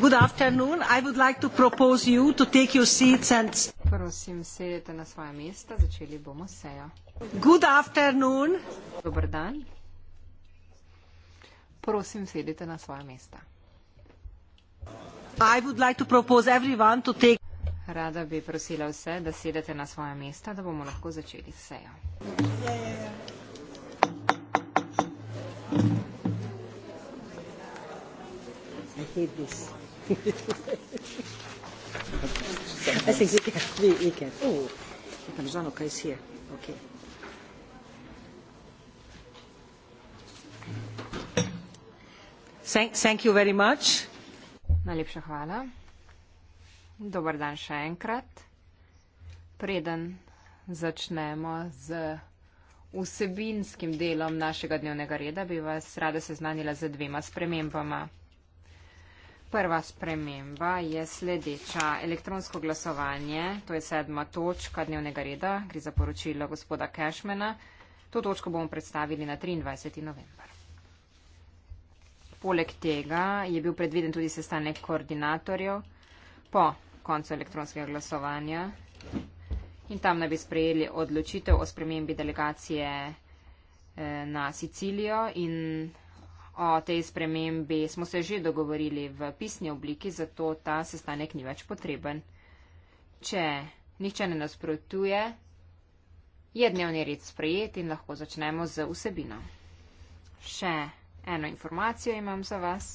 good afternoon i would like to propose you to take your seats and prosim sedite na svoja mesta začeli bomo sejo good afternoon dober dan prosim sedite na svoja mesta i would like to propose everyone to take rada bi prosila vse da sedete na svoja mesta da bomo lahko začeli sejo yeah, yeah, yeah. I hate this. I think we, we can. Oh, I don't know what is here. Okay. Thank, thank you very much. Najlepša hvala. Dobar dan še enkrat. Preden začnemo z vsebinskim delom našega dnevnega reda, bi vas rada seznanila z dvema spremembama. Prva sprememba je sledeča elektronsko glasovanje, to je sedma točka dnevnega reda, gre za poročilo gospoda Cashmana. To točko bomo predstavili na 23. november. Poleg tega je bil predviden tudi sestanek koordinatorjev po koncu elektronskega glasovanja in tam naj bi sprejeli odločitev o spremembi delegacije eh, na Sicilijo in O tej spremembi smo se že dogovorili v pisni obliki, zato ta sestanek ni več potreben. Če nihče ne nasprotuje, je dnevni red sprejet in lahko začnemo z vsebino. Še eno informacijo imam za vas.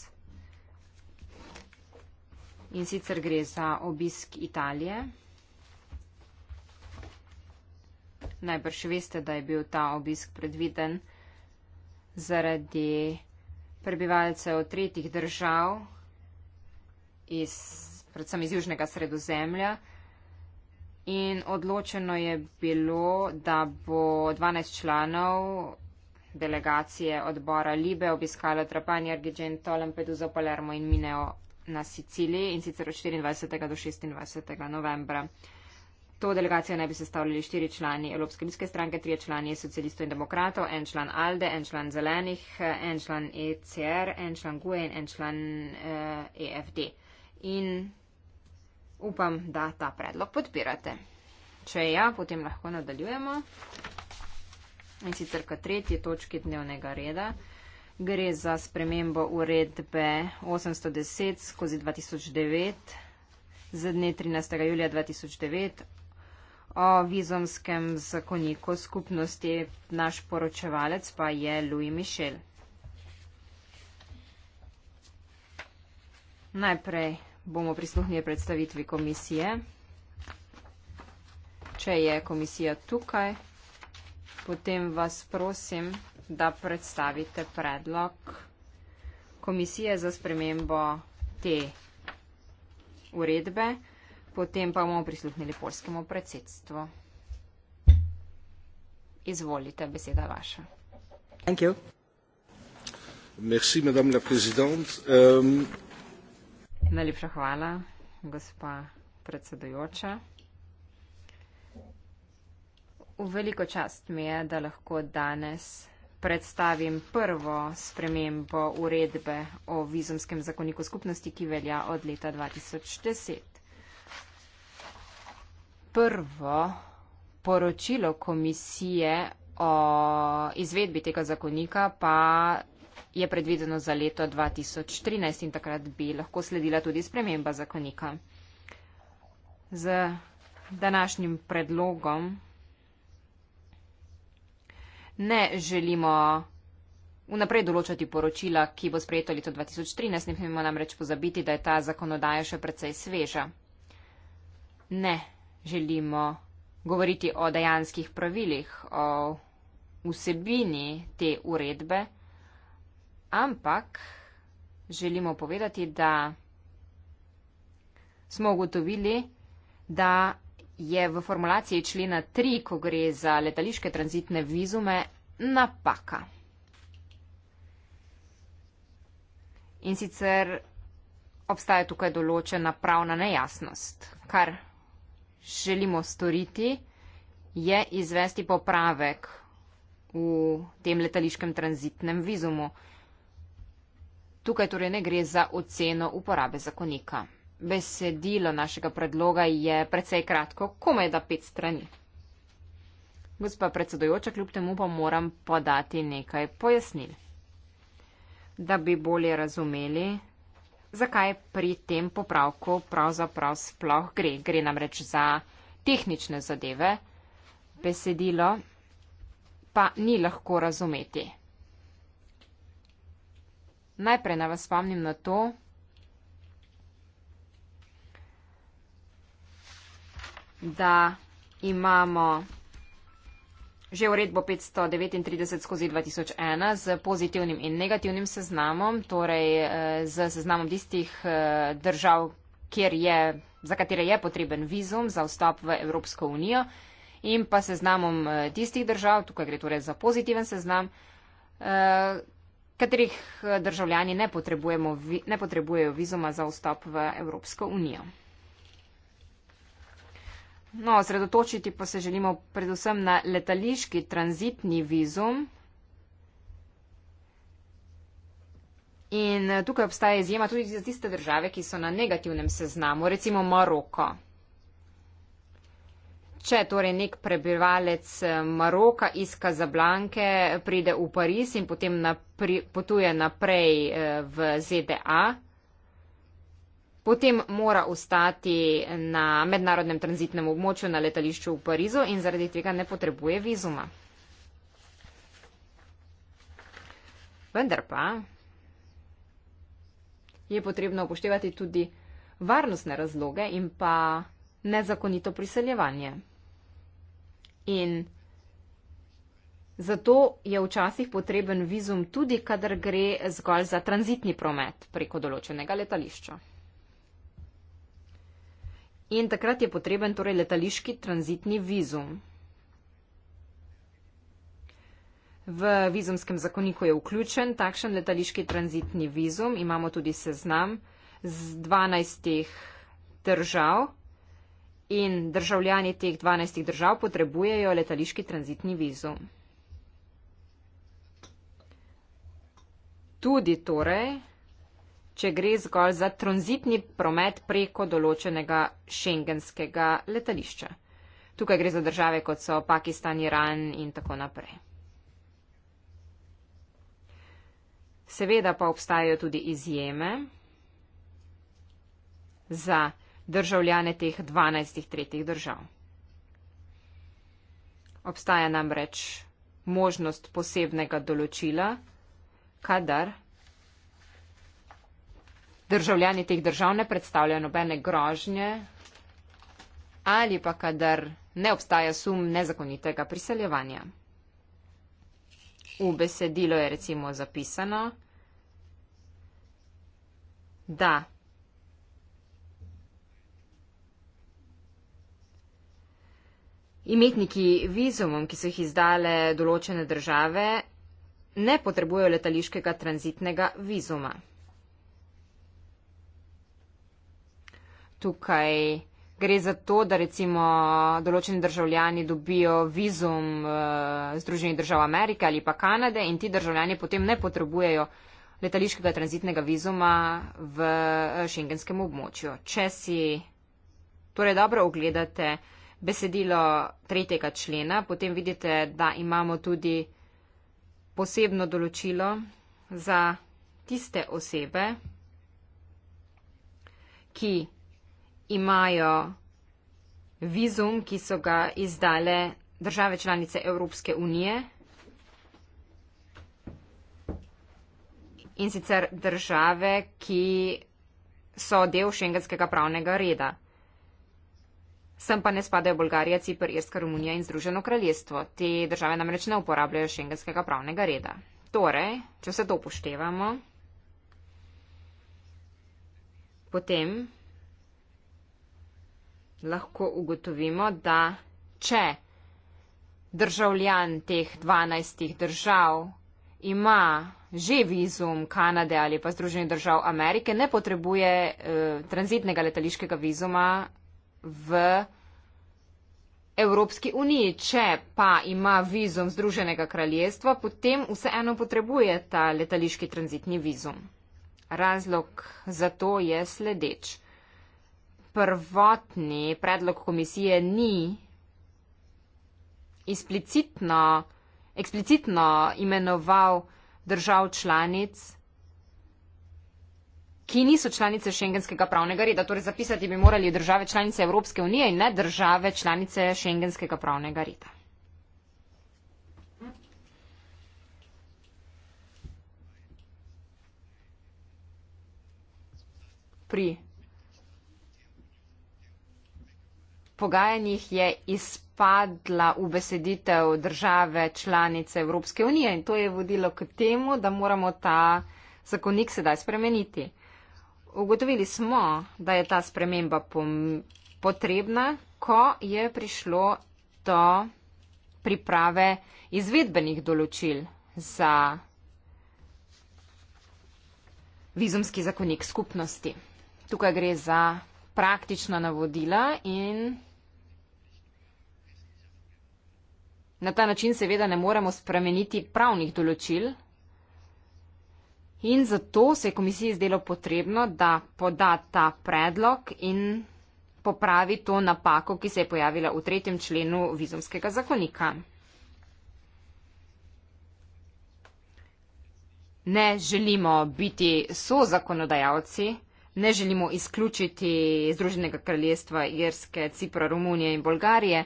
In sicer gre za obisk Italije. Najbrž veste, da je bil ta obisk predviden zaradi prebivalcev tretjih držav, iz, predvsem iz Južnega sredozemlja. In odločeno je bilo, da bo 12 članov delegacije odbora Libe obiskalo Trapani, Argentino, Lampedusa, Palermo in Mineo na Siciliji in sicer od 24. do 26. novembra. To delegacijo naj bi sestavljali štiri člani Evropske ljudske stranke, tri člani socialistov in demokratov, en član ALDE, en član zelenih, en član ECR, en član GUE in en član eh, EFD. In upam, da ta predlog podpirate. Če je ja, potem lahko nadaljujemo. In sicer k tretji točki dnevnega reda gre za spremembo uredbe 810 skozi 2009 z dne 13. julija 2009 o vizumskem zakoniku skupnosti. Naš poročevalec pa je Louis Michel. Najprej bomo prisluhnili predstavitvi komisije. Če je komisija tukaj, potem vas prosim, da predstavite predlog komisije za spremembo te uredbe. Potem pa bomo prisluhnili polskemu predsedstvu. Izvolite, beseda vaša. Thank you. Merci, madame la présidente. Um... Najlepša hvala, gospa predsedujoča. V veliko čast mi je, da lahko danes predstavim prvo spremembo uredbe o vizumskem zakoniku skupnosti, ki velja od leta 2010 prvo poročilo komisije o izvedbi tega zakonika pa je predvideno za leto 2013 in takrat bi lahko sledila tudi sprememba zakonika. Z današnjim predlogom ne želimo vnaprej določati poročila, ki bo sprejeto leto 2013, ne smemo namreč pozabiti, da je ta zakonodaja še precej sveža. Ne, želimo govoriti o dejanskih pravilih, o vsebini te uredbe, ampak želimo povedati, da smo ugotovili, da je v formulaciji člena 3, ko gre za letališke tranzitne vizume, napaka. In sicer obstaja tukaj določena pravna nejasnost, kar želimo storiti, je izvesti popravek v tem letališkem tranzitnem vizumu. Tukaj torej ne gre za oceno uporabe zakonika. Besedilo našega predloga je precej kratko, komaj da pet strani. Gospa predsedojoča, kljub temu pa moram podati nekaj pojasnil. Da bi bolje razumeli, zakaj pri tem popravku pravzaprav sploh gre. Gre namreč za tehnične zadeve, besedilo pa ni lahko razumeti. Najprej na vas spomnim na to, da imamo Že uredbo 539 skozi 2001 z pozitivnim in negativnim seznamom, torej eh, z seznamom tistih eh, držav, kjer je, za katere je potreben vizum za vstop v Evropsko unijo in pa seznamom eh, tistih držav, tukaj gre torej za pozitiven seznam, katerih državljani ne, ne potrebujejo vizuma za vstop v Evropsko unijo. No, sredotočiti pa se želimo predvsem na letališki tranzitni vizum. In eh, tukaj obstaja izjema tudi za tiste države, ki so na negativnem seznamu, recimo Maroko. Če torej nek prebivalec eh, Maroka iz Kazablanke pride v Pariz in potem napri, potuje naprej eh, v ZDA, potem mora ostati na mednarodnem tranzitnem območju na letališču v Parizu in zaradi tega ne potrebuje vizuma. Vendar pa je potrebno upoštevati tudi varnostne razloge in pa nezakonito priseljevanje. In zato je včasih potreben vizum tudi, kadar gre zgolj za tranzitni promet preko določenega letališča. In takrat je potreben torej letališki tranzitni vizum. V vizumskem zakoniku je vključen takšen letališki tranzitni vizum. Imamo tudi seznam z 12 držav in državljani teh 12 držav potrebujejo letališki tranzitni vizum. Tudi torej če gre zgolj za tranzitni promet preko določenega šengenskega letališča. Tukaj gre za države, kot so Pakistan, Iran in tako naprej. Seveda pa obstajajo tudi izjeme za državljane teh 12 tretjih držav. Obstaja namreč možnost posebnega določila, kadar državljani teh držav ne predstavljajo nobene grožnje ali pa kadar ne obstaja sum nezakonitega priseljevanja. V besedilo je recimo zapisano, da imetniki vizumom, ki so jih izdale določene države, ne potrebujejo letališkega tranzitnega vizuma. tukaj gre za to, da recimo določeni državljani dobijo vizum eh, Združenih držav Amerike ali pa Kanade in ti državljani potem ne potrebujejo letališkega tranzitnega vizuma v eh, šengenskem območju. Če si torej dobro ogledate besedilo tretjega člena, potem vidite, da imamo tudi posebno določilo za tiste osebe, ki imajo vizum, ki so ga izdale države članice Evropske unije. In sicer države, ki so del šengenskega pravnega reda. Sem pa ne spadajo Bolgarija, Cipr, Irska, Romunija in Združeno kraljestvo. Te države namreč ne uporabljajo šengenskega pravnega reda. Torej, če vse to upoštevamo, potem lahko ugotovimo, da če državljan teh 12 držav ima že vizum Kanade ali pa Združenih držav Amerike, ne potrebuje eh, tranzitnega letališkega vizuma v Evropski uniji. Če pa ima vizum Združenega kraljestva, potem vseeno potrebuje ta letališki tranzitni vizum. Razlog za to je sledeč prvotni predlog komisije ni eksplicitno, eksplicitno imenoval držav članic, ki niso članice šengenskega pravnega reda. Torej zapisati bi morali države članice Evropske unije in ne države članice šengenskega pravnega reda. Pri pogajanjih je izpadla v beseditev države članice Evropske unije in to je vodilo k temu, da moramo ta zakonik sedaj spremeniti. Ugotovili smo, da je ta sprememba potrebna, ko je prišlo do priprave izvedbenih določil za vizumski zakonik skupnosti. Tukaj gre za praktična navodila in na ta način seveda ne moremo spremeniti pravnih določil. In zato se je komisiji zdelo potrebno, da poda ta predlog in popravi to napako, ki se je pojavila v tretjem členu vizumskega zakonika. Ne želimo biti sozakonodajalci, ne želimo izključiti Združenega kraljestva Irske, Cipra, Romunije in Bolgarije.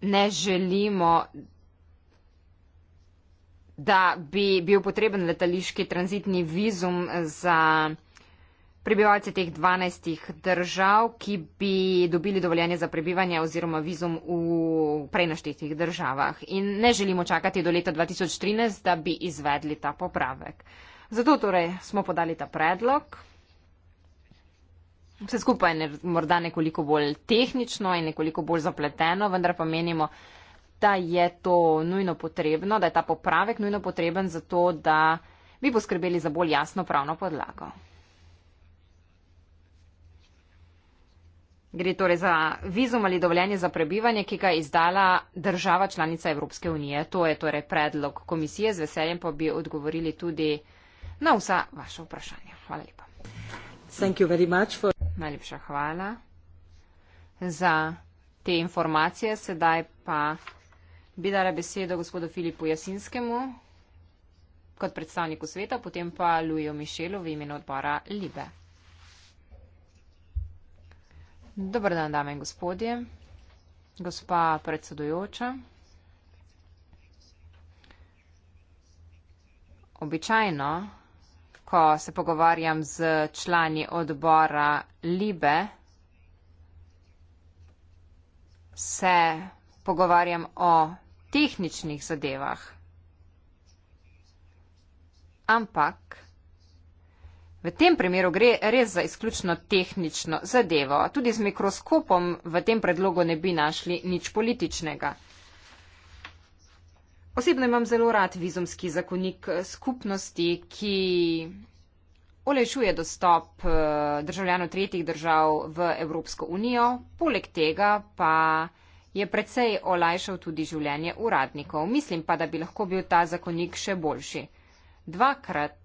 Ne želimo, da bi bil potreben letališki tranzitni vizum za prebivalce teh 12 držav, ki bi dobili dovoljenje za prebivanje oziroma vizum v prejnaštetih državah. In ne želimo čakati do leta 2013, da bi izvedli ta popravek. Zato torej smo podali ta predlog. Vse skupaj je morda nekoliko bolj tehnično in nekoliko bolj zapleteno, vendar pa menimo, da je to nujno potrebno, da je ta popravek nujno potreben za to, da bi poskrbeli za bolj jasno pravno podlago. Gre torej za vizum ali dovoljenje za prebivanje, ki ga je izdala država članica Evropske unije. To je torej predlog komisije. Z veseljem pa bi odgovorili tudi na vsa vaša vprašanja. Hvala lepa. For... Najlepša hvala za te informacije. Sedaj pa bi dala besedo gospodu Filipu Jasinskemu kot predstavniku sveta, potem pa Lujo Mišelu v imenu odbora Libe. Dobar dan, dame in gospodje, gospa predsedujoča. Običajno, ko se pogovarjam z člani odbora Libe, se pogovarjam o tehničnih zadevah. Ampak V tem primeru gre res za izključno tehnično zadevo. Tudi z mikroskopom v tem predlogu ne bi našli nič političnega. Osebno imam zelo rad vizumski zakonik eh, skupnosti, ki olejšuje dostop eh, državljanov tretjih držav v Evropsko unijo, poleg tega pa je precej olajšal tudi življenje uradnikov. Mislim pa, da bi lahko bil ta zakonik še boljši. Dvakrat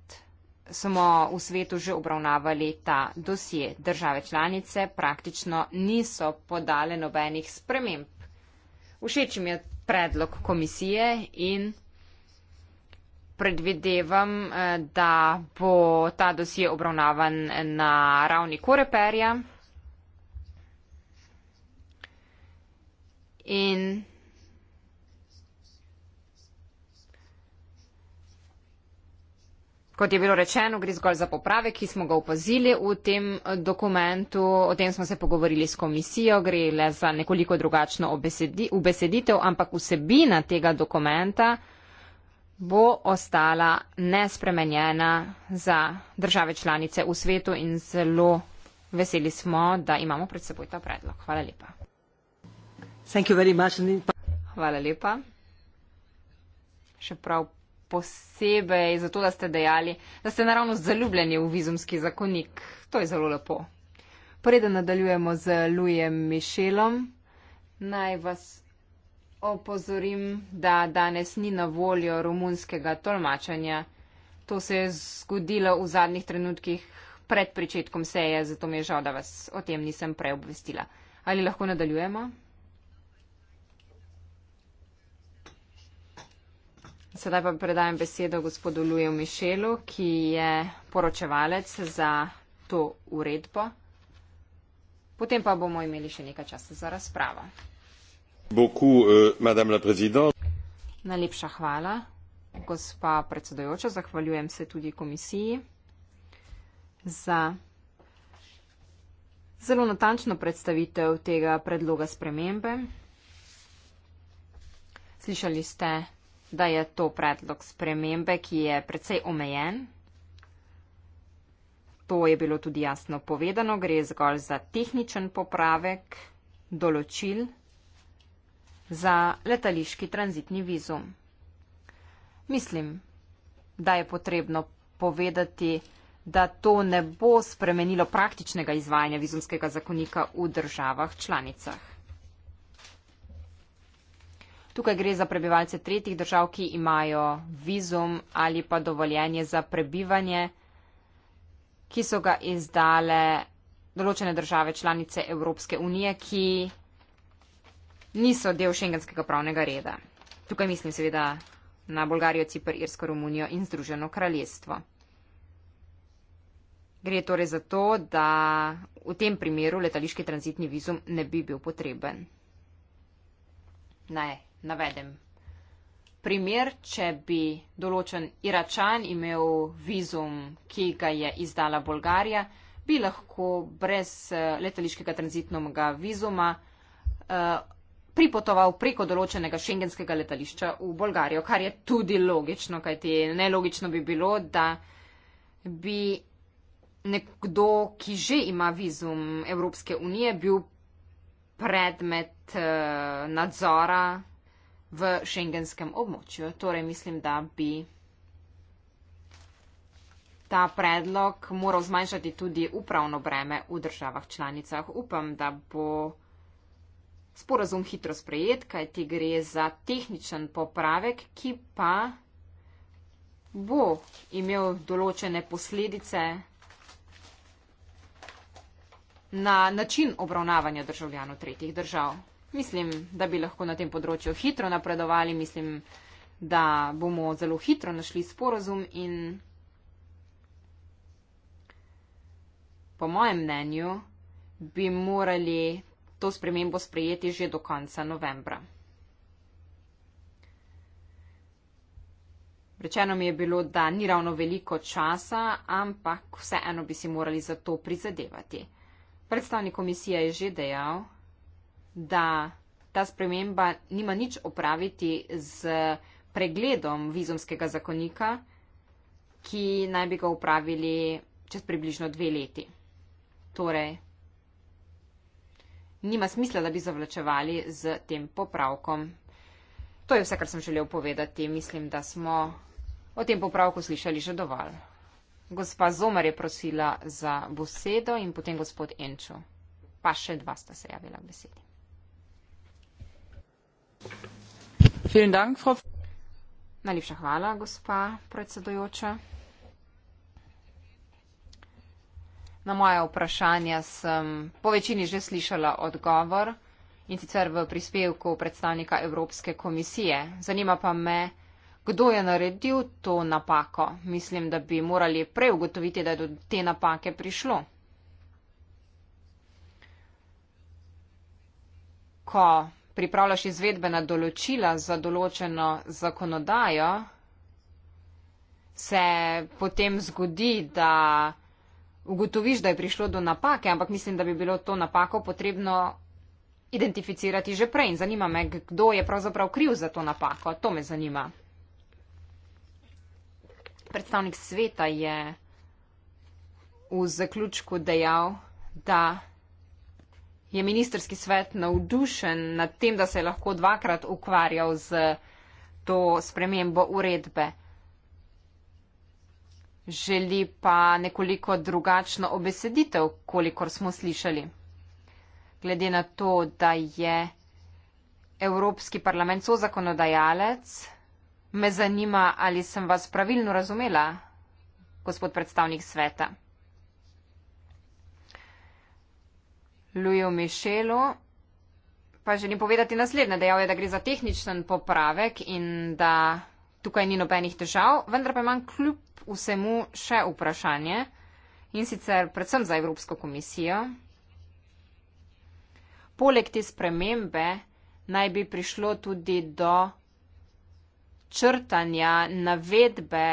smo v svetu že obravnavali ta dosje. Države članice praktično niso podale nobenih sprememb. Všeč mi je predlog komisije in predvidevam, eh, da bo ta dosje obravnavan na ravni koreperja. In Kot je bilo rečeno, gre zgolj za poprave, ki smo ga opazili v tem eh, dokumentu, o tem smo se pogovorili s komisijo, gre le za nekoliko drugačno obeseditev, ampak vsebina tega dokumenta bo ostala nespremenjena za države članice v svetu in zelo veseli smo, da imamo pred seboj ta predlog. Hvala lepa. Hvala lepa. Še prav posebej zato, da ste dejali, da ste naravno zaljubljeni v vizumski zakonik. To je zelo lepo. Preden nadaljujemo z Lujem Mišelom, naj vas opozorim, da danes ni na voljo romunskega tolmačanja. To se je zgodilo v zadnjih trenutkih pred pričetkom seje, zato mi je žal, da vas o tem nisem preobvestila. Ali lahko nadaljujemo? Sedaj pa predajam besedo gospodu Luju Mišelu, ki je poročevalec za to uredbo. Potem pa bomo imeli še nekaj časa za razpravo. Beaucoup, eh, Najlepša hvala, gospa predsedojoča. Zahvaljujem se tudi komisiji za zelo natančno predstavitev tega predloga spremembe. Slišali ste da je to predlog spremembe, ki je precej omejen. To je bilo tudi jasno povedano, gre zgolj za tehničen popravek določil za letališki tranzitni vizum. Mislim, da je potrebno povedati, da to ne bo spremenilo praktičnega izvajanja vizumskega zakonika v državah članicah. Tukaj gre za prebivalce tretjih držav, ki imajo vizum ali pa dovoljenje za prebivanje, ki so ga izdale določene države članice Evropske unije, ki niso del šengenskega pravnega reda. Tukaj mislim seveda na Bolgarijo, Cipr, Irsko, Romunijo in Združeno kraljestvo. Gre torej za to, da v tem primeru letališki tranzitni vizum ne bi bil potreben. Ne, navedem. Primer, če bi določen Iračan imel vizum, ki ga je izdala Bolgarija, bi lahko brez eh, letališkega tranzitnega vizuma eh, pripotoval preko določenega šengenskega letališča v Bolgarijo, kar je tudi logično, kajti nelogično bi bilo, da bi nekdo, ki že ima vizum Evropske unije, bil predmet eh, nadzora v šengenskem območju. Torej mislim, da bi ta predlog moral zmanjšati tudi upravno breme v državah članicah. Upam, da bo sporazum hitro sprejet, kaj ti gre za tehničen popravek, ki pa bo imel določene posledice na način obravnavanja državljanov tretjih držav mislim, da bi lahko na tem področju hitro napredovali, mislim, da bomo zelo hitro našli sporozum in po mojem mnenju bi morali to spremembo sprejeti že do konca novembra. Rečeno mi je bilo, da ni ravno veliko časa, ampak vseeno bi si morali za to prizadevati. Predstavnik komisije je že dejal, da ta sprememba nima nič opraviti z pregledom vizumskega zakonika, ki naj bi ga upravili čez približno dve leti. Torej, nima smisla, da bi zavlačevali z tem popravkom. To je vse, kar sem želel povedati. Mislim, da smo o tem popravku slišali že dovolj. Gospa Zomar je prosila za besedo in potem gospod Enču. Pa še dva sta se javila k besedi. Najlepša hvala, gospa predsedujoča. Na moja vprašanja sem po večini že slišala odgovor in sicer v prispevku predstavnika Evropske komisije. Zanima pa me, kdo je naredil to napako. Mislim, da bi morali prej ugotoviti, da je do te napake prišlo. Ko pripravljaš izvedbena določila za določeno zakonodajo, se potem zgodi, da ugotoviš, da je prišlo do napake, ampak mislim, da bi bilo to napako potrebno identificirati že prej. In zanima me, kdo je pravzaprav kriv za to napako. To me zanima. Predstavnik sveta je v zaključku dejal, da je ministerski svet navdušen nad tem, da se je lahko dvakrat ukvarjal z to spremembo uredbe. Želi pa nekoliko drugačno obeseditev, kolikor smo slišali. Glede na to, da je Evropski parlament so zakonodajalec, me zanima, ali sem vas pravilno razumela, gospod predstavnik sveta. Luju Mišelu. Pa želim povedati naslednje. Dejal je, da gre za tehničen popravek in da tukaj ni nobenih težav, vendar pa imam kljub vsemu še vprašanje in sicer predvsem za Evropsko komisijo. Poleg te spremembe naj bi prišlo tudi do črtanja navedbe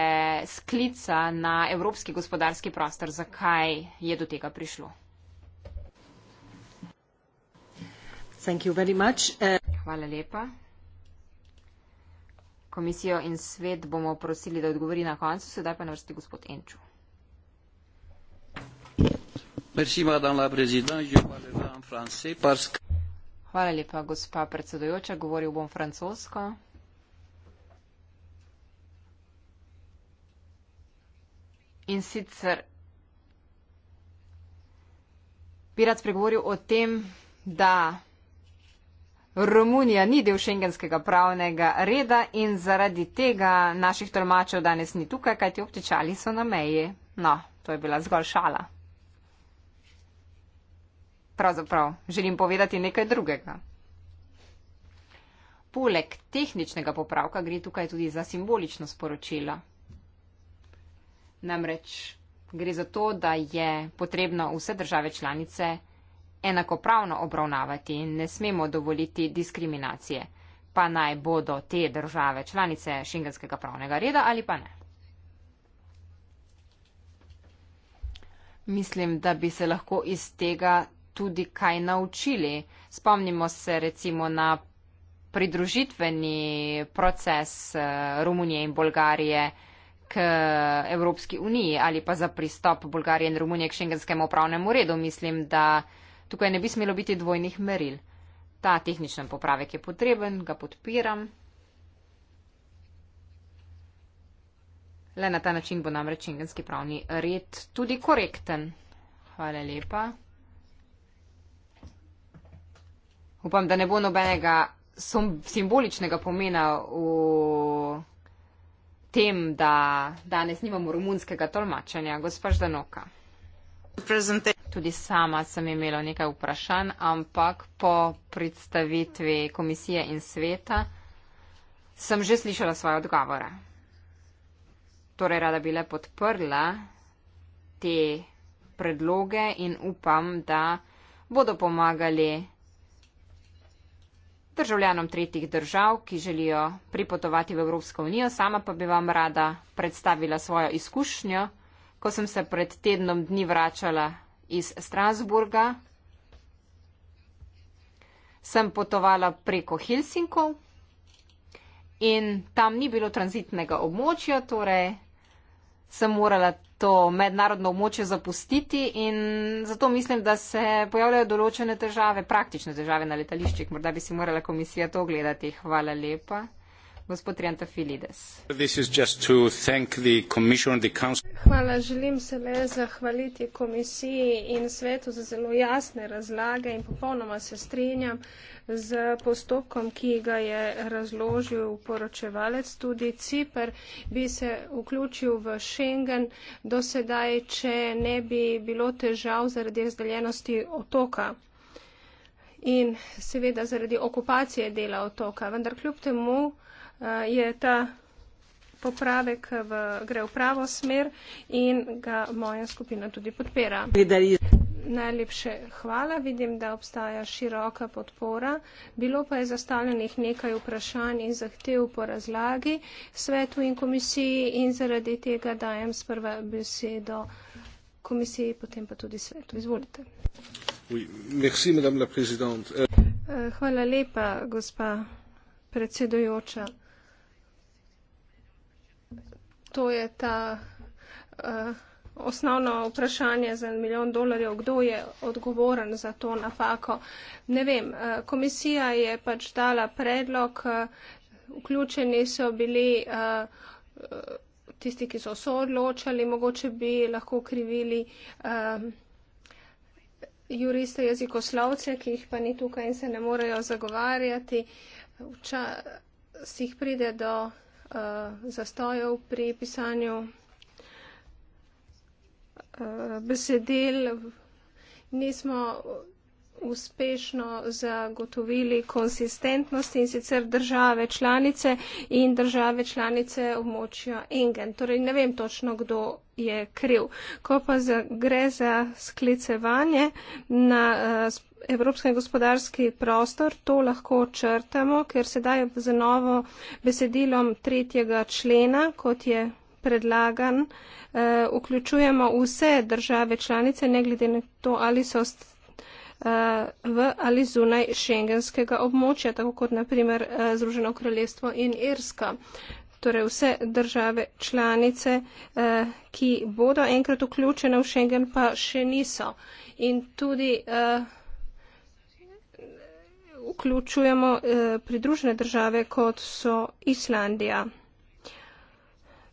sklica na Evropski gospodarski prostor. Zakaj je do tega prišlo? Eh, Hvala lepa. Komisijo in svet bomo prosili, da odgovori na koncu, sedaj pa na vrsti gospod Enču. Hvala lepa, gospa predsedojoča. Govoril bom francosko. In sicer bi rad spregovoril o tem, da Romunija ni del šengenskega pravnega reda in zaradi tega naših tolmačev danes ni tukaj, kajti obtičali so na meji. No, to je bila zgolj šala. Pravzaprav želim povedati nekaj drugega. Poleg tehničnega popravka gre tukaj tudi za simbolično sporočilo. Namreč gre za to, da je potrebno vse države članice enakopravno obravnavati in ne smemo dovoliti diskriminacije, pa naj bodo te države članice šengenskega pravnega reda ali pa ne. Mislim, da bi se lahko iz tega tudi kaj naučili. Spomnimo se recimo na pridružitveni proces eh, Romunije in Bolgarije k Evropski uniji ali pa za pristop Bolgarije in Romunije k šengenskemu upravnemu redu. Mislim, da Tukaj ne bi smelo biti dvojnih meril. Ta tehničen popravek je potreben, ga podpiram. Le na ta način bo namreč šengenski pravni red tudi korekten. Hvala lepa. Upam, da ne bo nobenega simboličnega pomena v tem, da danes nimamo rumunskega tolmačenja, gospod Danoka. Presentation. Tudi sama sem imela nekaj vprašanj, ampak po predstavitvi komisije in sveta sem že slišala svoje odgovore. Torej, rada bi le podprla te predloge in upam, da bodo pomagali državljanom tretjih držav, ki želijo pripotovati v Evropsko unijo. Sama pa bi vam rada predstavila svojo izkušnjo, ko sem se pred tednom dni vračala iz Strasburga sem potovala preko Helsinkov in tam ni bilo tranzitnega območja, torej sem morala to mednarodno območje zapustiti in zato mislim, da se pojavljajo določene težave, praktične težave na letališčih. Morda bi si morala komisija to ogledati. Hvala lepa gospod Triantafilides. Hvala, želim se le zahvaliti komisiji in svetu za zelo jasne razlage in popolnoma se strinjam z postopkom, ki ga je razložil poročevalec tudi Cipr, bi se vključil v Schengen do sedaj, če ne bi bilo težav zaradi razdeljenosti otoka in seveda zaradi okupacije dela otoka. Vendar kljub temu, Eh, je ta popravek v, gre v pravo smer in ga moja skupina tudi podpira. Najlepše hvala, vidim, da obstaja široka podpora. Bilo pa je zastavljenih nekaj vprašanj in zahtev po razlagi svetu in komisiji in zaradi tega dajem sprva besedo komisiji, potem pa tudi svetu. Izvolite. Merci, madame la présidente. Eh, hvala lepa, gospa predsedujoča to je ta uh, osnovno vprašanje za milijon dolarjev, kdo je odgovoren za to napako. Ne vem, uh, komisija je pač dala predlog, uh, vključeni so bili. Uh, tisti, ki so so odločali, mogoče bi lahko krivili um, juriste jezikoslovce, ki jih pa ni tukaj in se ne morejo zagovarjati. Včasih pride do uh, zastojev pri pisanju uh, besedil. Nismo uspešno zagotovili konsistentnost in sicer države članice in države članice območja Engen. Torej ne vem točno, kdo je kriv. Ko pa za, gre za sklicevanje na uh, evropski gospodarski prostor, to lahko črtamo, ker sedaj z novo besedilom tretjega člena, kot je predlagan, eh, vključujemo vse države članice, ne glede na to, ali so eh, v ali zunaj šengenskega območja, tako kot naprimer eh, Združeno kraljestvo in Irska. Torej vse države članice, ki bodo enkrat vključene v šengen, pa še niso. In tudi uh, vključujemo eh, pridružene države, kot so Islandija.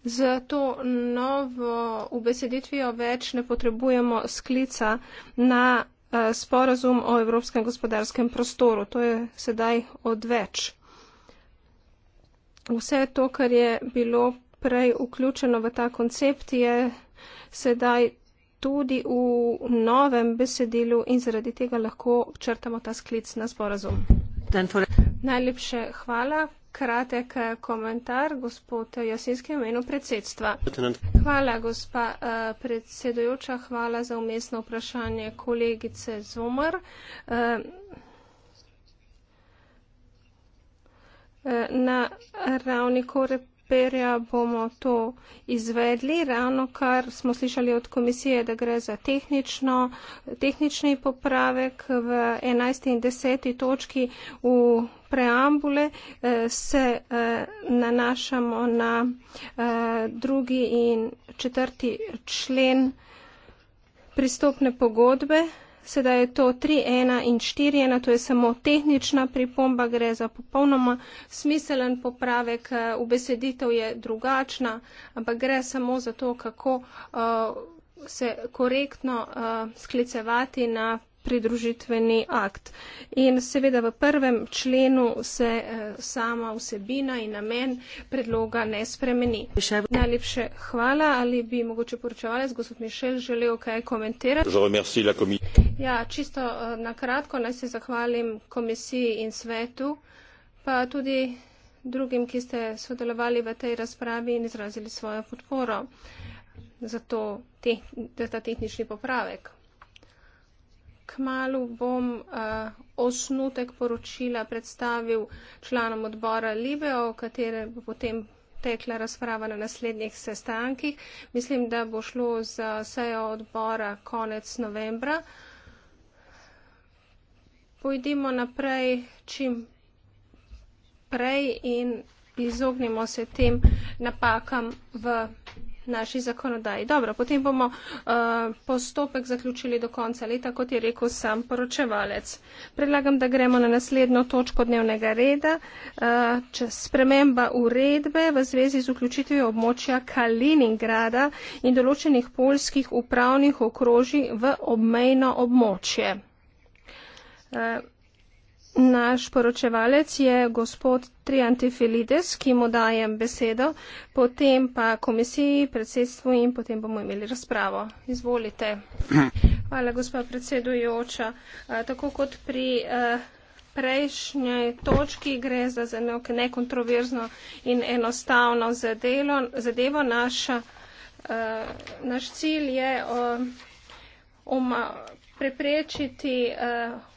Zato novo ubeseditvijo več ne potrebujemo sklica na eh, sporazum o evropskem gospodarskem prostoru. To je sedaj odveč. Vse to, kar je bilo prej vključeno v ta koncept, je sedaj tudi v novem besedilu in zaradi tega lahko črtamo ta sklic na sporazum. Najlepše hvala. Kratek eh, komentar, gospod Jasinski, v imenu predsedstva. Hvala, gospa eh, predsedujoča, hvala za umestno vprašanje kolegice Zomar. Eh, na ravni korep papirja bomo to izvedli. Ravno kar smo slišali od komisije, da gre za tehnično, tehnični popravek v 11. in 10. točki v preambule, eh, se eh, nanašamo na eh, drugi in četrti člen pristopne pogodbe sedaj je to 3.1 in 4.1, to je samo tehnična pripomba, gre za popolnoma smiselen popravek, ubeseditev je drugačna, ampak gre samo za to, kako uh, se korektno uh, sklicevati na pridružitveni akt. In seveda v prvem členu se eh, sama vsebina in namen predloga ne spremeni. Najlepše hvala, ali bi mogoče poročevalec gospod Mišel želel kaj komentirati? Ja, čisto eh, na kratko naj se zahvalim komisiji in svetu, pa tudi drugim, ki ste sodelovali v tej razpravi in izrazili svojo podporo za, to, te, za ta tehnični popravek. Kmalu bom uh, osnutek poročila predstavil članom odbora Libe, o katere bo potem tekla razprava na naslednjih sestankih. Mislim, da bo šlo za sejo odbora konec novembra. Pojdimo naprej čim prej in izognimo se tem napakam v naši zakonodaji. Dobro, potem bomo uh, postopek zaključili do konca leta, kot je rekel sam poročevalec. Predlagam, da gremo na naslednjo točko dnevnega reda. Uh, sprememba uredbe v zvezi z vključitvijo območja Kaliningrada in določenih polskih upravnih okroži v obmejno območje. Uh, Naš poročevalec je gospod Triantifilides, ki mu dajem besedo, potem pa komisiji, predsedstvu in potem bomo imeli razpravo. Izvolite. Hvala, gospod predsedujoča. Tako kot pri prejšnji točki gre za zelo nekontroverzno in enostavno zadelo, zadevo. Naša, naš cilj je o, o, preprečiti. O,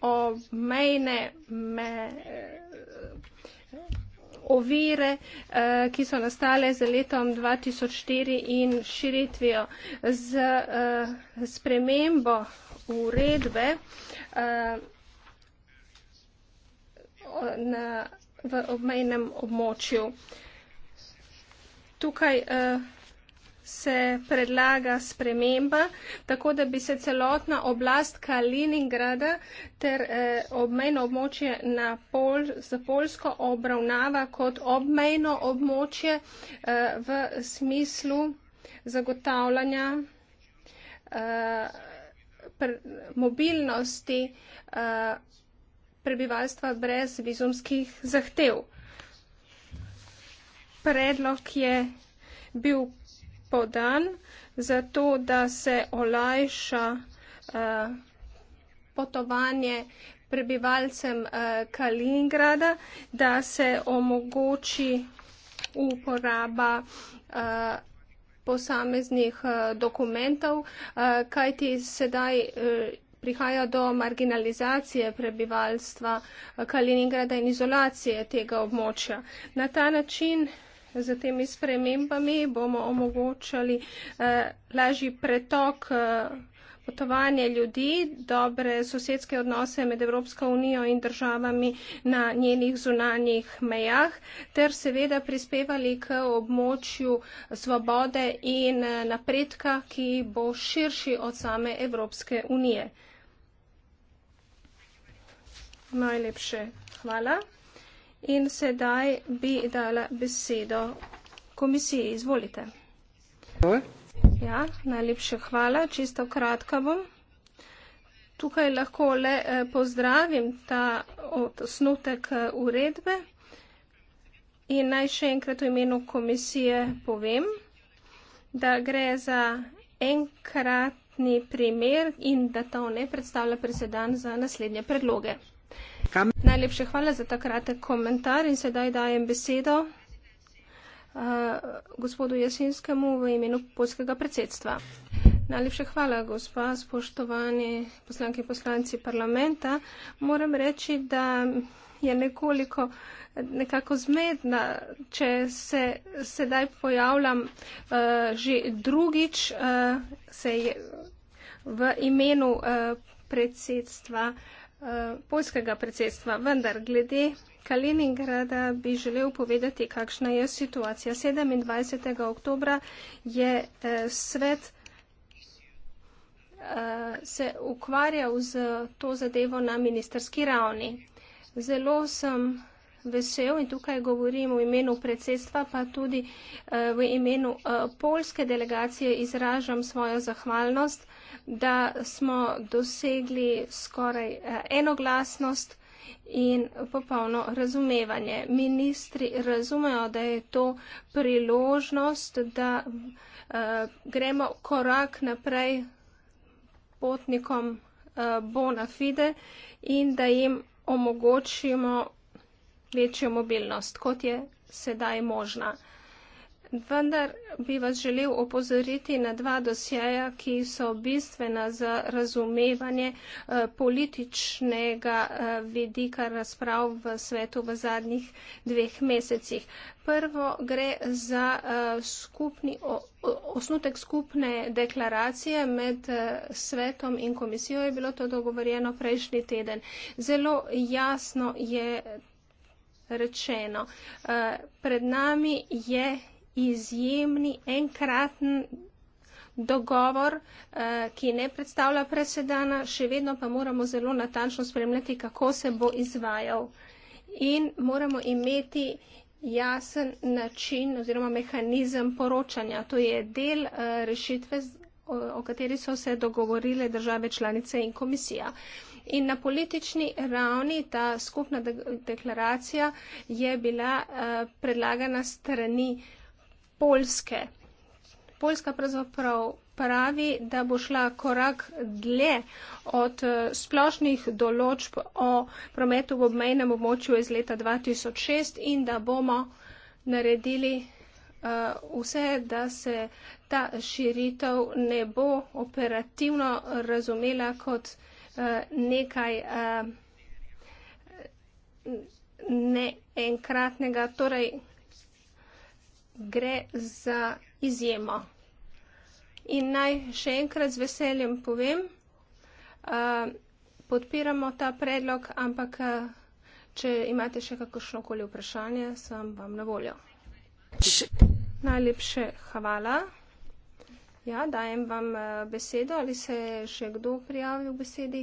omejne me, eh, ovire, eh, ki so nastale z letom 2004 in širitvijo z eh, spremembo uredbe na, v obmejnem območju. Tukaj uh, se predlaga sprememba, tako da bi se celotna oblast Kaliningrada ter eh, obmejno območje na Pol, za Polsko obravnava kot obmejno območje eh, v smislu zagotavljanja eh, pre, mobilnosti eh, prebivalstva brez vizumskih zahtev. Predlog je bil podan, zato da se olajša eh, potovanje prebivalcem eh, Kaliningrada, da se omogoči uporaba eh, posameznih dokumentov, kajti sedaj prihaja do marginalizacije prebivalstva Kaliningrada in izolacije tega območja. Na ta način z temi spremembami bomo omogočali eh, lažji pretok eh, potovanja ljudi, dobre sosedske odnose med Evropsko unijo in državami na njenih zunanjih mejah, ter seveda prispevali k območju svobode in eh, napredka, ki bo širši od same Evropske unije. Najlepše hvala. In sedaj bi dala besedo komisiji. Izvolite. Ja, najlepše hvala, čisto kratka bom. Tukaj lahko le eh, pozdravim ta osnutek eh, uredbe in naj še enkrat v imenu komisije povem, da gre za enkratni primer in da to ne predstavlja presedan za naslednje predloge. Kam? Najlepše hvala za ta kratek komentar in sedaj dajem besedo uh, gospodu Jasinskemu v imenu polskega predsedstva. Najlepše hvala, gospa, spoštovani poslanki poslanci parlamenta. Moram reči, da je nekoliko nekako zmedna, če se sedaj pojavljam uh, že drugič uh, se je v imenu uh, predsedstva uh, Eh, poljskega predsedstva. Vendar glede Kaliningrada bi želel povedati, kakšna je situacija. 27. oktober je eh, svet eh, se ukvarjal z to zadevo na ministerski ravni. Zelo sem vesel in tukaj govorim v imenu predsedstva, pa tudi v imenu polske delegacije izražam svojo zahvalnost da smo dosegli skoraj eh, enoglasnost in popolno razumevanje. Ministri razumejo, da je to priložnost, da uh, gremo korak naprej potnikom uh, bona fide in da jim omogočimo večjo mobilnost, kot je sedaj možna vendar bi vas želel opozoriti na dva dosjeja, ki so bistvena za razumevanje eh, političnega eh, vidika razprav v svetu v zadnjih dveh mesecih. Prvo gre za eh, skupni, osnutek skupne deklaracije med svetom in komisijo, je bilo to dogovorjeno prejšnji teden. Zelo jasno je rečeno. Pred nami je izjemni, enkraten dogovor, eh, ki ne predstavlja presedana, še vedno pa moramo zelo natančno spremljati, kako se bo izvajal. In moramo imeti jasen način oziroma mehanizem poročanja. To je del eh, rešitve, o kateri so se dogovorile države članice in komisija. In na politični ravni ta skupna deklaracija je bila eh, predlagana strani Polske. Polska pravzaprav pravi, da bo šla korak dlje od eh, splošnih določb o prometu v obmejnem območju iz leta 2006 in da bomo naredili eh, vse, da se ta širitev ne bo operativno razumela kot eh, nekaj neenkratnega. Torej, gre za izjemo. In naj še enkrat z veseljem povem, uh, podpiramo ta predlog, ampak uh, če imate še kakšno koli vprašanje, sem vam na voljo. Najlepše hvala. Ja, dajem vam uh, besedo. Ali se je še kdo prijavil v besedi?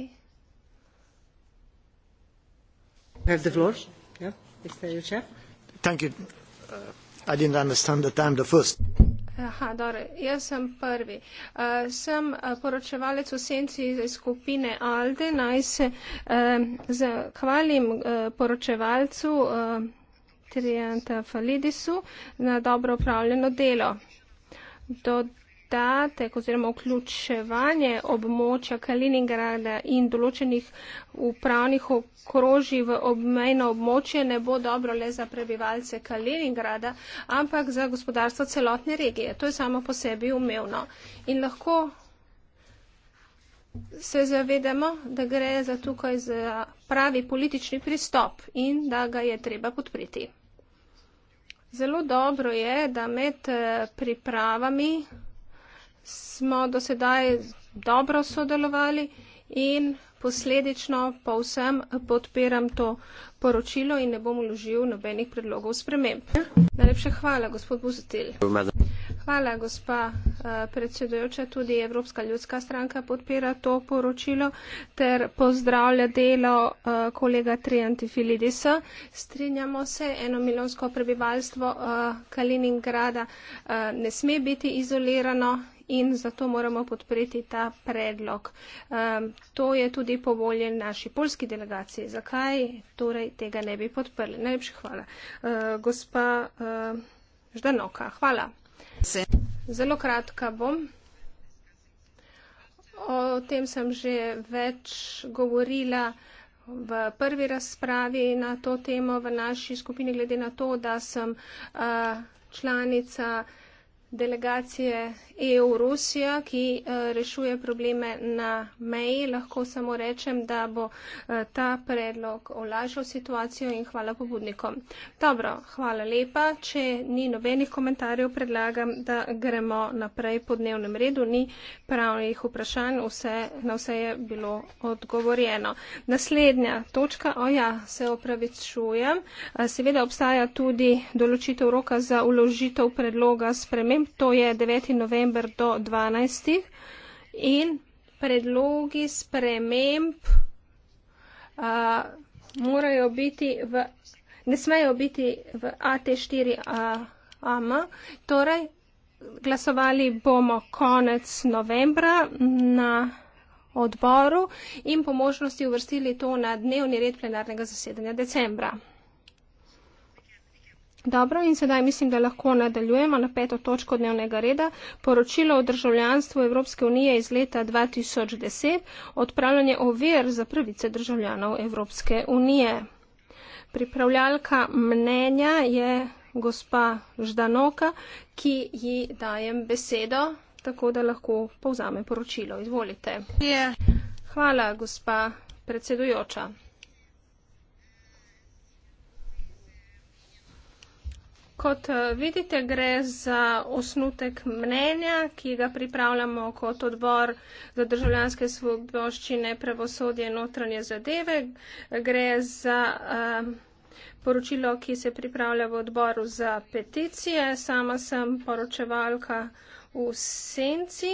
Have the floor. Yeah. Is that your chair? Thank you. Uh, Aha, dobro, jaz sem prvi. Uh, sem eh, poročevalec v senci iz skupine Alde. Naj se uh, zahvalim uh, poročevalcu uh, Trianta Falidisu na dobro upravljeno delo. Do podatek oziroma vključevanje območja Kaliningrada in določenih upravnih okrožij v obmejno območje ne bo dobro le za prebivalce Kaliningrada, ampak za gospodarstvo celotne regije. To je samo po sebi umevno. In lahko se zavedamo, da gre za tukaj za pravi politični pristop in da ga je treba podpreti. Zelo dobro je, da med eh, pripravami smo do sedaj dobro sodelovali in posledično povsem podpiram to poročilo in ne bom uložil nobenih predlogov sprememb. Najlepše hvala, gospod Buzetelj. Hvala, gospa eh, predsedujoča. Tudi Evropska ljudska stranka podpira to poročilo ter pozdravlja delo eh, kolega Trianti Filidisa. Strinjamo se, eno milijonsko prebivalstvo eh, Kaliningrada ne sme biti izolirano in zato moramo podpreti ta predlog. Um, to je tudi povoljen naši polski delegaciji. Zakaj torej tega ne bi podprli? Najlepša hvala. Uh, gospa uh, Ždanoka, hvala. Se. Zelo kratka bom. O tem sem že več govorila v prvi razpravi na to temo v naši skupini, glede na to, da sem uh, članica delegacije EU-Rusija, ki eh, rešuje probleme na meji. Lahko samo rečem, da bo eh, ta predlog olažal situacijo in hvala pobudnikom. Dobro, hvala lepa. Če ni nobenih komentarjev, predlagam, da gremo naprej po dnevnem redu. Ni pravnih vprašanj, vse, na vse je bilo odgovorjeno. Naslednja točka, oja, se opravičujem. Eh, seveda obstaja tudi določitev roka za uložitev predloga spremembe povem, to je 9. november do 12. in predlogi sprememb uh, morajo biti v, ne smejo biti v AT4AM, torej glasovali bomo konec novembra na odboru in po možnosti uvrstili to na dnevni red plenarnega zasedanja decembra. Dobro, in sedaj mislim, da lahko nadaljujemo na peto točko dnevnega reda. Poročilo o državljanstvu Evropske unije iz leta 2010, odpravljanje ovir za pravice državljanov Evropske unije. Pripravljalka mnenja je gospa Ždanoka, ki ji dajem besedo, tako da lahko povzame poročilo. Izvolite. Hvala, gospa predsedujoča. Kot eh, vidite, gre za osnutek mnenja, ki ga pripravljamo kot odbor za državljanske svoboščine, pravosodje in notranje zadeve. Gre za uh, poročilo, ki se pripravlja v odboru za peticije. Sama sem poročevalka v senci.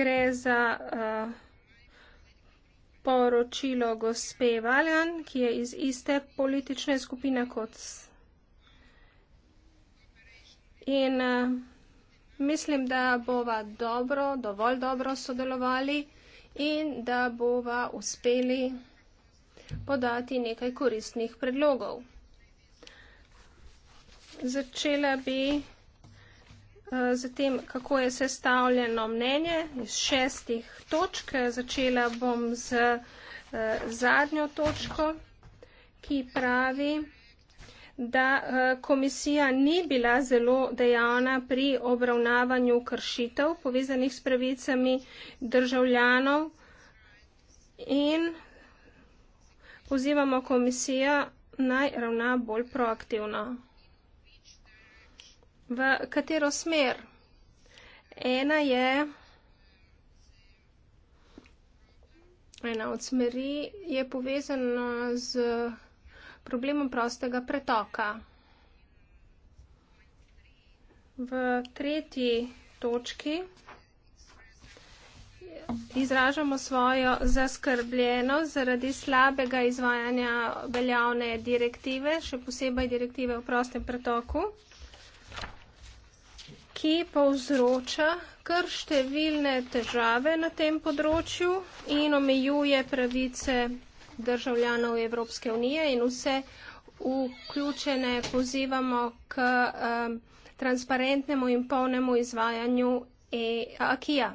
Gre za. Uh, poročilo gospe Valjan, ki je iz iste politične skupine kot in eh, mislim, da bova dobro, dovolj dobro sodelovali in da bova uspeli podati nekaj koristnih predlogov. Začela bi z eh, tem, kako je sestavljeno mnenje iz šestih točk. Začela bom z eh, zadnjo točko, ki pravi, da eh, komisija ni bila zelo dejavna pri obravnavanju kršitev povezanih s pravicami državljanov in pozivamo komisijo naj ravna bolj proaktivno. V katero smer? Ena je, ena od smeri je povezana z problemom prostega pretoka. V tretji točki izražamo svojo zaskrbljenost zaradi slabega izvajanja veljavne direktive, še posebej direktive o prostem pretoku, ki povzroča kar številne težave na tem področju in omejuje pravice državljanov Evropske unije in vse vključene pozivamo k um, transparentnemu in polnemu izvajanju AKIA.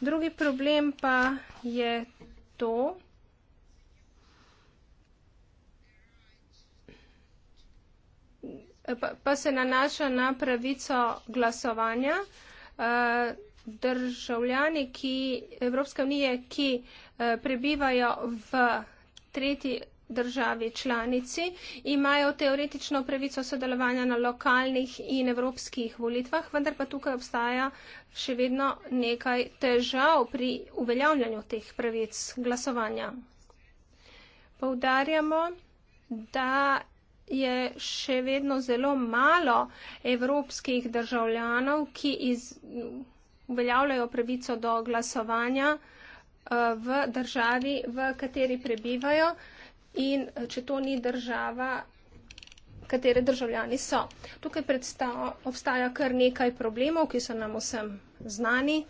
Drugi problem pa je to, pa, pa se nanaša na pravico glasovanja. Uh, državljani ki, Evropske unije, ki uh, prebivajo v tretji državi članici imajo teoretično pravico sodelovanja na lokalnih in evropskih volitvah, vendar pa tukaj obstaja še vedno nekaj težav pri uveljavljanju teh pravic glasovanja. Poudarjamo, da je še vedno zelo malo evropskih državljanov, ki iz, uveljavljajo pravico do glasovanja. Eh, v državi, v kateri prebivajo in eh, če to ni država, katere državljani so. Tukaj obstaja kar nekaj problemov, ki so nam vsem znani.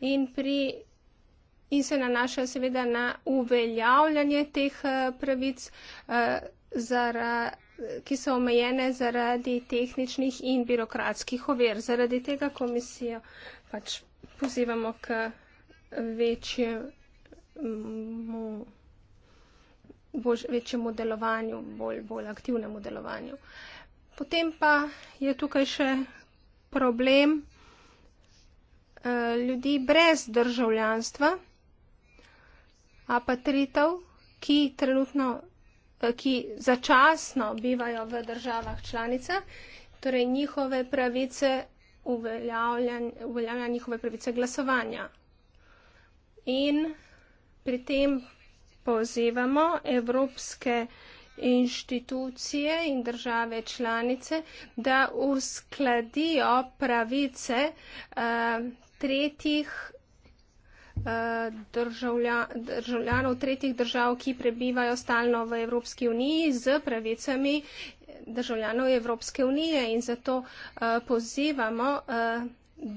In, pri, in se nanaša seveda na uveljavljanje teh eh, pravic eh, zaradi ki so omejene zaradi tehničnih in birokratskih ovir. Zaradi tega komisijo pač pozivamo k večjemu, bolj, večjemu delovanju, bolj, bolj aktivnemu delovanju. Potem pa je tukaj še problem eh, ljudi brez državljanstva, apatritov, ki trenutno Eh, ki začasno bivajo v državah članicah, torej njihove pravice uveljavljanja, uveljavljanja njihove pravice glasovanja. In pri tem pozivamo evropske inštitucije in države članice, da uskladijo pravice eh, tretjih državlja, državljanov tretjih držav, ki prebivajo stalno v Evropski uniji z pravicami državljanov Evropske unije in zato eh, pozivamo eh,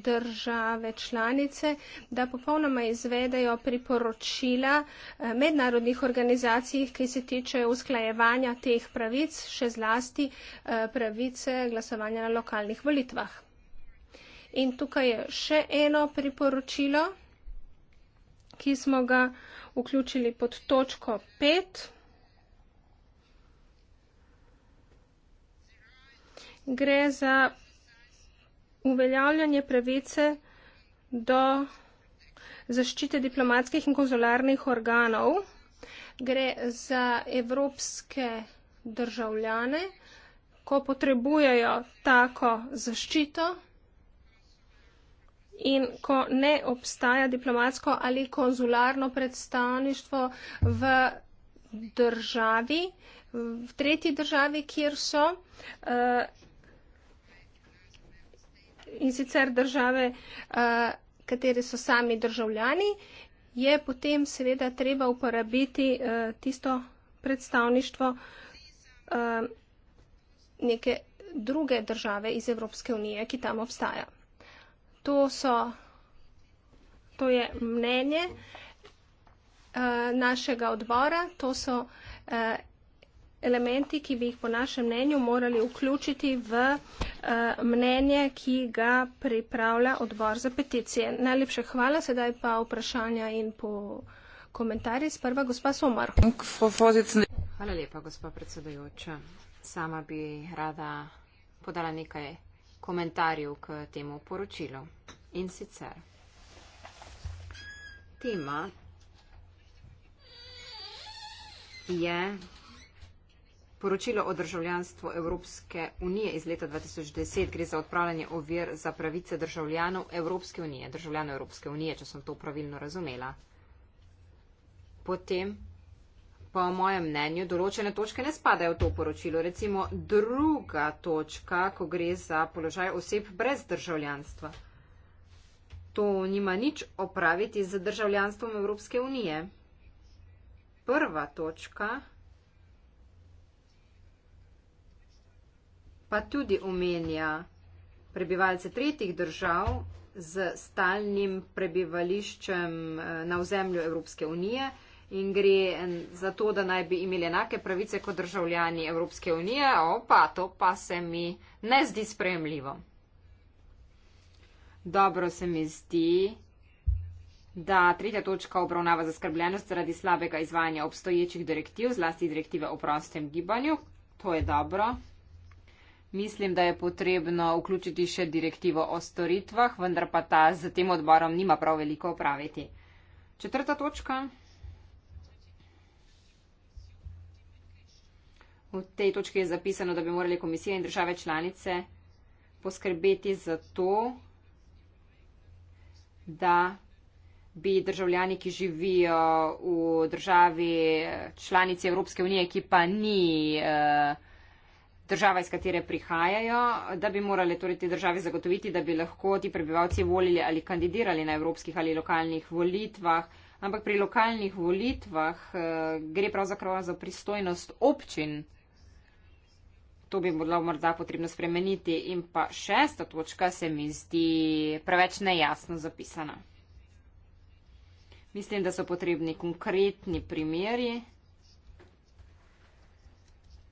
države članice, da popolnoma izvedejo priporočila eh, mednarodnih organizacij, ki se tičejo usklajevanja teh pravic, še zlasti pravice glasovanja na lokalnih volitvah. In tukaj je še eno priporočilo ki smo ga vključili pod točko 5. Gre za uveljavljanje pravice do zaščite diplomatskih in konzularnih organov. Gre za evropske državljane, ko potrebujejo tako zaščito in ko ne obstaja diplomatsko ali konzularno predstavništvo v državi, v tretji državi, kjer so eh, in sicer države, eh, katere so sami državljani, je potem seveda treba uporabiti eh, tisto predstavništvo neke druge države iz Evropske unije, ki tam obstaja to, so, to je mnenje eh, našega odbora, to so eh, elementi, ki bi jih po našem mnenju morali vključiti v eh, mnenje, ki ga pripravlja odbor za peticije. Najlepše hvala, sedaj pa vprašanja in po komentarji. Sprva gospa Somar. Hvala lepa, gospa predsedajoča. Sama bi rada podala nekaj komentarjev k temu poročilu. In sicer tema je poročilo o državljanstvu Evropske unije iz leta 2010. Gre za odpravljanje ovir za pravice državljanov Evropske unije, državljanov Evropske unije, če sem to pravilno razumela. Potem po mojem mnenju, določene točke ne spadajo v to poročilo. Recimo druga točka, ko gre za položaj oseb brez državljanstva. To nima nič opraviti z državljanstvom Evropske unije. Prva točka pa tudi omenja prebivalce tretjih držav z stalnim prebivališčem eh, na ozemlju Evropske unije in gre za to, da naj bi imeli enake pravice kot državljani Evropske unije, opa, to pa se mi ne zdi sprejemljivo. Dobro se mi zdi, da tretja točka obravnava zaskrbljenost zaradi slabega izvajanja obstoječih direktiv, zlasti direktive o prostem gibanju. To je dobro. Mislim, da je potrebno vključiti še direktivo o storitvah, vendar pa ta z tem odborom nima prav veliko opraviti. Četrta točka. V tej točki je zapisano, da bi morali komisije in države članice poskrbeti za to, da bi državljani, ki živijo v državi članici Evropske unije, ki pa ni eh, država, iz katere prihajajo, da bi morali torej te države zagotoviti, da bi lahko ti prebivalci volili ali kandidirali na evropskih ali lokalnih volitvah. Ampak pri lokalnih volitvah eh, gre pravzaprav za pristojnost občin To bi bilo morda potrebno spremeniti. In pa šesta točka se mi zdi preveč nejasno zapisana. Mislim, da so potrebni konkretni primeri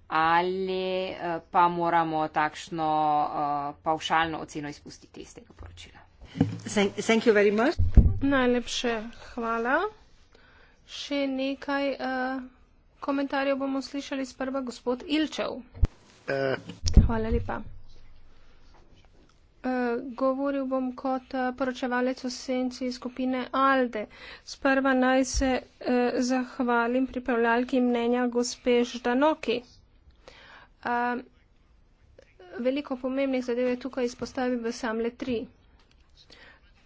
ali eh, pa moramo takšno uh, pavšalno oceno izpustiti iz tega poročila. Thank, thank Najlepše hvala. Še nekaj uh, komentarjev bomo slišali sprva gospod Ilčev. Eh. Hvala lepa. Eh, govoril bom kot eh, poročevalec o senci skupine Alde. Sprva naj se zahvalim pripravljalki mnenja gospe Ždanoki. Veliko pomembnih zadev je tukaj izpostavil v samle tri.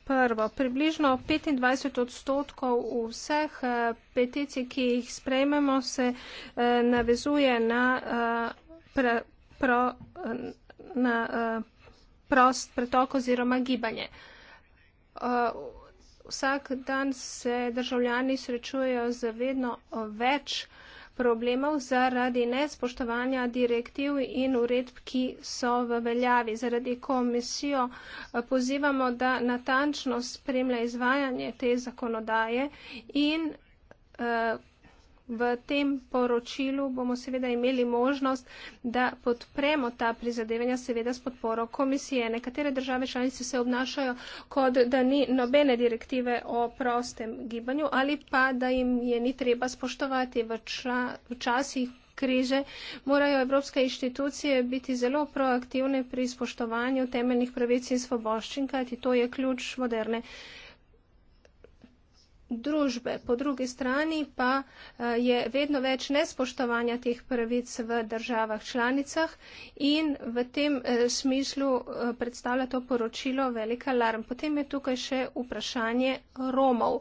Prvo, približno 25 odstotkov vseh peticij, ki jih sprejmemo, se navezuje na pre, pro, na eh, prost pretok oziroma gibanje. Eh, vsak dan se državljani srečujejo z vedno več problemov zaradi nespoštovanja direktiv in uredb, ki so v veljavi. Zaradi komisijo eh, pozivamo, da natančno spremlja izvajanje te zakonodaje in v tem poročilu bomo seveda imeli možnost, da podpremo ta prizadevanja, seveda s podporo komisije. Nekatere države članice se obnašajo, kot da ni nobene direktive o prostem gibanju ali pa da jim je ni treba spoštovati v, ča, v časih krize, morajo evropske inštitucije biti zelo proaktivne pri spoštovanju temeljnih pravic in svoboščin, kajti to je ključ moderne družbe. Po drugi strani pa eh, je vedno več nespoštovanja teh pravic v državah članicah in v tem eh, smislu eh, predstavlja to poročilo velik alarm. Potem je tukaj še vprašanje Romov.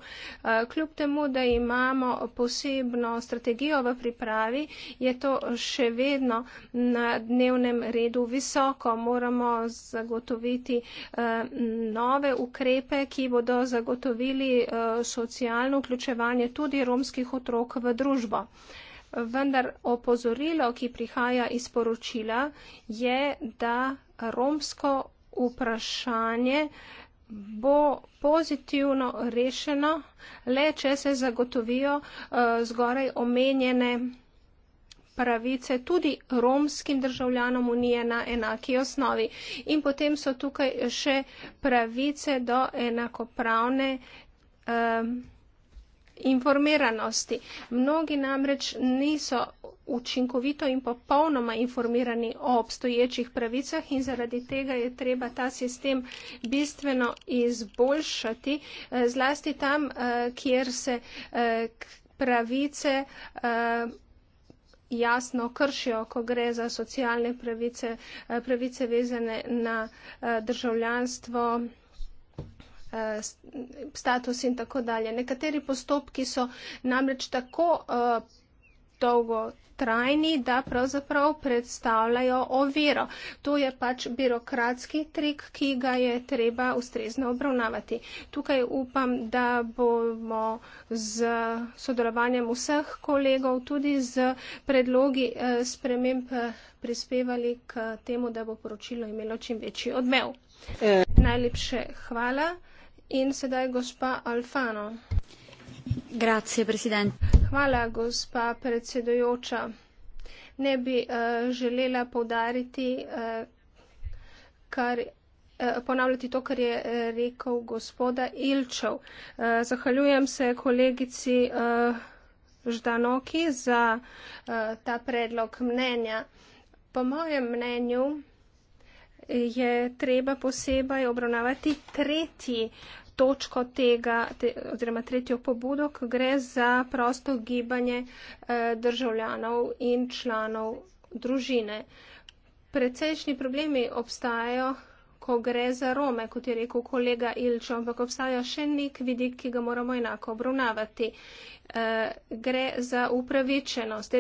Kljub temu, da imamo posebno strategijo v pripravi, je to še vedno na dnevnem redu visoko. Moramo zagotoviti nove ukrepe, ki bodo zagotovili socijalno socialno vključevanje tudi romskih otrok v družbo. Vendar opozorilo, ki prihaja iz poročila, je, da romsko vprašanje bo pozitivno rešeno, le če se zagotovijo eh, zgorej omenjene pravice tudi romskim državljanom Unije na enaki osnovi. In potem so tukaj še pravice do enakopravne um, informiranosti. Mnogi namreč niso učinkovito in popolnoma informirani o obstoječih pravicah in zaradi tega je treba ta sistem bistveno izboljšati, eh, zlasti tam, eh, kjer se eh, pravice jasno kršijo, ko gre za socialne pravice, pravice vezane na državljanstvo, Eh, status in tako dalje. Nekateri postopki so namreč tako eh, dolgo trajni, da pravzaprav predstavljajo oviro. To je pač birokratski trik, ki ga je treba ustrezno obravnavati. Tukaj upam, da bomo z sodelovanjem vseh kolegov tudi z predlogi eh, sprememb prispevali k temu, da bo poročilo imelo čim večji odmev. E. Najlepše hvala. Hvala, gospa predsedojoča. Ne bi uh, želela povdariti, uh, eh, kar, uh, ponavljati to, kar je uh, rekel gospoda Ilčev. Uh, zahvaljujem se kolegici uh, Ždanoki za uh, ta predlog mnenja. Po mojem mnenju je treba posebej obravnavati tretji uh, točko tega, te, oziroma tretjo pobudo, ko gre za prosto gibanje eh, državljanov in članov družine. Precejšnji problemi obstajajo ko gre za Rome, kot je rekel kolega Ilčo, ampak obstaja še nek vidik, ki ga moramo enako obravnavati. Uh, gre za upravičenost,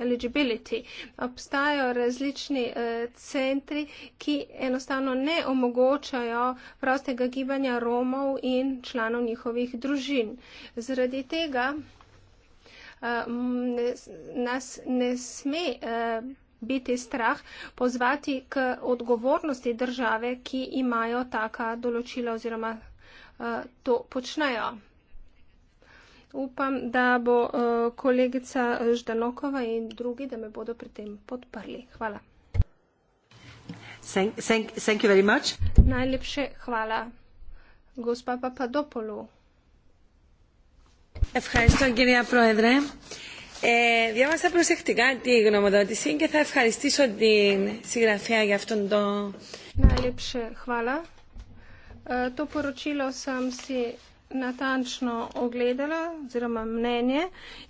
eligibility. Obstajajo različni uh, centri, ki enostavno ne omogočajo prostega gibanja Romov in članov njihovih družin. Zaradi tega uh, ne, nas ne sme. Uh, biti strah, pozvati k odgovornosti države, ki imajo taka določila oziroma uh, to počnejo. Upam, da bo uh, kolegica Ždanokova in drugi, da me bodo pri tem podprli. Hvala. Thank, thank, thank you very much. Najlepše hvala. Gospa Papadopolu. Hvala, gospod Gerija Proedre. Uh, Ε, διάβασα προσεκτικά τη γνωμοδότηση και θα ευχαριστήσω την συγγραφέα για αυτόν τον... Να λείψε χβάλα. Ε, το προτσίλω σαν στη Natančno ogledala, oziroma mnenje,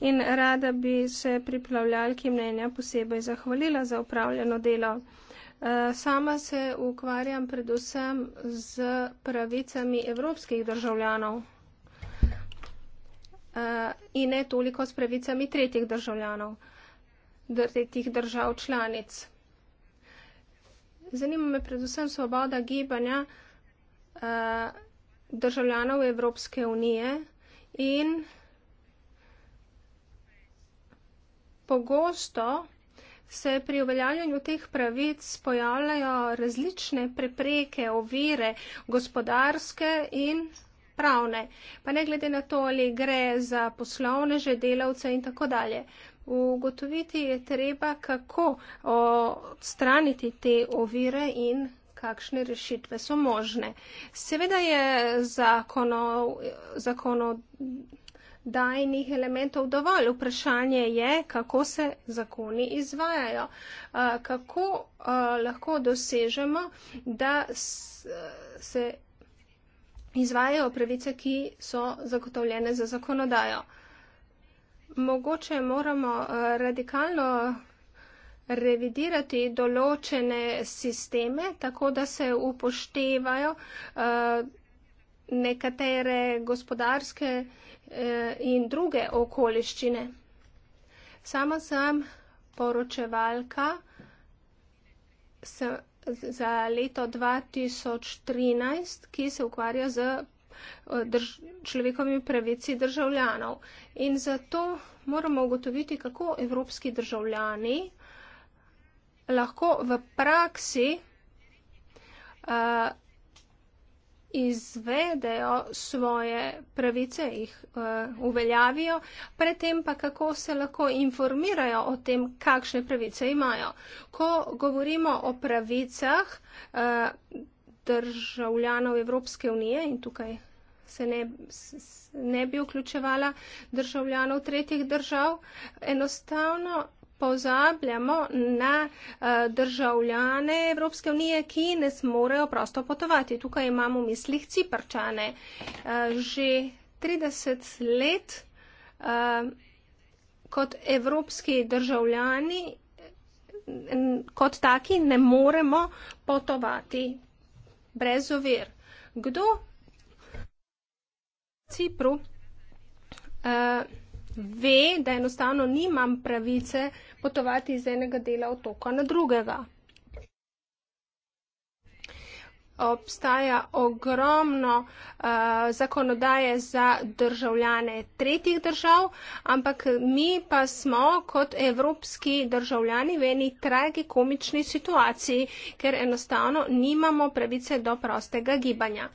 in rada bi se pripravljalki mnenja posebej zahvalila za upravljeno delo. E, sama se ukvarjam predvsem z pravicami evropskih državljanov. Eh, in ne toliko s pravicami tretjih državljanov, tretjih držav članic. Zanima me predvsem svoboda gibanja eh, državljanov Evropske unije in pogosto se pri uveljavljanju teh pravic pojavljajo različne prepreke, ovire, gospodarske in pravne, pa ne glede na to, ali gre za poslovne že delavce in tako dalje. Ugotoviti je treba, kako odstraniti te ovire in kakšne rešitve so možne. Seveda je zakon o, zakon o dajnih elementov dovolj. Vprašanje je, kako se zakoni izvajajo, kako lahko dosežemo, da se izvajajo pravice, ki so zagotovljene za zakonodajo. Mogoče moramo eh, radikalno revidirati določene sisteme, tako da se upoštevajo eh, nekatere gospodarske eh, in druge okoliščine. Sama sem poročevalka, sem za leto 2013, ki se ukvarja z eh, drž človekovimi pravici državljanov. In zato moramo ugotoviti, kako evropski državljani lahko v praksi uh, izvedejo svoje pravice, jih uh, uveljavijo, predtem pa kako se lahko informirajo o tem, kakšne pravice imajo. Ko govorimo o pravicah uh, državljanov Evropske unije in tukaj se ne, se ne bi vključevala državljanov tretjih držav, enostavno pozabljamo na eh, državljane Evropske unije, ki ne smorejo prosto potovati. Tukaj imamo v mislih ciprčane. Eh, že 30 let eh, kot evropski državljani, kot taki, ne moremo potovati brez ovir. Kdo Cipru ve, da enostavno nimam pravice, potovati iz enega dela otoka na drugega. Obstaja ogromno uh, zakonodaje za državljane tretjih držav, ampak mi pa smo kot evropski državljani v eni tragi komični situaciji, ker enostavno nimamo pravice do prostega gibanja.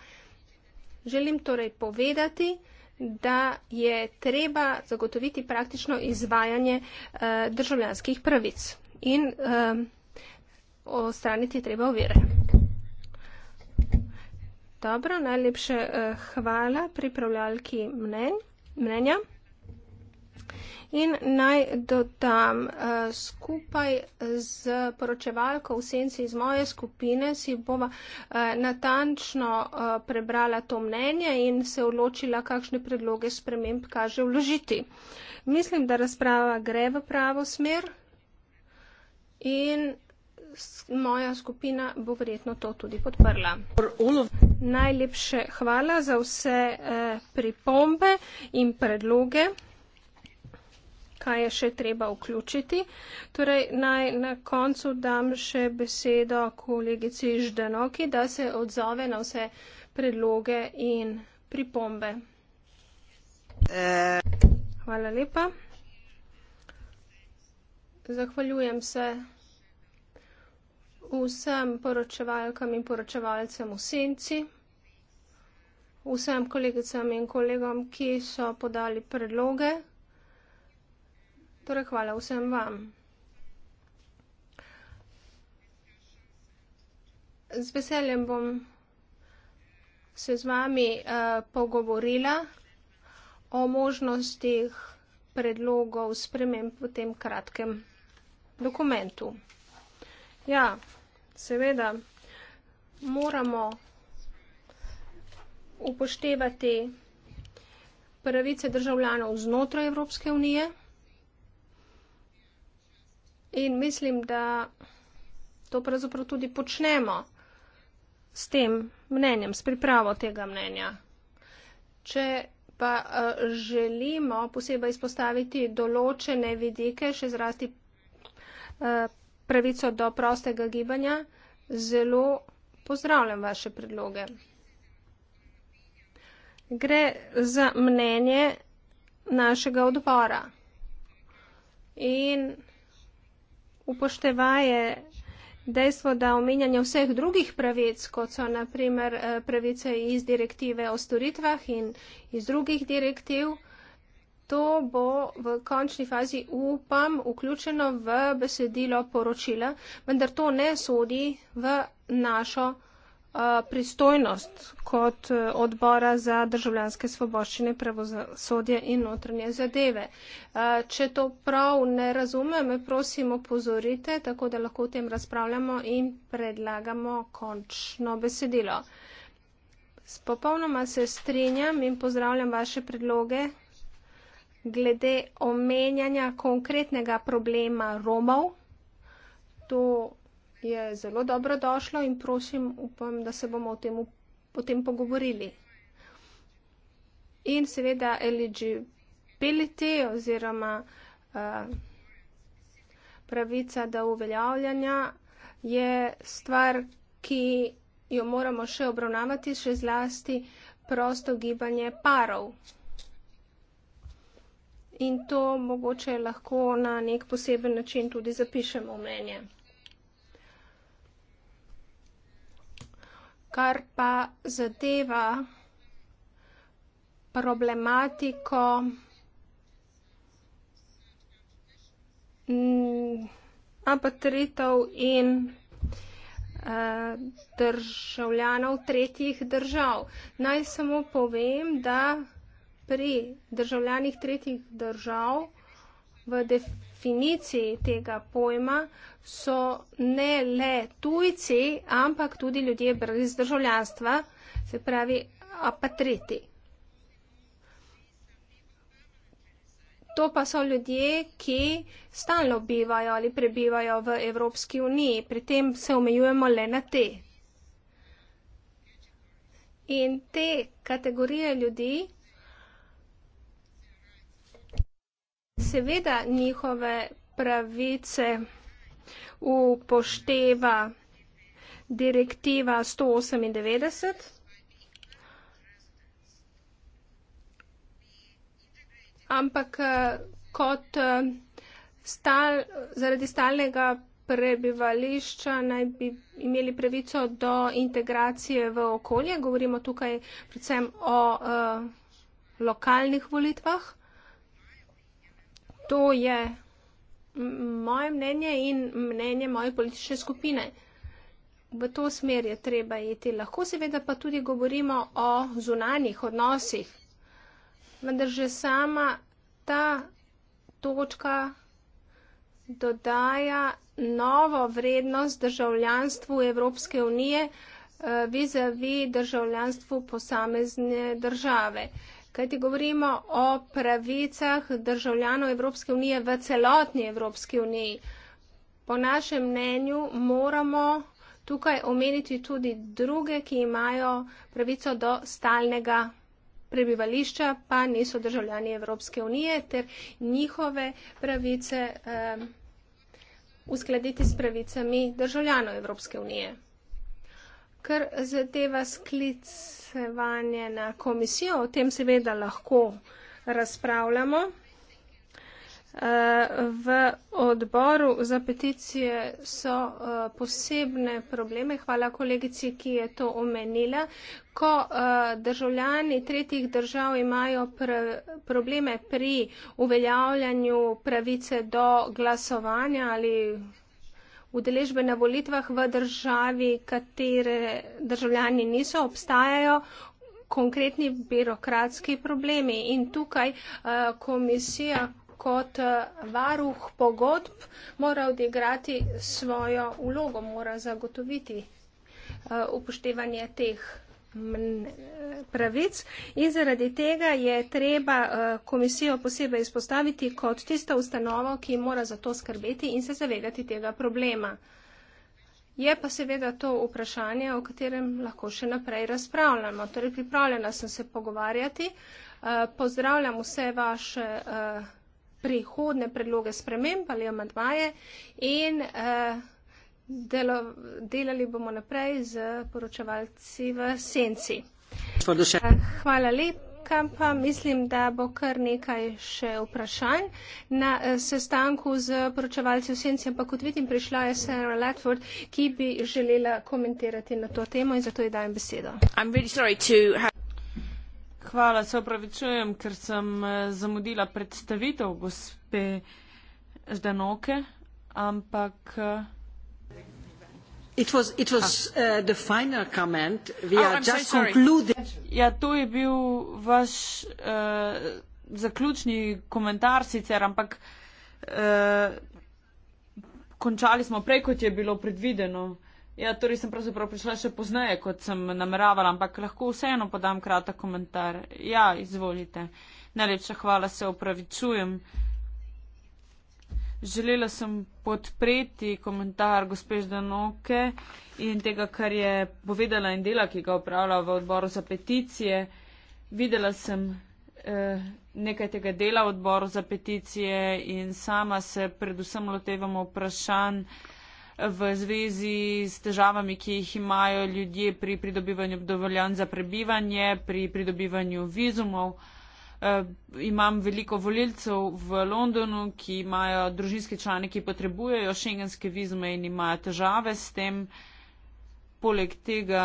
Želim torej povedati, da je treba zagotoviti praktično izvajanje uh, državljanskih pravic in um, eh, ostraniti treba uvire. Dobro, najlepše uh, hvala pripravljalki mnen, mnenja. In naj dodam, eh, skupaj z poročevalko v senci iz moje skupine si bova eh, natančno eh, prebrala to mnenje in se odločila, kakšne predloge sprememb kaže vložiti. Mislim, da razprava gre v pravo smer in moja skupina bo verjetno to tudi podprla. Najlepše hvala za vse pripombe in predloge kaj je še treba vključiti. Torej, naj na koncu dam še besedo kolegici Ždenoki, da se odzove na vse predloge in pripombe. Hvala lepa. Zahvaljujem se vsem poročevalkam in poročevalcem v senci, vsem kolegicam in kolegom, ki so podali predloge. Torej, hvala vsem vam. Z veseljem bom se z vami uh, pogovorila o možnostih predlogov sprememb v tem kratkem dokumentu. Ja, seveda moramo upoštevati pravice državljanov znotraj Evropske unije. In mislim, da to pravzaprav tudi počnemo s tem mnenjem, s pripravo tega mnenja. Če pa uh, želimo posebej izpostaviti določene vidike, še zrasti uh, eh, pravico do prostega gibanja, zelo pozdravljam vaše predloge. Gre za mnenje našega odbora. In upoštevaje dejstvo, da omenjanje vseh drugih pravic, kot so naprimer eh, pravice iz direktive o storitvah in iz drugih direktiv, to bo v končni fazi, upam, vključeno v besedilo poročila, vendar to ne sodi v našo pristojnost kot e, odbora za državljanske svoboščine, pravosodje in notranje zadeve. Če to prav ne razume, me prosim opozorite, tako da lahko o tem razpravljamo in predlagamo končno besedilo. Spopolnoma se strinjam in pozdravljam vaše predloge glede omenjanja konkretnega problema Romov. To je zelo dobro došlo in prosim, upam, da se bomo o tem potem pogovorili. In seveda LGBT oziroma uh, pravica do uveljavljanja je stvar, ki jo moramo še obravnavati, še zlasti prosto gibanje parov. In to mogoče lahko na nek poseben način tudi zapišemo v mnenje. kar pa zadeva problematiko mm, apatritov in eh, državljanov tretjih držav. Naj samo povem, da pri državljanih tretjih držav v definiciji definiciji tega pojma so ne le tujci, ampak tudi ljudje brez državljanstva, se pravi apatriti. To pa so ljudje, ki stalno bivajo ali prebivajo v Evropski uniji, pri tem se omejujemo le na te. In te kategorije ljudi seveda njihove pravice upošteva direktiva 198. Ampak eh, kot eh, stal, zaradi stalnega prebivališča naj bi imeli pravico do integracije v okolje. Govorimo tukaj predvsem o uh, lokalnih volitvah. To je moje mnenje in mnenje moje politične skupine. V to smer je treba iti. Lahko seveda pa tudi govorimo o zunanjih odnosih. Vendar že sama ta točka dodaja novo vrednost državljanstvu Evropske unije eh, vizavi državljanstvu posamezne države kajti govorimo o pravicah državljanov Evropske unije v celotni Evropski uniji. Po našem mnenju moramo tukaj omeniti tudi druge, ki imajo pravico do stalnega prebivališča, pa niso državljani Evropske unije, ter njihove pravice. Um, uskladiti s pravicami državljanov Evropske unije. Kar zadeva sklicevanje na komisijo, o tem seveda lahko razpravljamo. Eh, v odboru za peticije so eh, posebne probleme. Hvala kolegici, ki je to omenila. Ko eh, državljani tretjih držav imajo pr probleme pri uveljavljanju pravice do glasovanja ali udeležbe na volitvah v državi, katere državljani niso, obstajajo konkretni birokratski problemi. In tukaj eh, komisija kot eh, varuh pogodb mora odigrati svojo ulogo, mora zagotoviti eh, upoštevanje teh pravic in zaradi tega je treba eh, komisijo posebej izpostaviti kot tisto ustanovo, ki mora za to skrbeti in se zavedati tega problema. Je pa seveda to vprašanje, o katerem lahko še naprej razpravljamo. Torej, pripravljena sem se pogovarjati. Eh, pozdravljam vse vaše eh, prihodne predloge spremembe ali amadvaje in eh, Delo, delali bomo naprej z poročevalci v senci. Hvala lepa, pa mislim, da bo kar nekaj še vprašanj na eh, sestanku z poročevalci v senci, ampak kot vidim, prišla je Sarah Latford, ki bi želela komentirati na to temo in zato ji dajem besedo. Hvala, se opravičujem, ker sem eh, zamudila predstavitev gospe Ždanoke, ampak. Eh, Ah. Uh, oh, ja, to je bil vaš uh, zaključni komentar sicer, ampak uh, končali smo prej, kot je bilo predvideno. Ja, torej sem pravzaprav prišla še pozneje, kot sem nameravala, ampak lahko vseeno podam kratek komentar. Ja, izvolite. Najlepša hvala, se opravičujem. Uh, Želela sem podpreti komentar gospe Ždanoke in tega, kar je povedala in dela, ki ga upravlja v odboru za peticije. Videla sem eh, nekaj tega dela v odboru za peticije in sama se predvsem lotevamo vprašanj v zvezi s težavami, ki jih imajo ljudje pri pridobivanju dovoljanj za prebivanje, pri pridobivanju vizumov. Eh, Eh, imam veliko voljivcev v Londonu, ki imajo družinske člane, ki potrebujejo šengenske vizume in imajo težave s tem. Poleg tega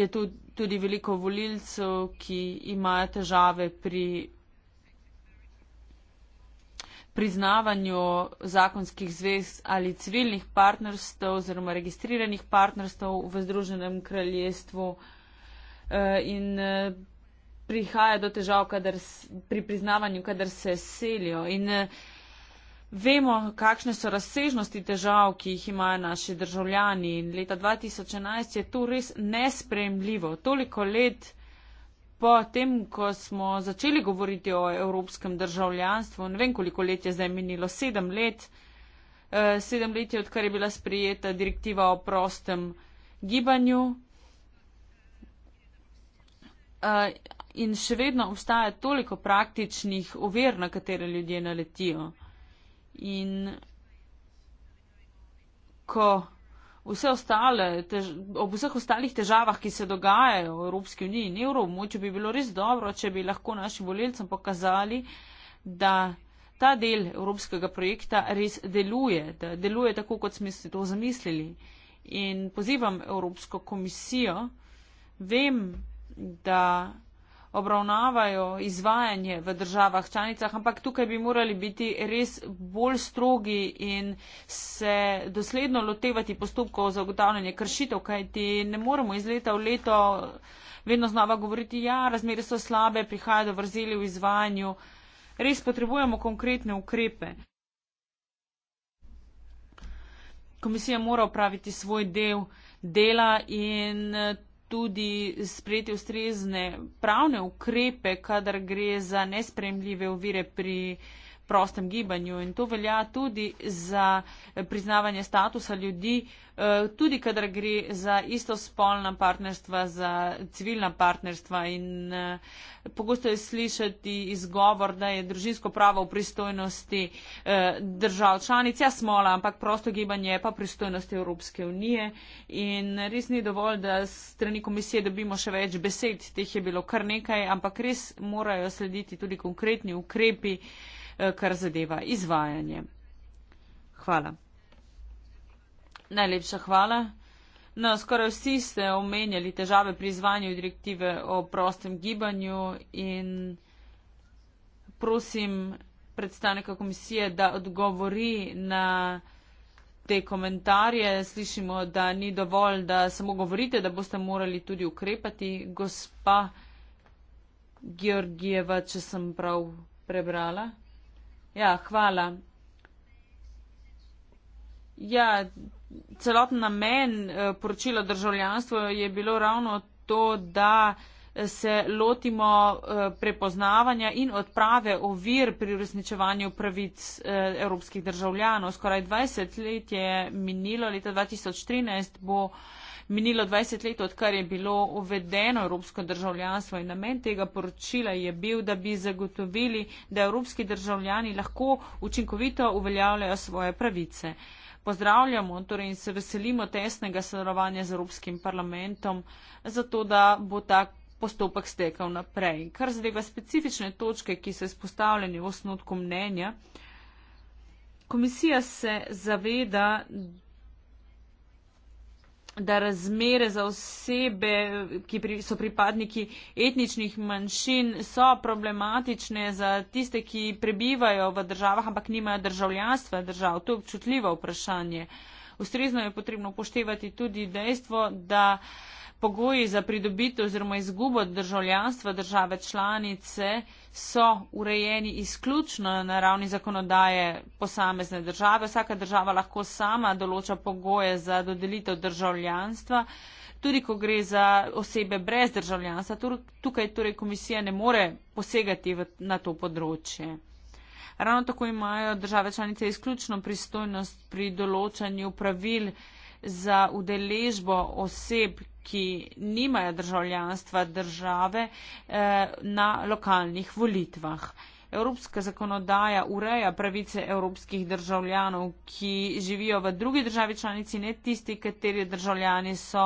je tu tudi veliko voljivcev, ki imajo težave pri priznavanju zakonskih zvez ali civilnih partnerstv oziroma registriranih partnerstv v Združenem kraljestvu. Eh, in eh, prihaja do težav kadar, pri priznavanju, kadar se selijo. In eh, vemo, kakšne so razsežnosti težav, ki jih imajo naši državljani. In leta 2011 je to res nespremljivo. Toliko let. Po tem, ko smo začeli govoriti o evropskem državljanstvu, ne vem koliko let je zdaj minilo, sedem let, eh, sedem let je odkar je bila sprijeta direktiva o prostem gibanju. Eh, in še vedno obstaja toliko praktičnih ovir, na katere ljudje naletijo. In ko vse ostale, ob vseh ostalih težavah, ki se dogajajo v Evropski uniji in evroobmočju, bi bilo res dobro, če bi lahko našim voljivcem pokazali, da ta del evropskega projekta res deluje, da deluje tako, kot smo si to zamislili. In pozivam Evropsko komisijo, vem, da obravnavajo izvajanje v državah članicah, ampak tukaj bi morali biti res bolj strogi in se dosledno lotevati postopkov za ugotavljanje kršitev, kajti ne moremo iz leta v leto vedno znova govoriti, ja, razmere so slabe, prihaja do vrzeli v izvajanju. Res potrebujemo konkretne ukrepe. Komisija mora upraviti svoj del dela in tudi sprejeti ustrezne pravne ukrepe, kadar gre za nespremljive uvire pri prostem gibanju in to velja tudi za eh, priznavanje statusa ljudi, eh, tudi kadar gre za istospolna partnerstva, za civilna partnerstva in eh, pogosto je slišati izgovor, da je družinsko pravo v pristojnosti držav članic, ja smola, ampak prosto gibanje je pa pristojnosti Evropske unije in res ni dovolj, da strani komisije dobimo še več besed, teh je bilo kar nekaj, ampak res morajo slediti tudi konkretni ukrepi. Eh, kar zadeva izvajanje. Hvala. Najlepša hvala. No, skoraj vsi ste omenjali težave pri izvajanju direktive o prostem gibanju in prosim predstavnika komisije, da odgovori na te komentarje. Slišimo, da ni dovolj, da samo govorite, da boste morali tudi ukrepati. Gospa Georgijeva, če sem prav prebrala. Ja, hvala. Ja, celoten namen eh, poročila državljanstvo je bilo ravno to, da se lotimo eh, prepoznavanja in odprave ovir pri uresničevanju pravic eh, evropskih državljanov. Skoraj 20 let je minilo, leta 2013 bo minilo 20 let, odkar je bilo uvedeno evropsko državljanstvo in namen tega poročila je bil, da bi zagotovili, da evropski državljani lahko učinkovito uveljavljajo svoje pravice. Pozdravljamo torej, in se veselimo tesnega sodelovanja z Evropskim parlamentom, zato da bo ta postopek stekal naprej. Kar zadeva specifične točke, ki so izpostavljene v osnotku mnenja, komisija se zaveda, da razmere za osebe, ki pri, so pripadniki etničnih manjšin, so problematične za tiste, ki prebivajo v državah, ampak nimajo državljanstva držav. To je občutljivo vprašanje. Ustrezno je potrebno upoštevati tudi dejstvo, da uh, pogoji za pridobitev oziroma izgubo državljanstva države članice so urejeni izključno na ravni zakonodaje posamezne države. Vsaka država lahko sama določa pogoje za dodelitev državljanstva. Tudi ko gre za osebe brez državljanstva, tukaj torej komisija ne more posegati v, na to področje. Ravno tako imajo države članice izključno pristojnost pri določanju pravil za udeležbo oseb, ki nimajo državljanstva države eh, na lokalnih volitvah. Evropska zakonodaja ureja pravice evropskih državljanov, ki živijo v drugi državi članici, ne tisti, kateri državljani so,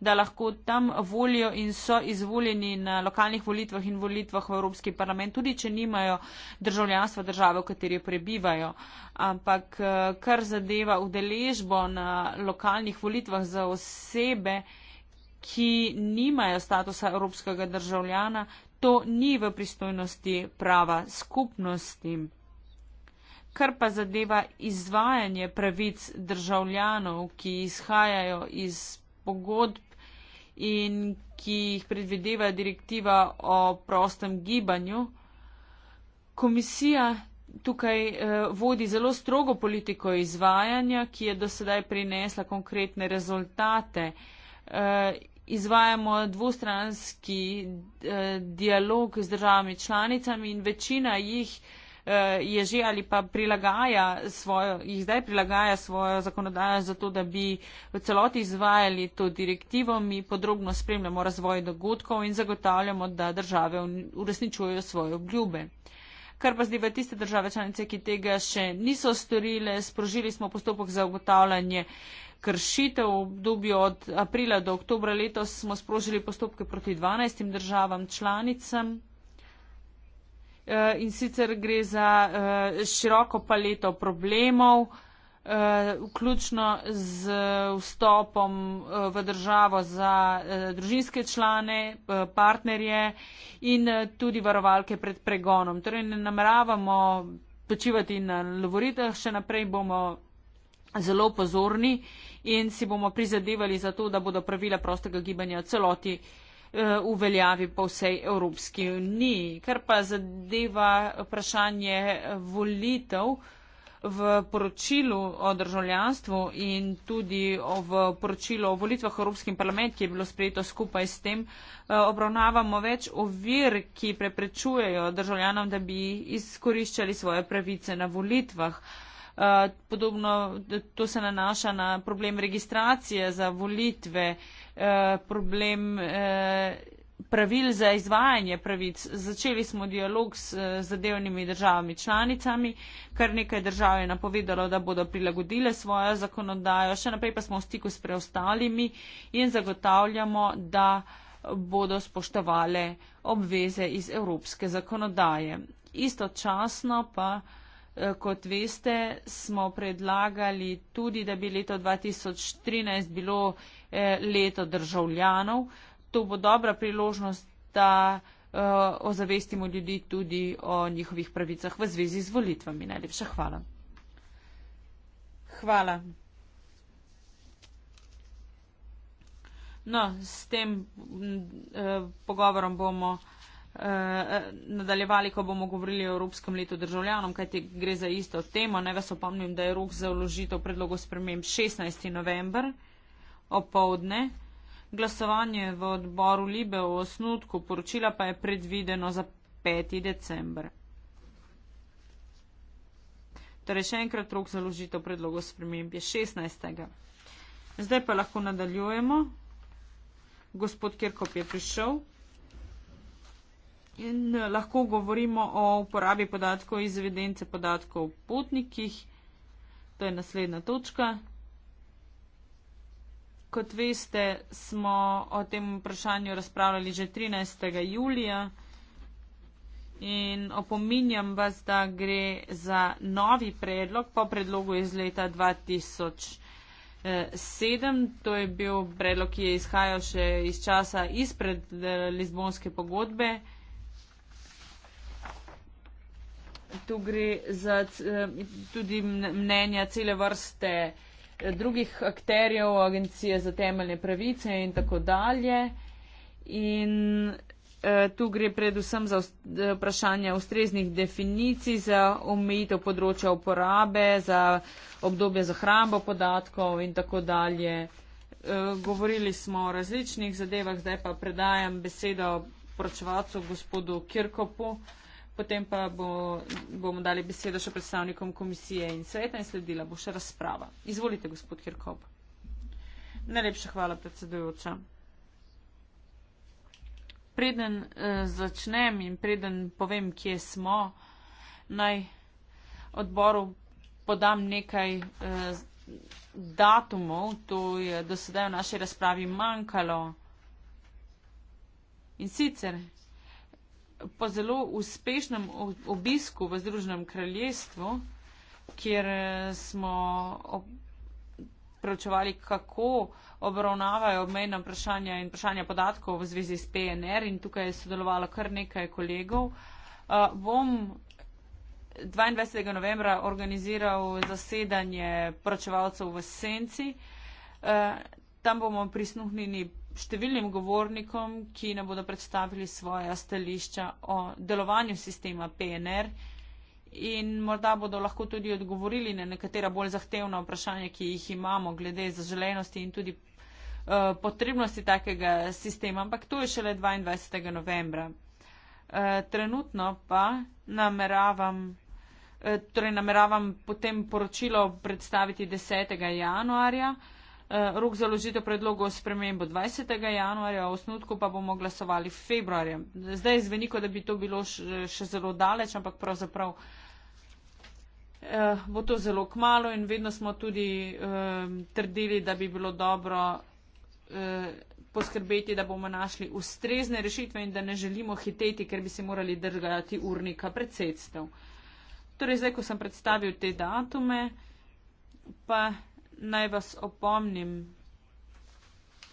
da lahko tam volijo in so izvoljeni na lokalnih volitvah in volitvah v Evropski parlament, tudi če nimajo državljanstva države, v kateri prebivajo. Ampak eh, kar zadeva udeležbo na lokalnih volitvah za osebe, ki nimajo statusa evropskega državljana, to ni v pristojnosti prava skupnosti. Kar pa zadeva izvajanje pravic državljanov, ki izhajajo iz pogodb in ki jih predvideva direktiva o prostem gibanju, komisija tukaj eh, vodi zelo strogo politiko izvajanja, ki je do sedaj prinesla konkretne rezultate eh, izvajamo dvostranski eh, dialog z državami članicami in večina jih eh, je že ali pa prilagaja svojo, jih zdaj prilagaja svojo zakonodajo za to, da bi v celoti izvajali to direktivo. Mi podrobno spremljamo razvoj dogodkov in zagotavljamo, da države uresničujejo svoje obljube kar pa zdaj v tiste države članice, ki tega še niso storile. Sprožili smo postopek za ugotavljanje kršitev v obdobju od aprila do oktobra letos. Smo sprožili postopke proti 12 državam članicam. Eh, in sicer gre za eh, široko paleto problemov, Eh, vključno z vstopom eh, v državo za eh, družinske člane, partnerje in tudi varovalke pred pregonom. Torej ne nameravamo počivati na lovoritah, še naprej bomo zelo pozorni in si bomo prizadevali za to, da bodo pravila prostega gibanja celoti uveljavi po vsej Evropski uniji. Kar pa zadeva vprašanje volitev, v poročilu o državljanstvu in tudi v poročilu o volitvah v Evropskem parlamentu, ki je bilo sprejeto skupaj s tem, eh, obravnavamo več ovir, ki preprečujejo državljanom, da bi izkoriščali svoje pravice na volitvah. Eh, podobno to se nanaša na problem registracije za volitve, eh, problem pravil za izvajanje pravic. Začeli smo dialog s eh, zadevnimi državami članicami, kar nekaj držav je napovedalo, da bodo prilagodile svojo zakonodajo, še naprej pa smo v stiku s preostalimi in zagotavljamo, da bodo spoštovale obveze iz evropske zakonodaje. Istočasno pa, eh, kot veste, smo predlagali tudi, da bi leto 2013 bilo eh, leto državljanov, to bo dobra priložnost, da uh, ozavestimo ljudi tudi o njihovih pravicah v zvezi z volitvami. Najlepša hvala. Hvala. No, s tem uh, pogovorom bomo eh, nadaljevali, ko bomo govorili o Evropskem letu državljanom, kajti gre za isto temo. Naj vas opomnim, da je rok za vložitev predlogov sprememb 16. november opovdne. Glasovanje v odboru Libe o osnutku poročila pa je predvideno za 5. decembr. Torej še enkrat rok za ložitev predlogo sprememb je 16. Zdaj pa lahko nadaljujemo. Gospod Kirkop je prišel. In eh, lahko govorimo o uporabi podatkov iz evidence podatkov o potnikih. To je naslednja točka. Kot veste, smo o tem vprašanju razpravljali že 13. julija in opominjam vas, da gre za novi predlog po predlogu iz leta 2007. Eh, to je bil predlog, ki je izhajal še iz časa izpred eh, Lizbonske pogodbe. Tu gre za eh, tudi mnenja cele vrste drugih akterjev, agencije za temeljne pravice in tako dalje. In eh, tu gre predvsem za vprašanje ustreznih definicij, za omejitev področja uporabe, za obdobje za hrambo podatkov in tako dalje. Eh, govorili smo o različnih zadevah, zdaj pa predajam besedo poročevalcu gospodu Kirkopu. Eh, Potem pa bo, bomo dali besedo še predstavnikom komisije in sveta in sledila bo še razprava. Izvolite, gospod Kirkob. Najlepša hvala, predsedujoča. Preden eh, začnem in preden povem, kje smo, naj odboru podam nekaj eh, datumov, to je do sedaj v naši razpravi manjkalo. In sicer po zelo uspešnem obisku v Združenem kraljestvu, kjer eh, smo preučevali, kako obravnavajo obmejna vprašanja in vprašanja podatkov v zvezi s PNR in tukaj je sodelovalo kar nekaj kolegov, eh, bom 22. novembra organiziral zasedanje poročevalcev v Senci. Eh, tam bomo prisluhnili številnim govornikom, ki nam bodo predstavili svoja stališča o delovanju sistema PNR in morda bodo lahko tudi odgovorili na nekatera bolj zahtevna vprašanja, ki jih imamo glede zaželenosti in tudi eh, potrebnosti takega sistema, ampak to je šele 22. novembra. Eh, trenutno pa nameravam, eh, torej nameravam potem poročilo predstaviti 10. januarja. Eh, rok za ložitev predlogov spremembo 20. januarja, osnutku pa bomo glasovali v februarju. Zdaj zveni, kot da bi to bilo še, še zelo daleč, ampak pravzaprav eh, bo to zelo kmalo in vedno smo tudi eh, trdili, da bi bilo dobro eh, poskrbeti, da bomo našli ustrezne rešitve in da ne želimo hiteti, ker bi se morali držati urnika predsedstev. Torej, zdaj, ko sem predstavil te datume, pa naj vas opomnim,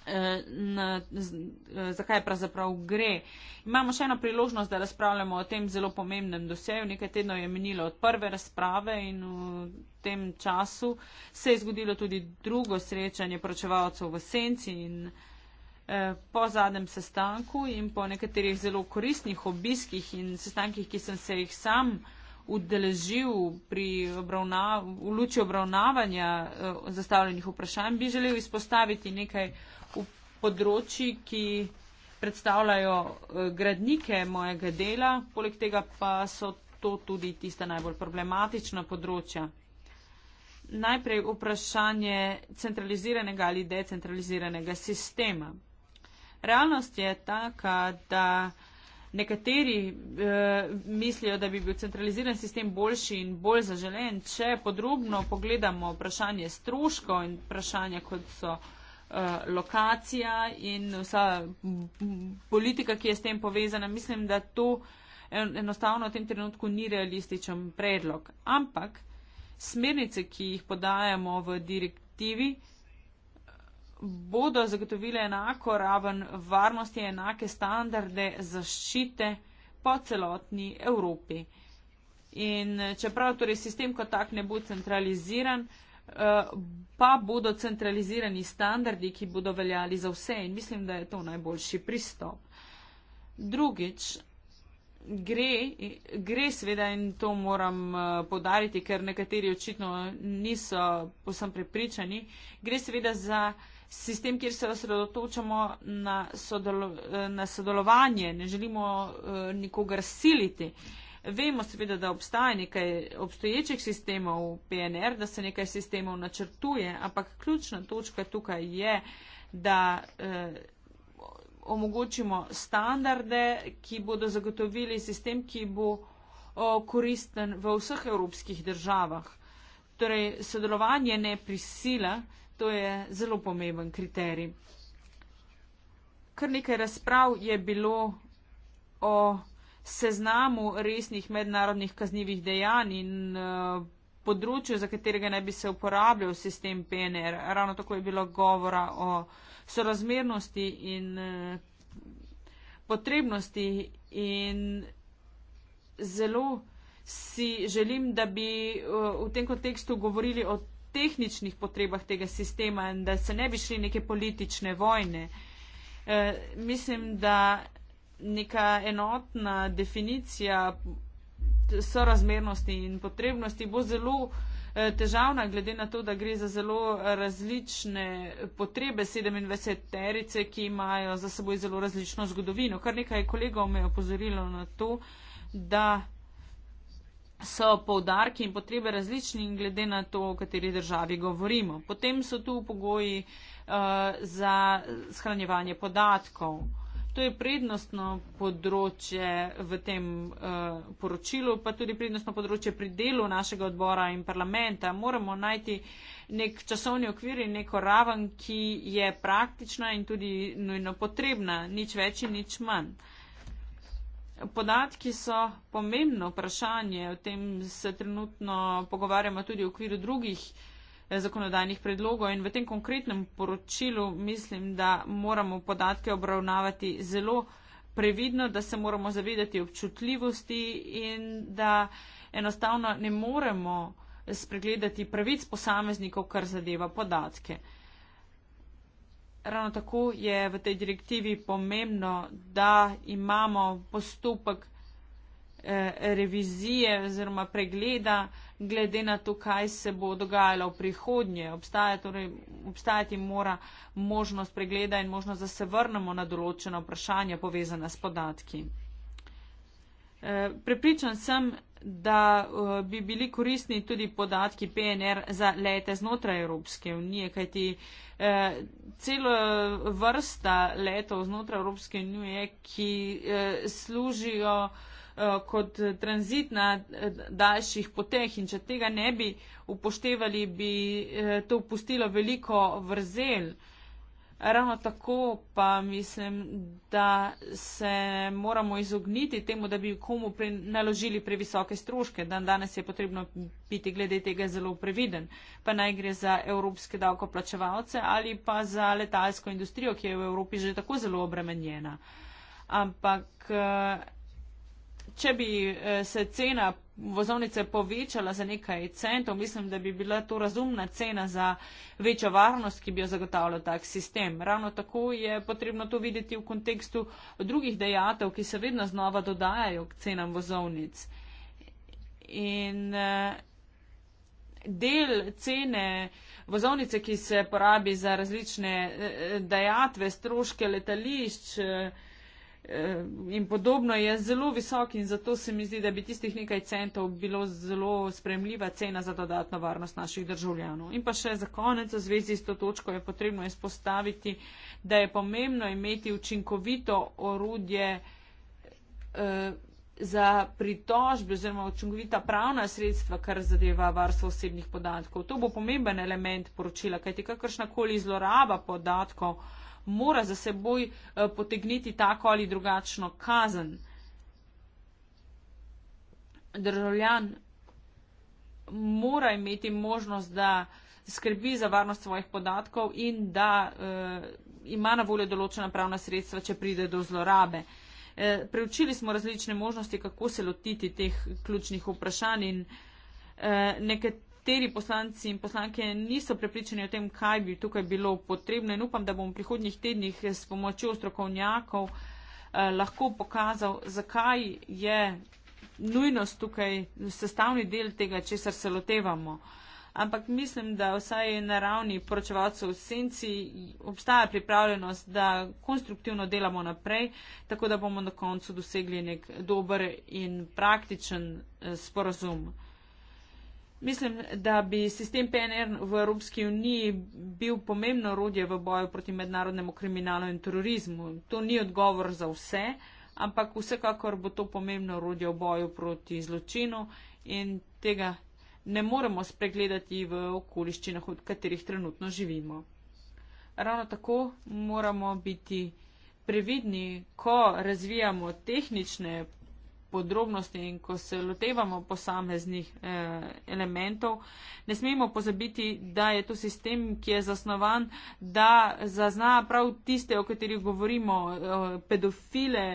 eh, na, z, eh, zakaj pravzaprav gre. Imamo še eno priložnost, da razpravljamo o tem zelo pomembnem doseju. Nekaj tednov je minilo od prve razprave in v tem času se je zgodilo tudi drugo srečanje pročevalcev v senci in eh, Po zadnjem sestanku in po nekaterih zelo koristnih obiskih in sestankih, ki sem se jih sam uh, udeležil pri obravnav, luči obravnavanja uh, zastavljenih vprašanj, bi želel izpostaviti nekaj področji, ki predstavljajo uh, gradnike mojega dela, poleg tega pa so to tudi tista najbolj problematična področja. Najprej vprašanje centraliziranega ali decentraliziranega sistema. Realnost je taka, da Nekateri eh, mislijo, da bi bil centraliziran sistem boljši in bolj zaželen, če podrobno pogledamo vprašanje stroškov in vprašanja, kot so eh, lokacija in vsa politika, ki je s tem povezana. Mislim, da to enostavno v tem trenutku ni realističen predlog. Ampak smernice, ki jih podajamo v direktivi, bodo zagotovile enako raven varnosti, enake standarde zaščite po celotni Evropi. In eh, čeprav torej sistem kot tak ne bo centraliziran, eh, pa bodo centralizirani standardi, ki bodo veljali za vse in mislim, da je to najboljši pristop. Drugič, gre, gre seveda in to moram eh, podariti, ker nekateri očitno niso posem prepričani, gre seveda za sistem, kjer se osredotočamo na, sodelo, na sodelovanje, ne želimo eh, nikogar siliti. Vemo seveda, da obstaja nekaj obstoječih sistemov PNR, da se nekaj sistemov načrtuje, ampak ključna točka tukaj je, da eh, omogočimo standarde, ki bodo zagotovili sistem, ki bo oh, koristen v vseh evropskih državah. Torej, sodelovanje ne prisila, to je zelo pomemben kriterij. Kar nekaj razprav je bilo o seznamu resnih mednarodnih kaznjivih dejanj in eh, področju, za katerega naj bi se uporabljal sistem PNR. Ravno tako je bilo govora o sorazmernosti in eh, potrebnosti in zelo si želim, da bi eh, v tem kontekstu govorili o tehničnih potrebah tega sistema in da se ne bi šli neke politične vojne. Eh, mislim, da neka enotna definicija sorazmernosti in potrebnosti bo zelo eh, težavna, glede na to, da gre za zelo različne potrebe 27 terice, ki imajo za seboj zelo različno zgodovino. Kar nekaj kolegov me je opozorilo na to, da so poudarki in potrebe različni glede na to, o kateri državi govorimo. Potem so tu pogoji uh, za shranjevanje podatkov. To je prednostno področje v tem uh, poročilu, pa tudi prednostno področje pri delu našega odbora in parlamenta. Moramo najti nek časovni okvir in neko raven, ki je praktična in tudi nujno potrebna, nič več in nič manj. Uh, Podatki so pomembno vprašanje, o tem se trenutno pogovarjamo tudi v okviru drugih eh, zakonodajnih predlogov in v tem konkretnem poročilu mislim, da moramo podatke obravnavati zelo previdno, da se moramo zavedati občutljivosti in da enostavno ne moremo spregledati pravic posameznikov, kar zadeva podatke. Ravno tako je v tej direktivi pomembno, da imamo postopek eh, revizije oziroma pregleda glede na to, kaj se bo dogajalo v prihodnje. Obstaja, torej, obstajati mora možnost pregleda in možnost, da se vrnemo na določena vprašanja povezana s podatki. E, Prepričan sem, da uh, bi bili koristni tudi podatki PNR za lete znotraj Evropske unije, kajti uh, eh, celo vrsta letov znotraj Evropske unije, ki uh, služijo kot tranzit na daljših poteh in če tega ne bi upoštevali, bi to upustilo veliko vrzel eh, Ravno tako pa mislim, da se moramo izogniti temu, da bi komu pre, naložili previsoke stroške. Dan danes je potrebno biti glede tega zelo previden, pa naj gre za evropske davkoplačevalce ali pa za letalsko industrijo, ki je v Evropi že tako zelo obremenjena. Ampak eh, če bi eh, se cena vozovnice povečala za nekaj centov, mislim, da bi bila to razumna cena za večjo varnost, ki bi jo zagotavljal tak sistem. Ravno tako je potrebno to videti v kontekstu drugih dejatev, ki se vedno znova dodajajo k cenam vozovnic. In eh, del cene vozovnice, ki se porabi za različne eh, dejatve, stroške letališč, eh, Eh, in podobno je zelo visok in zato se mi zdi, da bi tistih nekaj centov bilo zelo spremljiva cena za dodatno varnost naših državljanov. In pa še za konec, v zvezi s to točko je potrebno izpostaviti, da je pomembno imeti učinkovito orudje eh, za pritožbe oziroma učinkovita pravna sredstva, kar zadeva varstvo osebnih podatkov. To bo pomemben element poročila, kajti kakršnakoli zloraba podatkov mora za seboj eh, potegniti tako ali drugačno kazen. Državljan mora imeti možnost, da skrbi za varnost svojih podatkov in da eh, ima na voljo določena pravna sredstva, če pride do zlorabe. Eh, preučili smo različne možnosti, kako se lotiti teh ključnih vprašanj in eh, nekaj nekateri poslanci in poslanke niso prepričani o tem, kaj bi tukaj bilo potrebno in upam, da bom v prihodnjih tednih s pomočjo strokovnjakov eh, lahko pokazal, zakaj je nujnost tukaj sestavni del tega, česar se lotevamo. Ampak mislim, da vsaj na ravni poročevalcev v senci obstaja pripravljenost, da konstruktivno delamo naprej, tako da bomo na koncu dosegli nek dober in praktičen eh, sporazum. Mislim, da bi sistem PNR v Evropski uniji bil pomembno orodje v boju proti mednarodnemu kriminalu in terorizmu. To ni odgovor za vse, ampak vsekakor bo to pomembno orodje v boju proti zločinu in tega ne moremo spregledati v okoliščinah, v katerih trenutno živimo. Ravno tako moramo biti previdni, ko razvijamo tehnične podrobnosti in ko se lotevamo posameznih eh, elementov, ne smemo pozabiti, da je to sistem, ki je zasnovan, da zazna prav tiste, o katerih govorimo, eh, pedofile,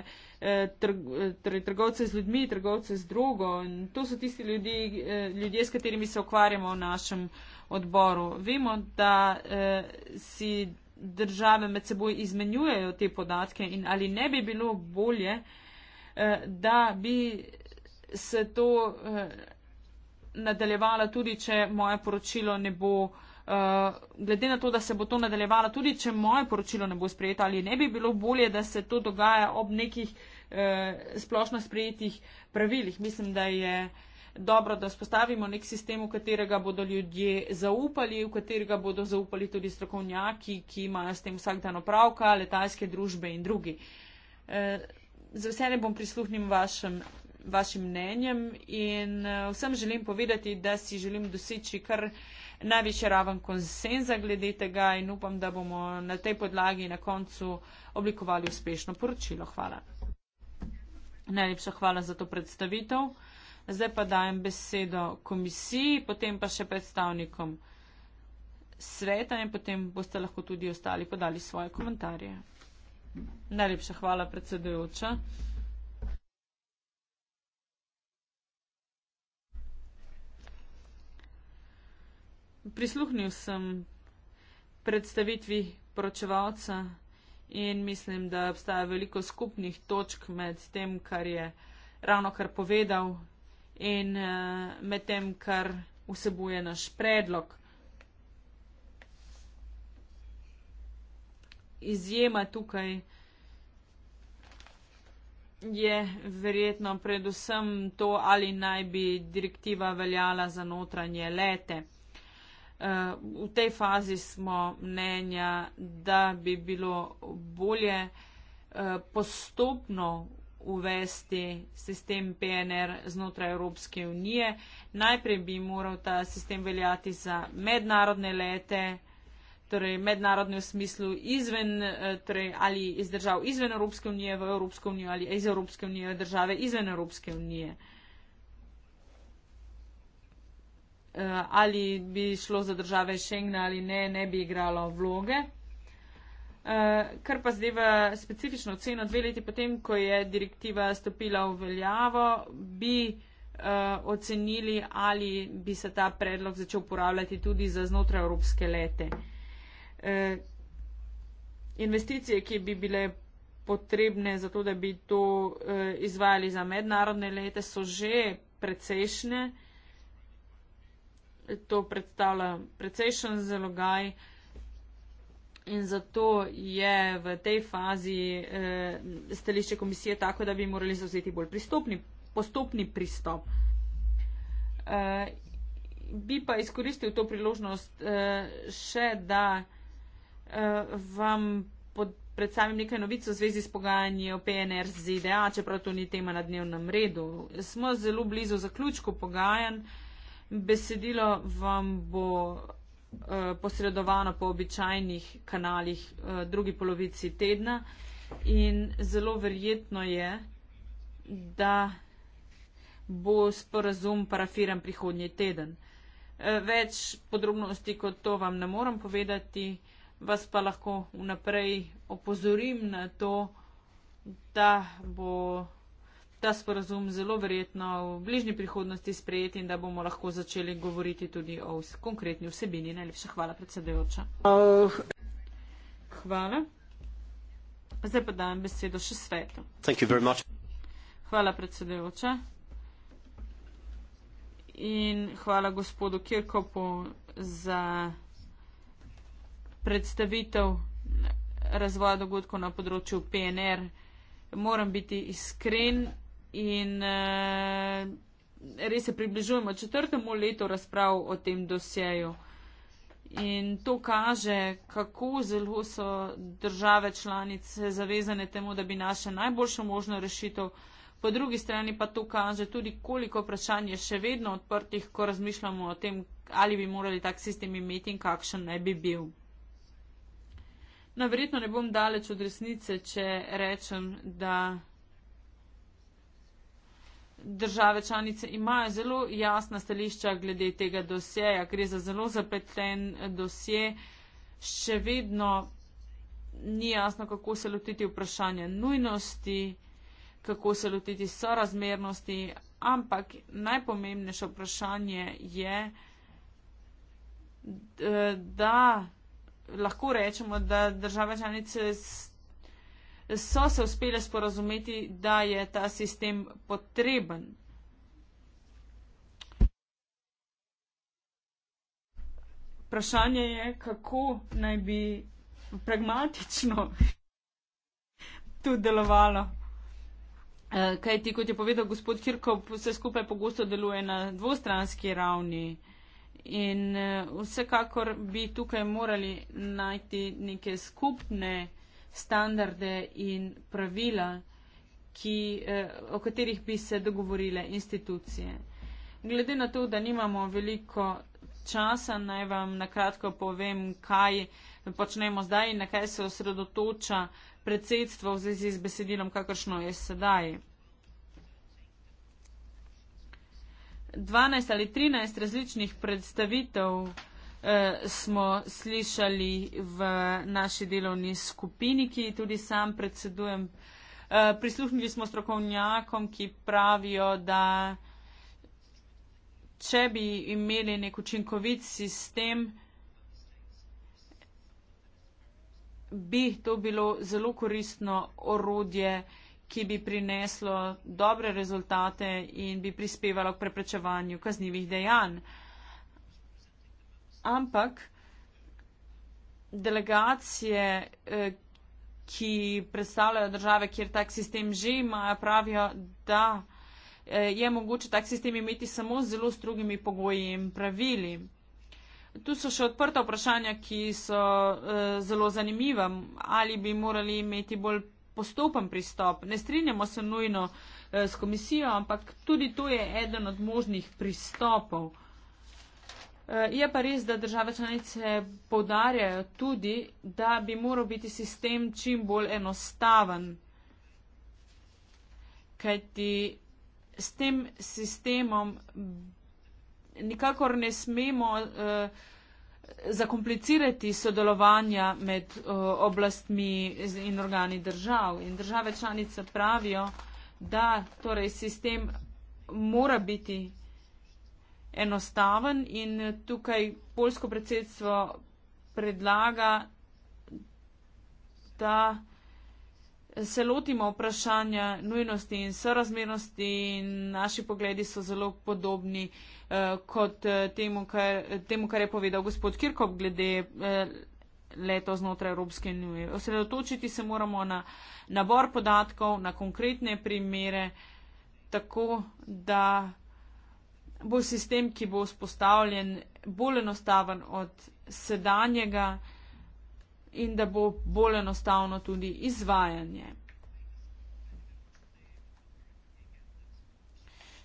eh, eh torej trgovce z ljudmi, trgovce z drogo. In to so tisti ljudi, eh, ljudje, s katerimi se okvarjamo v našem odboru. Vemo, da eh, si države med seboj izmenjujejo te podatke in ali ne bi bilo bolje, Eh, da bi se to eh, nadaljevalo, tudi če moje poročilo ne bo. Uh, glede na to, da se bo to nadaljevalo, tudi če moje poročilo ne bo sprejeto ali ne bi bilo bolje, da se to dogaja ob nekih uh, splošno sprejetih pravilih. Mislim, da je dobro, da spostavimo nek sistem, v katerega bodo ljudje zaupali, v katerega bodo zaupali tudi strokovnjaki, ki imajo s tem vsak dan opravka, letalske družbe in drugi. Uh, z veseljem bom prisluhnil vašem, vašim mnenjem in eh, vsem želim povedati, da si želim doseči kar največji raven konsenza glede tega in upam, da bomo na tej podlagi na koncu oblikovali uspešno poročilo. Hvala. Najlepša hvala za to predstavitev. Zdaj pa dajem besedo komisiji, potem pa še predstavnikom sveta in potem boste lahko tudi ostali podali svoje komentarje. Najlepša hvala, predsedujoča. Prisluhnil sem predstavitvi poročevalca in mislim, da obstaja veliko skupnih točk med tem, kar je ravno kar povedal in eh, med tem, kar vsebuje naš predlog. izjema tukaj je verjetno predvsem to, ali naj bi direktiva veljala za notranje lete. Eh, v tej fazi smo mnenja, da bi bilo bolje eh, postopno uvesti sistem PNR znotraj Evropske unije. Najprej bi moral ta sistem veljati za mednarodne lete, torej mednarodnem smislu izven, eh, torej ali iz držav izven Evropske unije v Evropsko unijo ali iz Evropske unije v države izven Evropske unije. Eh, ali bi šlo za države Schengen ali ne, ne bi igralo vloge. Eh, kar pa zdaj v specifično ceno dve leti potem, ko je direktiva stopila v veljavo, bi ocenili, ali bi se ta predlog začel uporabljati tudi za znotraj evropske lete. Eh, investicije, ki bi bile potrebne za to, da bi to eh, izvajali za mednarodne lete, so že precejšnje. To predstavlja precejšen zalogaj in zato je v tej fazi eh, stališče komisije tako, da bi morali zauzeti bolj pristopni, postopni pristop. Bi pa izkoristil to priložnost še, da uh, vam pod, predstavim nekaj novic v zvezi s pogajanji o PNR z ZDA, čeprav to ni tema na dnevnem redu. Smo zelo blizu zaključku pogajanj. Besedilo vam bo uh, posredovano po običajnih kanalih uh, drugi polovici tedna in zelo verjetno je, da bo sporazum parafiran prihodnji teden. Več podrobnosti kot to vam ne morem povedati vas pa lahko vnaprej opozorim na to, da bo ta sporazum zelo verjetno v bližnji prihodnosti sprejeti in da bomo lahko začeli govoriti tudi o konkretni vsebini. Najlepša hvala, predsedujoča. Hvala. Zdaj pa dajem besedo še svetu. Hvala, predsedujoča. In hvala gospodu Kirkopu za predstavitev razvoja dogodkov na področju PNR. Moram biti iskren in e, res se približujemo četrtemu letu razprav o tem dosjeju. In to kaže, kako zelo so države članice zavezane temu, da bi naše najboljšo možno rešitev. Po drugi strani pa to kaže tudi, koliko vprašanj je še vedno odprtih, ko razmišljamo o tem, ali bi morali tak sistem imeti in kakšen naj bi bil. No, verjetno ne bom daleč od resnice, če rečem, da države članice imajo zelo jasna stališča glede tega dosjeja. Gre za zelo zapleten eh, dosje. Še vedno ni jasno, kako se lotiti vprašanja nujnosti, kako se lotiti sorazmernosti, ampak najpomembnejše vprašanje je, eh, da lahko rečemo, da države članice so se uspele sporazumeti, da je ta sistem potreben. Vprašanje je, kako naj bi pragmatično to delovalo. Eh, Kaj ti, kot je povedal gospod Kirkov, vse skupaj pogosto deluje na dvostranski ravni. In eh, vsekakor bi tukaj morali najti neke skupne standarde in pravila, ki, eh, o katerih bi se dogovorile institucije. Glede na to, da nimamo veliko časa, naj vam nakratko povem, kaj počnemo zdaj in na kaj se osredotoča predsedstvo v zvezi z besedilom, kakršno je sedaj. 12 ali 13 različnih predstavitev eh, smo slišali v naši delovni skupini, ki tudi sam predsedujem. Eh, prisluhnili smo strokovnjakom, ki pravijo, da če bi imeli nek učinkovit sistem, bi to bilo zelo koristno orodje eh, ki bi prineslo dobre rezultate in bi prispevalo k preprečevanju kaznjivih dejanj. Ampak delegacije, eh, ki predstavljajo države, kjer tak sistem že imajo, pravijo, da eh, je mogoče tak sistem imeti samo z zelo strogimi pogoji in pravili. Tu so še odprta vprašanja, ki so eh, zelo zanimiva. Ali bi morali imeti bolj postopen pristop. Ne strinjamo se nujno eh, s komisijo, ampak tudi to je eden od možnih pristopov. Eh, je pa res, da države članice povdarjajo tudi, da bi moral biti sistem čim bolj enostaven. Kajti s tem sistemom nikakor ne smemo. Eh, zakomplicirati sodelovanja med eh, oblastmi in organi držav. In države članice pravijo, da torej sistem mora biti enostaven in tukaj polsko predsedstvo predlaga, da se lotimo vprašanja nujnosti in sorazmernosti in naši pogledi so zelo podobni eh, kot eh, temu kar, temu, kar je povedal gospod Kirkop glede eh, leto znotraj Evropske unije. Osredotočiti se moramo na nabor podatkov, na konkretne primere, tako da bo sistem, ki bo vzpostavljen, bolj enostaven od sedanjega in da bo bolj enostavno tudi izvajanje.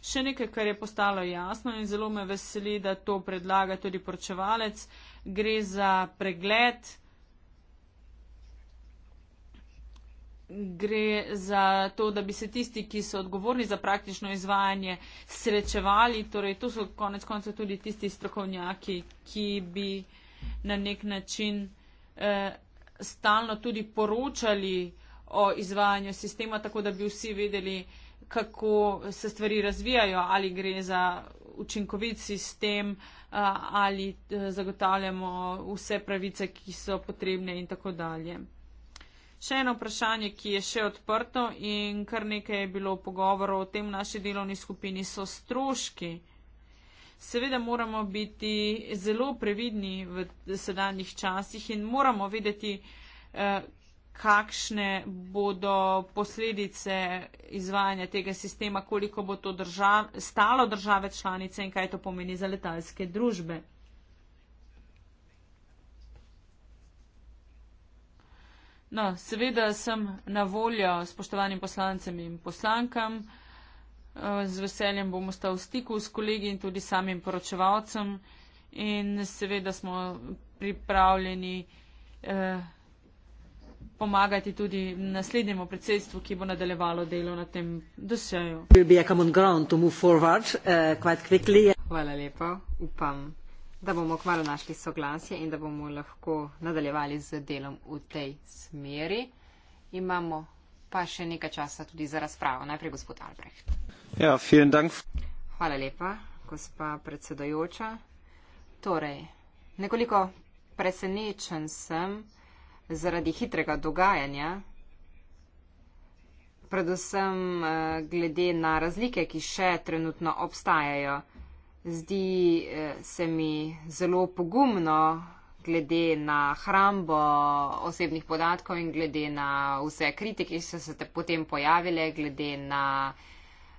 Še nekaj, kar je postalo jasno in zelo me veseli, da to predlaga tudi poročevalec, gre za pregled, gre za to, da bi se tisti, ki so odgovorni za praktično izvajanje, srečevali, torej to so konec konca tudi tisti strokovnjaki, ki bi na nek način Eh, stalno tudi poročali o izvajanju sistema, tako da bi vsi vedeli, kako se stvari razvijajo, ali gre za učinkovit sistem, eh, ali eh, zagotavljamo vse pravice, ki so potrebne in tako dalje. Še eno vprašanje, ki je še odprto in kar nekaj je bilo pogovorov o tem v naši delovni skupini, so stroški Seveda moramo biti zelo previdni v sedanjih časih in moramo vedeti, eh, kakšne bodo posledice izvajanja tega sistema, koliko bo to držav, stalo države članice in kaj to pomeni za letalske družbe. No, seveda sem na voljo spoštovanim poslancem in poslankam. Z veseljem bom ostal v stiku s kolegi in tudi samim poročevalcem in seveda smo pripravljeni eh, pomagati tudi naslednjemu predsedstvu, ki bo nadaljevalo delo na tem doseju. Forward, uh, Hvala lepa, upam, da bomo kmalo našli soglasje in da bomo lahko nadaljevali z delom v tej smeri. Imamo pa še nekaj časa tudi za razpravo. Najprej gospod Albrecht. Ja, Hvala lepa, gospa predsedojoča. Torej, nekoliko presenečen sem zaradi hitrega dogajanja, predvsem eh, glede na razlike, ki še trenutno obstajajo. Zdi eh, se mi zelo pogumno glede na hrambo osebnih podatkov in glede na vse kritike, ki so se potem pojavile, glede na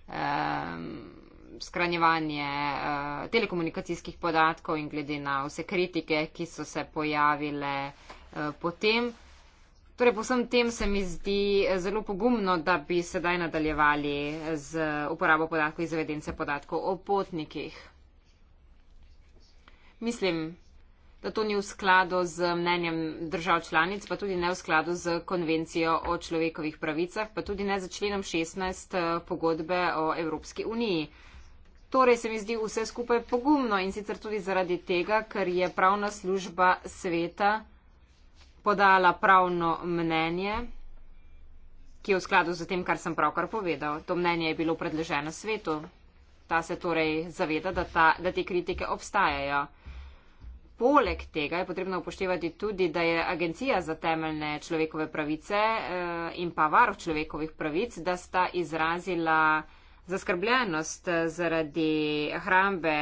um, ehm, skranjevanje uh, eh, telekomunikacijskih podatkov in glede na vse kritike, ki so se pojavile uh, potem. Torej, po vsem tem se mi zdi eh, zelo pogumno, da bi sedaj nadaljevali z uporabo podatkov iz vedence podatkov o potnikih. Mislim, da to ni v skladu z mnenjem držav članic, pa tudi ne v skladu z konvencijo o človekovih pravicah, pa tudi ne za členom 16 eh, pogodbe o Evropski uniji. Torej se mi zdi vse skupaj pogumno in sicer tudi zaradi tega, ker je pravna služba sveta podala pravno mnenje, ki je v skladu z tem, kar sem pravkar povedal. To mnenje je bilo predleženo svetu. Ta se torej zaveda, da, ta, da te kritike obstajajo poleg tega je potrebno upoštevati tudi, da je Agencija za temeljne človekove pravice eh, in pa varuh človekovih pravic, da sta izrazila zaskrbljenost zaradi hrambe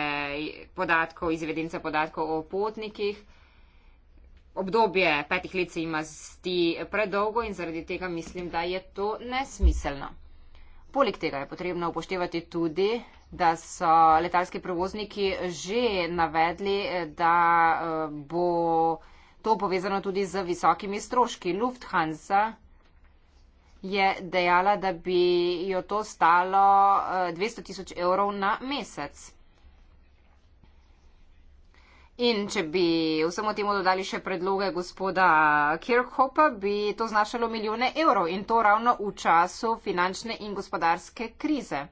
podatkov iz evidence podatkov o potnikih. Obdobje petih let se ima zdi predolgo in zaradi tega mislim, da je to nesmiselno. Poleg tega je potrebno upoštevati tudi, da so letalski prevozniki že navedli, da eh, bo to povezano tudi z visokimi stroški. Lufthansa je dejala, da bi jo to stalo 200 eh, tisoč evrov na mesec. In če bi vsemu temu dodali še predloge gospoda Kirchhopa, bi to znašalo milijone evrov in to ravno v času finančne in gospodarske krize.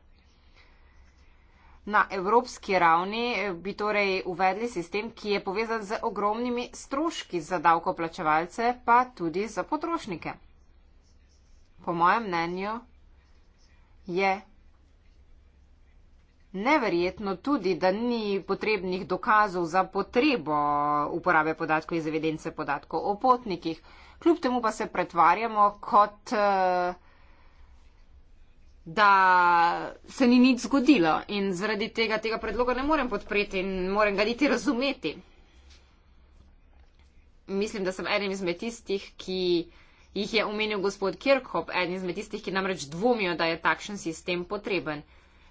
Na evropski ravni bi torej uvedli sistem, ki je povezan z ogromnimi stroški za davkoplačevalce, pa tudi za potrošnike. Po mojem mnenju je Neverjetno tudi, da ni potrebnih dokazov za potrebo uporabe podatkov iz evidence podatkov o potnikih. Kljub temu pa se pretvarjamo, kot eh, da se ni nič zgodilo in zaradi tega tega predloga ne morem podpreti in morem ga niti razumeti. Mislim, da sem eden izmed tistih, ki jih je omenil gospod Kirkhop, eden izmed tistih, ki namreč dvomijo, da je takšen sistem potreben.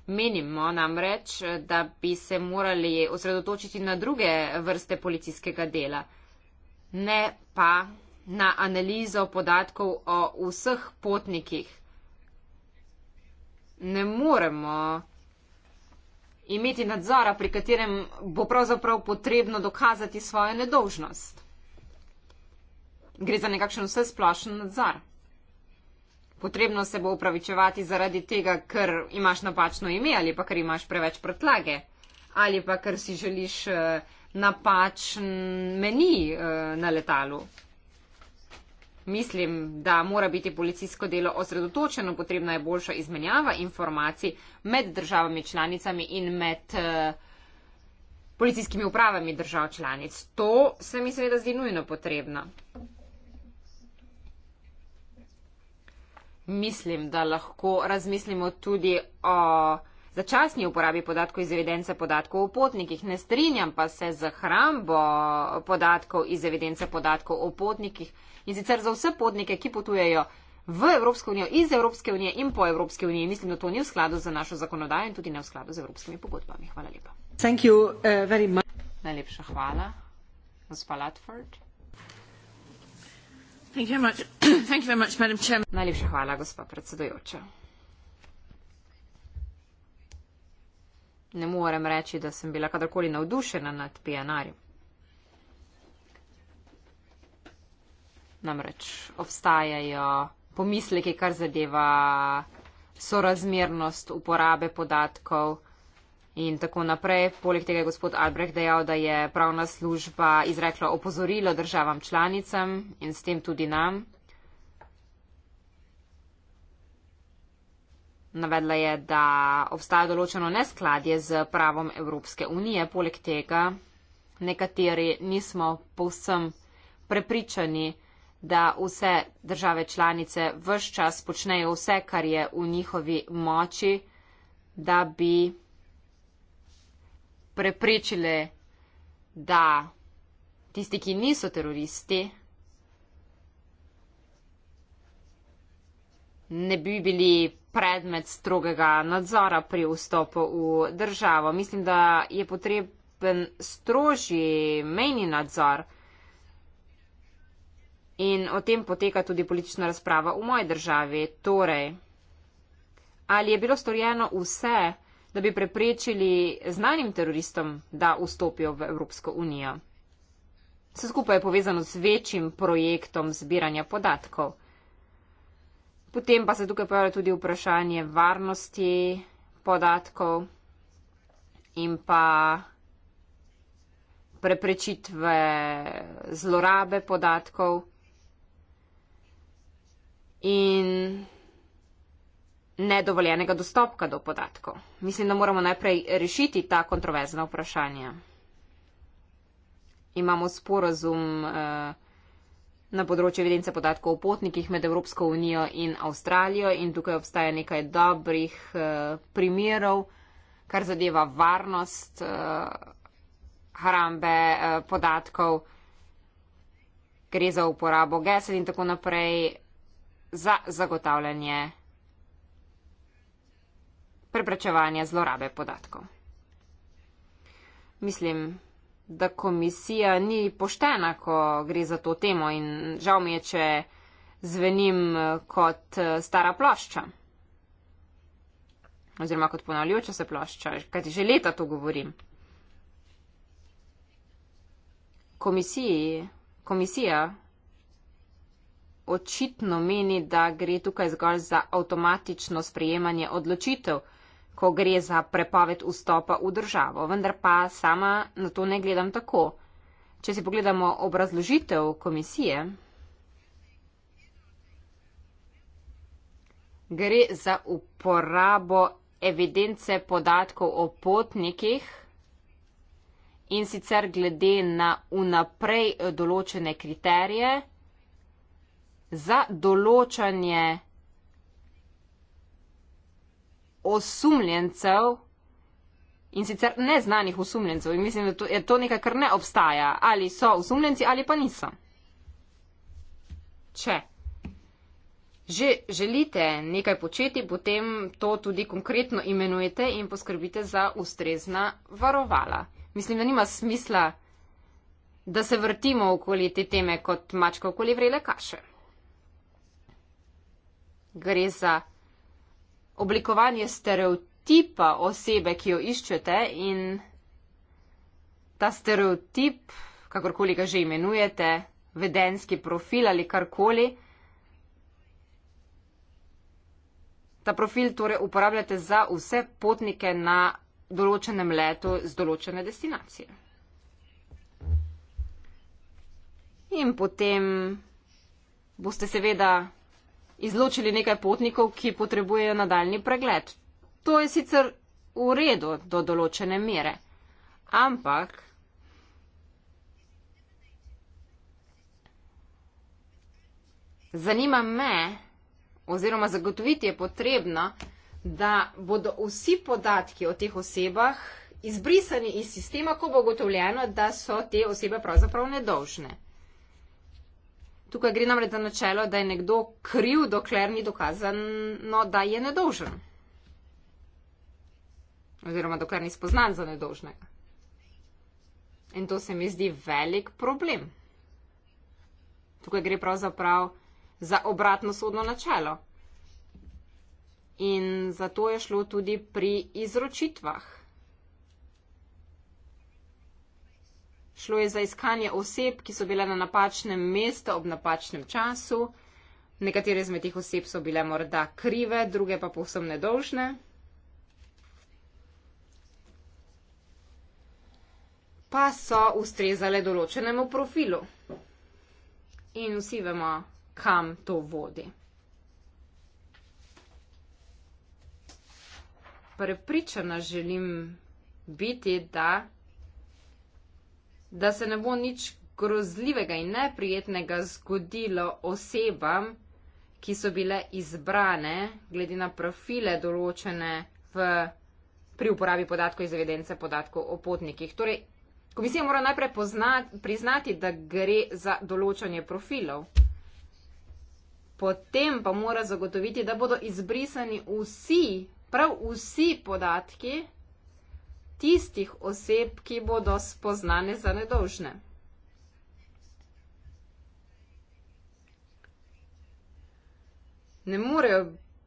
Menimo namreč, da bi se morali osredotočiti na druge vrste policijskega dela, ne pa na analizo podatkov o vseh potnikih. Ne moremo imeti nadzora, pri katerem bo pravzaprav potrebno dokazati svojo nedolžnost. Gre za nekakšen vse splošen nadzor potrebno se bo upravičevati zaradi tega, ker imaš napačno ime ali pa ker imaš preveč pretlage ali pa ker si želiš eh, napačen meni eh, na letalu. Mislim, da mora biti policijsko delo osredotočeno, potrebna je boljša izmenjava informacij med državami članicami in med eh, policijskimi upravami držav članic. To se mi seveda zdi nujno potrebno. Mislim, da lahko razmislimo tudi o začasni uporabi podatkov iz evidence podatkov o potnikih. Ne strinjam pa se za hrambo podatkov iz evidence podatkov o potnikih in sicer za vse potnike, ki potujejo v Evropsko unijo, iz Evropske unije in po Evropske unije. Mislim, da to ni v skladu z našo zakonodajo in tudi ne v skladu z evropskimi pogodbami. Hvala lepa. You, uh, Najlepša hvala, gospod Latford. Najlepša hvala, gospa predsedujoča. Ne morem reči, da sem bila kadarkoli navdušena nad PNR-jem. Namreč obstajajo pomisleki, kar zadeva sorazmernost uporabe podatkov in tako naprej. Poleg tega je gospod Albrecht dejal, da je pravna služba izrekla opozorilo državam članicam in s tem tudi nam. Navedla je, da obstaja določeno neskladje z pravom Evropske unije, poleg tega nekateri nismo povsem prepričani, da vse države članice vse čas počnejo vse, kar je v njihovi moči, da bi preprečile, da tisti, ki niso teroristi, ne bi bili predmet strogega nadzora pri vstopu v državo. Mislim, da je potreben strožji mejni nadzor in o tem poteka tudi politična razprava v moji državi. Torej, ali je bilo storjeno vse, da bi preprečili znanim teroristom, da vstopijo v Evropsko unijo. Vse skupaj je povezano z večjim projektom zbiranja podatkov. Potem pa se tukaj pojavlja tudi vprašanje varnosti podatkov in pa preprečitve zlorabe podatkov. In nedovoljenega dostopka do podatkov. Mislim, da moramo najprej rešiti ta kontroverzna vprašanja. Imamo sporozum eh, na področju evidence podatkov o potnikih med Evropsko unijo in Avstralijo in tukaj obstaja nekaj dobrih eh, primerov, kar zadeva varnost harambe eh, podatkov, gre za uporabo gesel in tako naprej za zagotavljanje preprečevanja zlorabe podatkov. Mislim, da komisija ni poštena, ko gre za to temo in žal mi je, če zvenim eh, kot eh, stara plošča. Oziroma kot ponavljajoča se plošča, kajti že leta to govorim. Komisiji, komisija očitno meni, da gre tukaj zgolj za avtomatično sprejemanje odločitev ko gre za prepoved vstopa v državo, vendar pa sama na to ne gledam tako. Če si pogledamo obrazložitev komisije, gre za uporabo evidence podatkov o potnikih in sicer glede na unaprej določene kriterije za določanje osumljencev in sicer neznanih osumljencev. In mislim, da to, je to nekaj, kar ne obstaja. Ali so osumljenci ali pa niso. Če. Že želite nekaj početi, potem to tudi konkretno imenujete in poskrbite za ustrezna varovala. Mislim, da nima smisla, da se vrtimo okoli te teme kot mačka okoli vrele kaše. Gre za oblikovanje stereotipa osebe, ki jo iščete in ta stereotip, kakorkoli ga že imenujete, vedenski profil ali karkoli, ta profil torej uporabljate za vse potnike na določenem letu z določene destinacije. In potem boste seveda izločili nekaj potnikov, ki potrebujejo nadaljni pregled. To je sicer v redu do določene mere, ampak. Zanima me, oziroma zagotoviti je potrebno, da bodo vsi podatki o teh osebah izbrisani iz sistema, ko bo ugotovljeno, da so te osebe pravzaprav nedolžne. Tukaj gre namreč za načelo, da je nekdo kriv, dokler ni dokazano, da je nedolžen. Oziroma, dokler ni spoznan za nedolžnega. In to se mi zdi velik problem. Tukaj gre pravzaprav za obratno sodno načelo. In zato je šlo tudi pri izročitvah. Šlo je za iskanje oseb, ki so bile na napačnem mestu ob napačnem času. Nekatere izmed teh oseb so bile morda krive, druge pa povsem nedolžne. Pa so ustrezale določenemu profilu. In vsi vemo, kam to vodi. Prepričana želim biti, da da se ne bo nič grozljivega in neprijetnega zgodilo osebam, ki so bile izbrane glede na profile določene v, pri uporabi podatkov iz evidence podatkov o potnikih. Torej, komisija mora najprej poznat, priznati, da gre za določanje profilov. Potem pa mora zagotoviti, da bodo izbrisani vsi, prav vsi podatki, tistih oseb, ki bodo spoznane za nedolžne. Ne morejo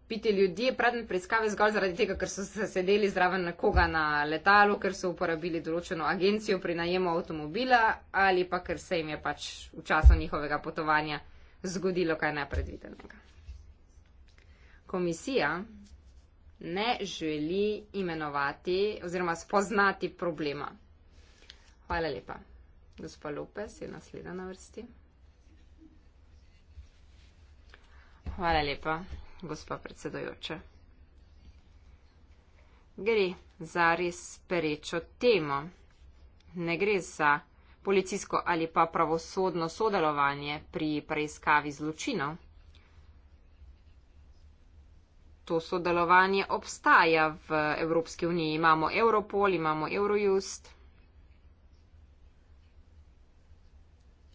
biti ljudje predmet preiskave zgolj zaradi tega, ker so se sedeli zraven nekoga na letalu, ker so uporabili določeno agencijo pri najemu avtomobila ali pa ker se jim je pač v času njihovega potovanja zgodilo kaj nepredvidenega. Komisija ne želi imenovati oziroma spoznati problema. Hvala lepa. Gospa Lopes je naslednja na vrsti. Hvala lepa, gospa predsedojoča. Gre za res perečo temo. Ne gre za policijsko ali pa pravosodno sodelovanje pri preiskavi zločinov to sodelovanje obstaja v Evropski uniji. Imamo Europol, imamo Eurojust.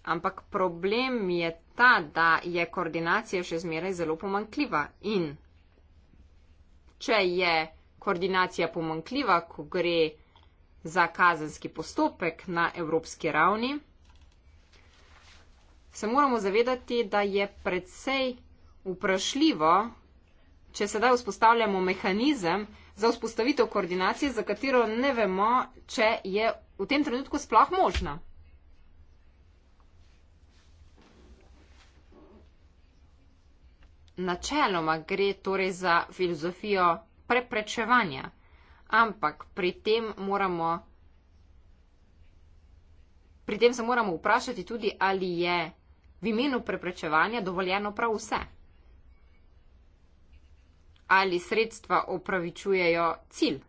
Ampak problem je ta, da je koordinacija še zmeraj zelo pomankljiva. In če je koordinacija pomankljiva, ko gre za kazenski postopek na evropski ravni, se moramo zavedati, da je predvsej vprašljivo, če sedaj vzpostavljamo mehanizem za vzpostavitev koordinacije, za katero ne vemo, če je v tem trenutku sploh možna. Načeloma gre torej za filozofijo preprečevanja, ampak pri tem moramo. Pri tem se moramo vprašati tudi, ali je v imenu preprečevanja dovoljeno prav vse ali sredstva opravičujejo cilj.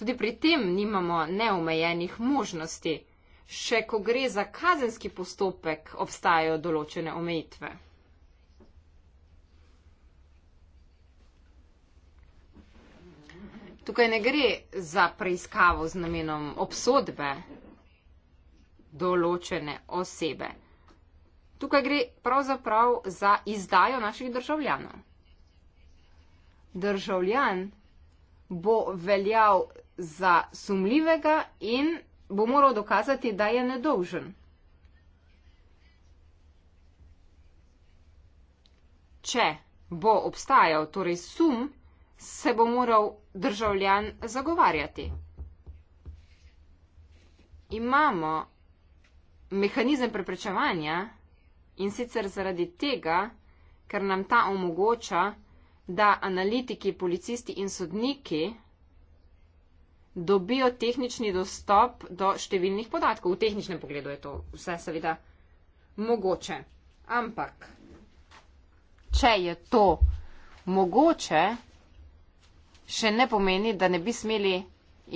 Tudi pri tem nimamo neomejenih možnosti. Še ko gre za kazenski postopek, obstajajo določene omejitve. Tukaj ne gre za preiskavo z namenom obsodbe, določene osebe. Tukaj gre pravzaprav za izdajo naših državljanov. Državljan bo veljal za sumljivega in bo moral dokazati, da je nedolžen. Če bo obstajal torej sum, se bo moral državljan zagovarjati. Imamo mehanizem preprečevanja in sicer zaradi tega, ker nam ta omogoča, da analitiki, policisti in sodniki dobijo tehnični dostop do številnih podatkov. V tehničnem pogledu je to vse seveda mogoče. Ampak, če je to mogoče, še ne pomeni, da ne bi smeli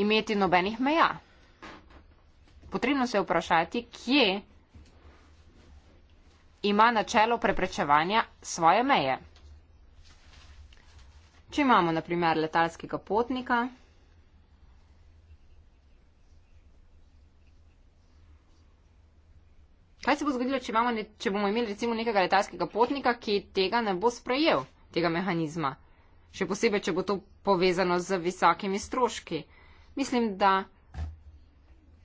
imeti nobenih meja potrebno se vprašati, kje ima načelo preprečevanja svoje meje. Če imamo, na primer, letalskega potnika, kaj se bo zgodilo, če, imamo, če bomo imeli recimo nekega letalskega potnika, ki tega ne bo sprejel, tega mehanizma? Še posebej, če bo to povezano z visokimi stroški. Mislim, da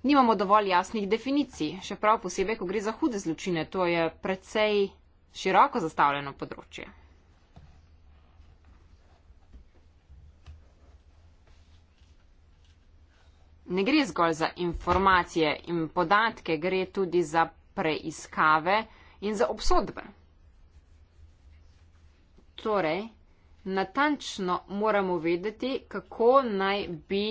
Nimamo dovolj jasnih definicij, še prav posebej, ko gre za hude zločine. To je precej široko zastavljeno področje. Ne gre zgolj za informacije in podatke, gre tudi za preiskave in za obsodbe. Torej, natančno moramo vedeti, kako naj bi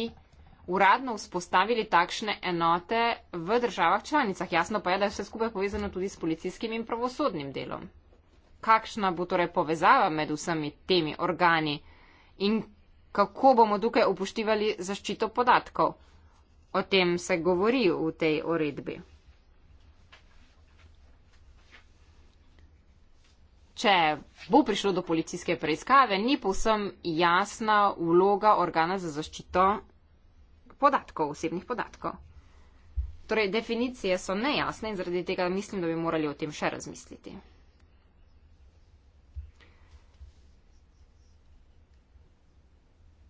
uradno vzpostavili takšne enote v državah članicah. Jasno pa je, da je vse skupaj povezano tudi s policijskim in pravosodnim delom. Kakšna bo torej povezava med vsemi temi organi in kako bomo tukaj upoštevali zaščito podatkov? O tem se govori v tej uredbi. Če bo prišlo do policijske preiskave, ni povsem jasna vloga organa za zaščito podatkov, osebnih podatkov. Torej, definicije so nejasne in zaradi tega mislim, da bi morali o tem še razmisliti.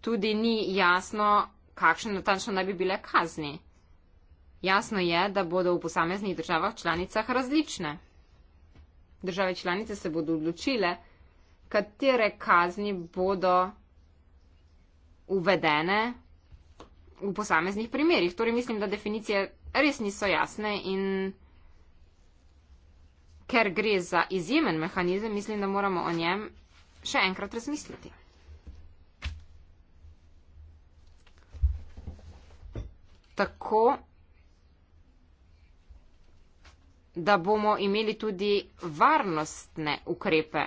Tudi ni jasno, kakšne natančno naj bi bile kazni. Jasno je, da bodo v posameznih državah članicah različne. Države članice se bodo odločile, katere kazni bodo uvedene v posameznih primerjih. Torej, mislim, da definicije res niso jasne in ker gre za izjemen mehanizem, mislim, da moramo o njem še enkrat razmisliti. Tako, da bomo imeli tudi varnostne ukrepe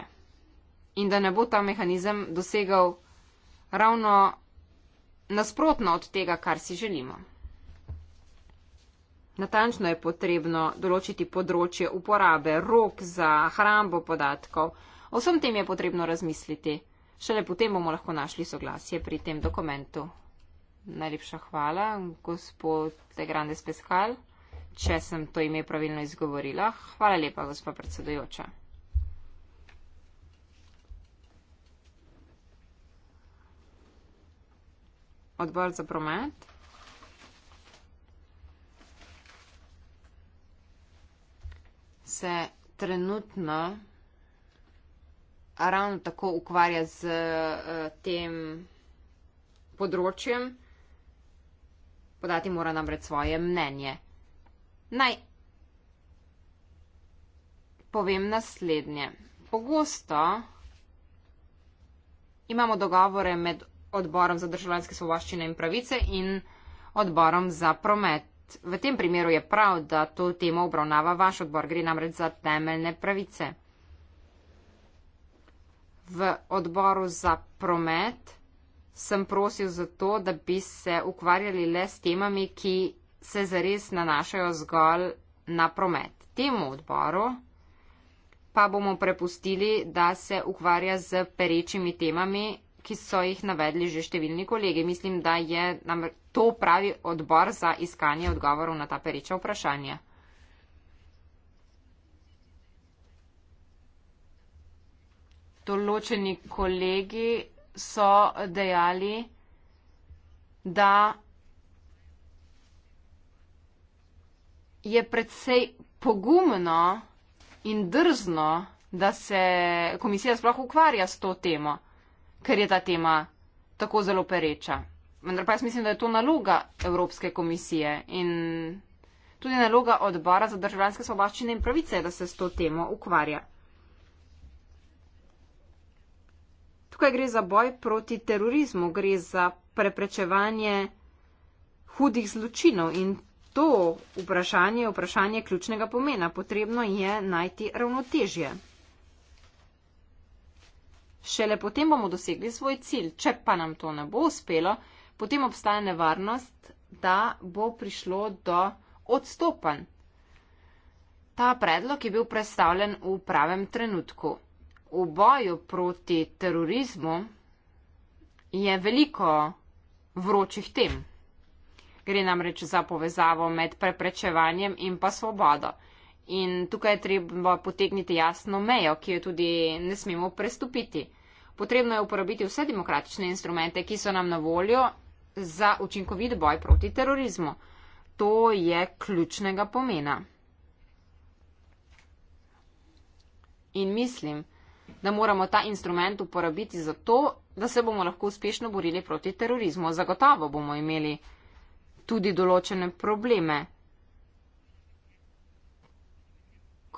in da ne bo ta mehanizem dosegal ravno nasprotno od tega, kar si želimo. Natančno je potrebno določiti področje uporabe, rok za hrambo podatkov. O vsem tem je potrebno razmisliti. Šele potem bomo lahko našli soglasje pri tem dokumentu. Najlepša hvala, gospod Legrandes Peskal, če sem to ime pravilno izgovorila. Hvala lepa, gospod predsedujoča. odbor za promet. Se trenutno ravno tako ukvarja z uh, tem področjem, podati mora namreč svoje mnenje. Naj povem naslednje. Pogosto imamo dogovore med odborom za državljanske svoboščine in pravice in odborom za promet. V tem primeru je prav, da to temo obravnava vaš odbor, gre namreč za temeljne pravice. V odboru za promet sem prosil za to, da bi se ukvarjali le s temami, ki se zares nanašajo zgolj na promet. Temu odboru pa bomo prepustili, da se ukvarja z perečimi temami, ki so jih navedli že številni kolegi. Mislim, da je nam to pravi odbor za iskanje odgovorov na ta pereča vprašanja. Določeni kolegi so dejali, da je predvsej pogumno in drzno, da se komisija sploh ukvarja s to temo ker je ta tema tako zelo pereča. Vendar pa jaz mislim, da je to naloga Evropske komisije in tudi naloga odbora za državljanske svoboščine in pravice, da se s to temo ukvarja. Tukaj gre za boj proti terorizmu, gre za preprečevanje hudih zločinov in to vprašanje je vprašanje ključnega pomena. Potrebno je najti ravnotežje. Šele potem bomo dosegli svoj cilj. Če pa nam to ne bo uspelo, potem obstaja nevarnost, da bo prišlo do odstopanj. Ta predlog je bil predstavljen v pravem trenutku. V boju proti terorizmu je veliko vročih tem. Gre namreč za povezavo med preprečevanjem in pa svobodo. In tukaj je treba potegniti jasno mejo, ki jo tudi ne smemo prestopiti. Potrebno je uporabiti vse demokratične instrumente, ki so nam na voljo za učinkovit boj proti terorizmu. To je ključnega pomena. In mislim, da moramo ta instrument uporabiti zato, da se bomo lahko uspešno borili proti terorizmu. Zagotovo bomo imeli tudi določene probleme.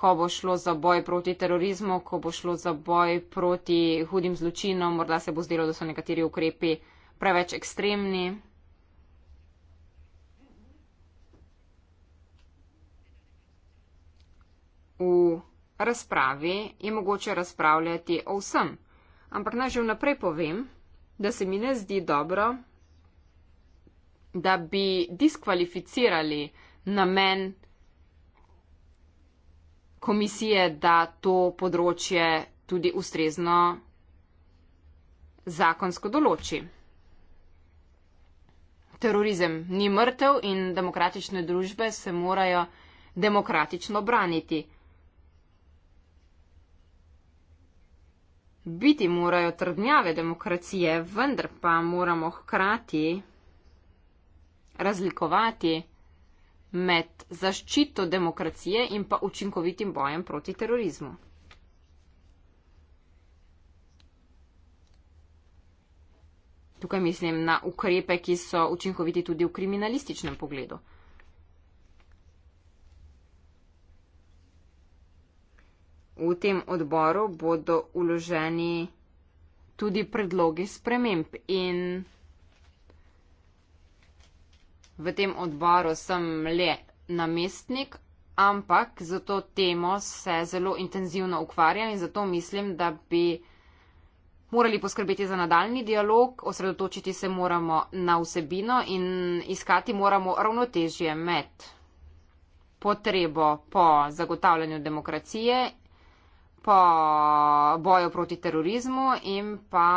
ko bo šlo za boj proti terorizmu, ko bo šlo za boj proti hudim zločinom, morda se bo zdelo, da so nekateri ukrepi preveč ekstremni. V razpravi je mogoče razpravljati o vsem, ampak naj že vnaprej povem, da se mi ne zdi dobro, da bi diskvalificirali namen komisije, da to področje tudi ustrezno zakonsko določi. Terorizem ni mrtev in demokratične družbe se morajo demokratično braniti. Biti morajo trdnjave demokracije, vendar pa moramo hkrati razlikovati med zaščito demokracije in pa učinkovitim bojem proti terorizmu. Tukaj mislim na ukrepe, ki so učinkoviti tudi v kriminalističnem pogledu. V tem odboru bodo uloženi tudi predlogi sprememb in v tem odboru sem le namestnik, ampak za to temo se zelo intenzivno ukvarjam in zato mislim, da bi morali poskrbeti za nadaljni dialog, osredotočiti se moramo na vsebino in iskati moramo ravnotežje med potrebo po zagotavljanju demokracije, po boju proti terorizmu in pa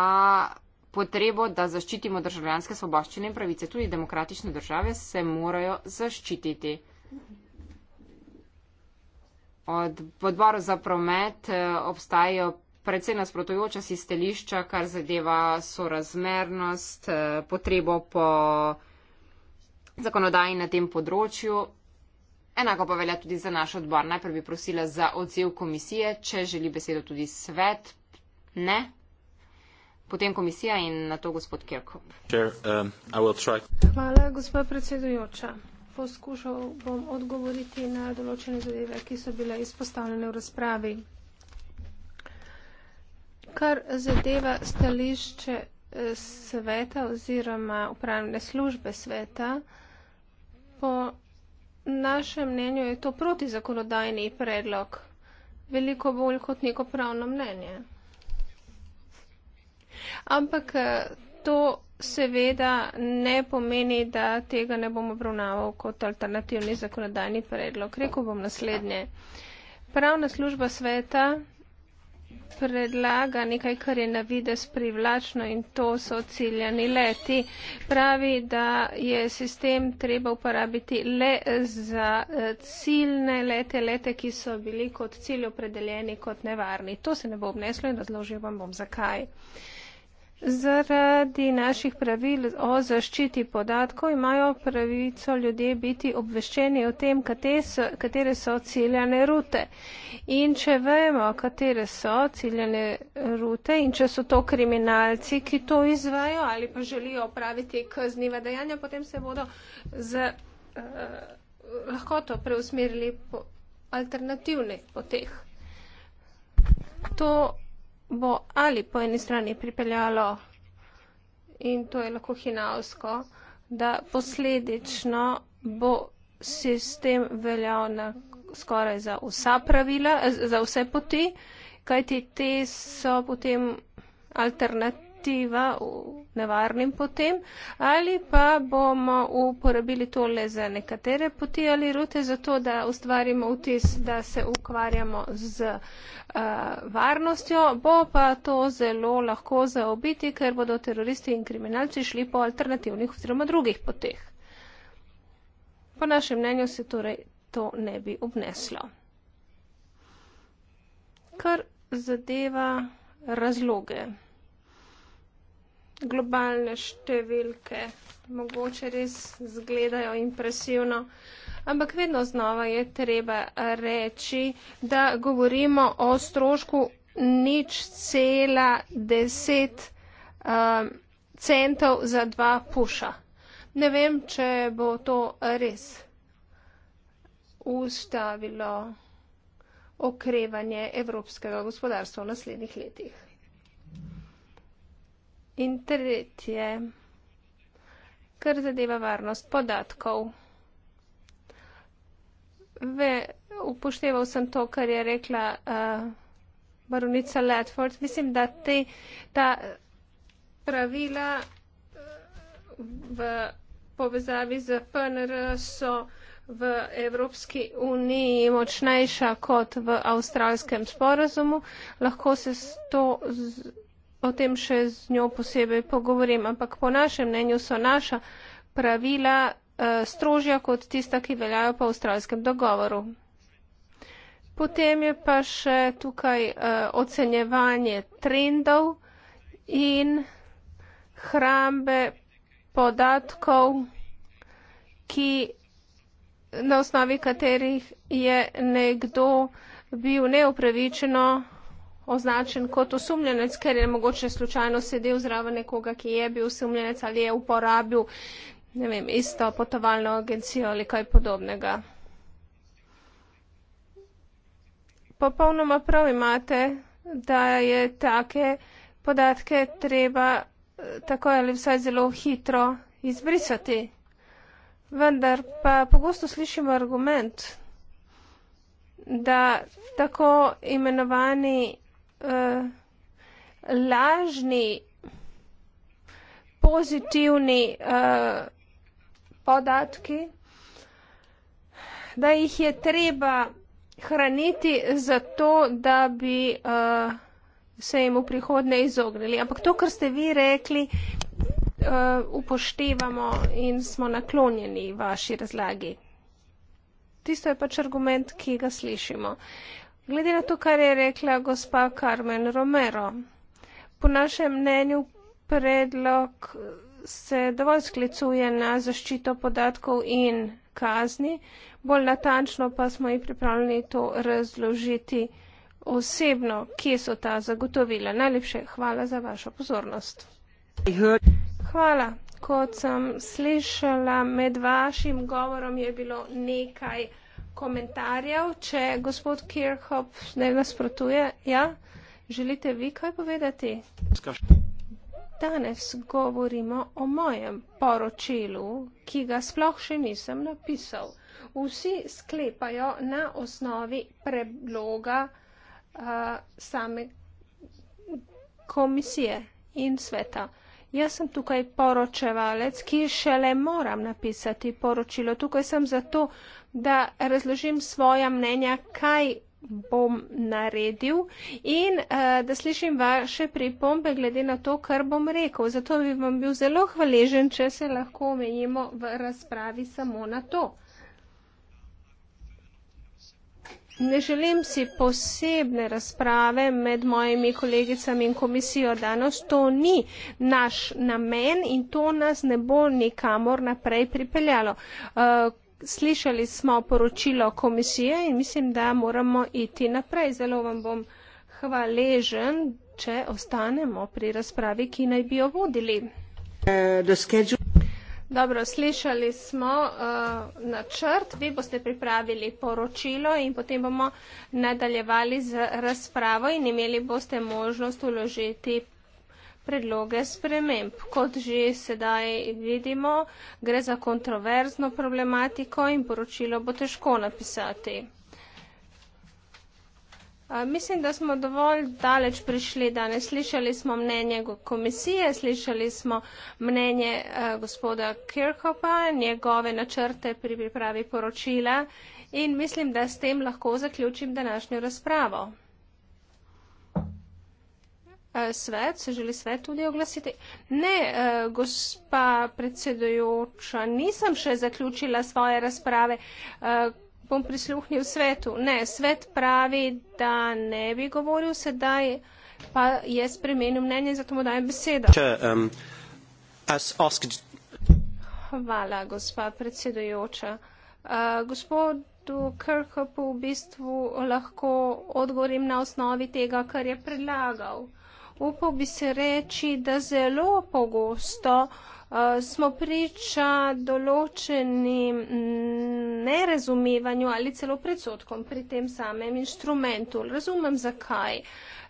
potrebo, da zaščitimo državljanske svoboščine in pravice. Tudi demokratične države se morajo zaščititi. Od podboru za promet eh, obstajajo predvsej nasprotujoča si stališča, kar zadeva sorazmernost, eh, potrebo po zakonodaji na tem področju. Enako pa velja tudi za naš odbor. Najprej bi prosila za odziv komisije, če želi besedo tudi svet. Ne, potem komisija in na to gospod Kirkhop. Um, Hvala, gospod predsedujoča. Poskušal bom odgovoriti na določene zadeve, ki so bile izpostavljene v razpravi. Kar zadeva stališče eh, sveta oziroma upravne službe sveta, po našem mnenju je to protizakonodajni predlog, veliko bolj kot neko pravno mnenje. Ampak eh, to seveda ne pomeni, da tega ne bom obravnaval kot alternativni zakonodajni predlog. Rekl bom naslednje. Pravna služba sveta predlaga nekaj, kar je na vides privlačno in to so ciljani leti. Pravi, da je sistem treba uporabiti le za eh, ciljne lete, lete, ki so bili kot cilj opredeljeni kot nevarni. To se ne bo obneslo in razložil vam bom zakaj. Uh, Zaradi naših pravil o zaščiti podatkov imajo pravico ljudje biti obveščeni o tem, katere so ciljane rute. In če vemo, katere so ciljane rute in če so to kriminalci, ki to izvajo ali pa želijo opraviti kazniva dejanja, potem se bodo z eh, lahkoto preusmerili po alternativni poteh. To bo ali po eni strani pripeljalo, in to je lahko hinavsko, da posledično bo sistem veljal na skoraj za vsa pravila, eh, za vse poti, kajti te so potem alternativne aktiva v nevarnim potem ali pa bomo uporabili tole za nekatere poti ali rute, zato da ustvarimo vtis, da se ukvarjamo z uh, varnostjo, bo pa to zelo lahko zaobiti, ker bodo teroristi in kriminalci šli po alternativnih oziroma drugih poteh. Po našem mnenju se torej to ne bi obneslo. Kar zadeva razloge globalne številke mogoče res zgledajo impresivno, ampak vedno znova je treba reči, da govorimo o strošku nič cela deset uh, centov za dva puša. Ne vem, če bo to res ustavilo okrevanje evropskega gospodarstva v naslednjih letih. In tretje, kar zadeva varnost podatkov. Ve, upošteval sem to, kar je rekla uh, baronica Ledford. Mislim, da te, ta pravila eh, v povezavi z PNR so v Evropski uniji močnejša kot v avstralskem sporazumu. Lahko se s to. Z, o tem še z njo posebej pogovorim, ampak po našem mnenju so naša pravila uh, strožja kot tista, ki veljajo po avstralskem dogovoru. Potem je pa še tukaj uh, ocenjevanje trendov in hrambe podatkov, ki, na osnovi katerih je nekdo bil neupravičeno označen kot osumljenec, ker je mogoče slučajno sedel zraven nekoga, ki je bil osumljenec ali je uporabil vem, isto potovalno agencijo ali kaj podobnega. Popolnoma prav imate, da je take podatke treba eh, tako ali vsaj zelo hitro izbrisati. Vendar pa pogosto slišimo argument, da tako imenovani uh, lažni, pozitivni uh, podatki, da jih je treba hraniti zato, da bi uh, se jim v prihodne izognili. Ampak to, kar ste vi rekli, uh, upoštevamo in smo naklonjeni vaši razlagi. Tisto je pač argument, ki ga slišimo. Uh, Glede na to, kar je rekla gospa Carmen Romero, po našem mnenju predlog se dovolj sklicuje na zaščito podatkov in kazni, bolj natančno pa smo jih pripravljeni to razložiti osebno, kje so ta zagotovila. Najlepše hvala za vašo pozornost. Hvala. Kot sem slišala, med vašim govorom je bilo nekaj komentarjev, če gospod Kirchhoff ne nasprotuje. Ja, želite vi kaj povedati? Skašen. Danes govorimo o mojem poročilu, ki ga sploh še nisem napisal. Vsi sklepajo na osnovi predloga uh, same komisije in sveta. Uh, Jaz sem tukaj poročevalec, ki šele moram napisati poročilo. Tukaj sem zato, da razložim svoja mnenja, kaj bom naredil in uh, da slišim vaše pripombe glede na to, kar bom rekel. Zato bi vam bil zelo hvaležen, če se lahko omejimo v razpravi samo na to. Ne želim si posebne razprave med mojimi kolegicami in komisijo danes. To ni naš namen in to nas ne bo nikamor naprej pripeljalo. Eh, slišali smo poročilo komisije in mislim, da moramo iti naprej. Zelo vam bom hvaležen, če ostanemo pri razpravi, ki naj bi jo vodili. Uh, Dobro, slišali smo uh, načrt, vi boste pripravili poročilo in potem bomo nadaljevali z razpravo in imeli boste možnost uložiti predloge sprememb. Kot že sedaj vidimo, gre za kontroverzno problematiko in poročilo bo težko napisati. Mislim, da smo dovolj daleč prišli danes. Slišali smo mnenje komisije, slišali smo mnenje uh, gospoda Kirchhoffa, njegove načrte pri pripravi poročila in mislim, da s tem lahko zaključim današnjo razpravo. Uh, svet, se želi svet tudi oglasiti? Ne, uh, gospa predsedujoča, nisem še zaključila svoje razprave. Uh, bom prisluhnil svetu. Ne, svet pravi, da ne bi govoril sedaj, pa je spremenil mnenje, zato mu dajem besedo. Hvala, gospa predsedujoča. Eh, gospodu Kirkupu v bistvu lahko odgovorim na osnovi tega, kar je predlagal. Upal bi se reči, da zelo pogosto uh, smo priča določenim nerazumevanju ali celo predsotkom pri tem samem inštrumentu. Razumem zakaj.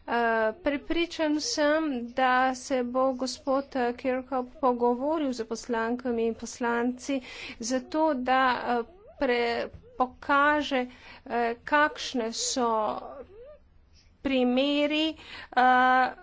Uh, eh, pripričan sem, da se bo gospod Kirko pogovoril z poslankami in poslanci, zato da eh, pre, pokaže, uh, kakšne so primeri. Uh,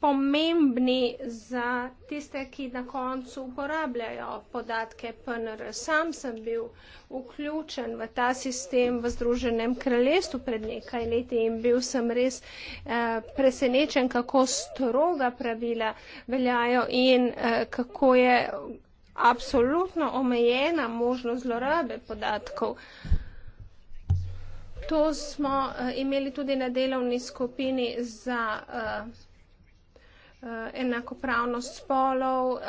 pomembni za tiste, ki na koncu uporabljajo podatke PNR. Sam sem bil vključen v ta sistem v Združenem kraljestvu pred nekaj leti in bil sem res eh, presenečen, kako stroga pravila veljajo in eh, kako je absolutno omejena možnost zlorabe podatkov. To smo eh, imeli tudi na delovni skupini za eh, Eh, enakopravnost spolov, eh,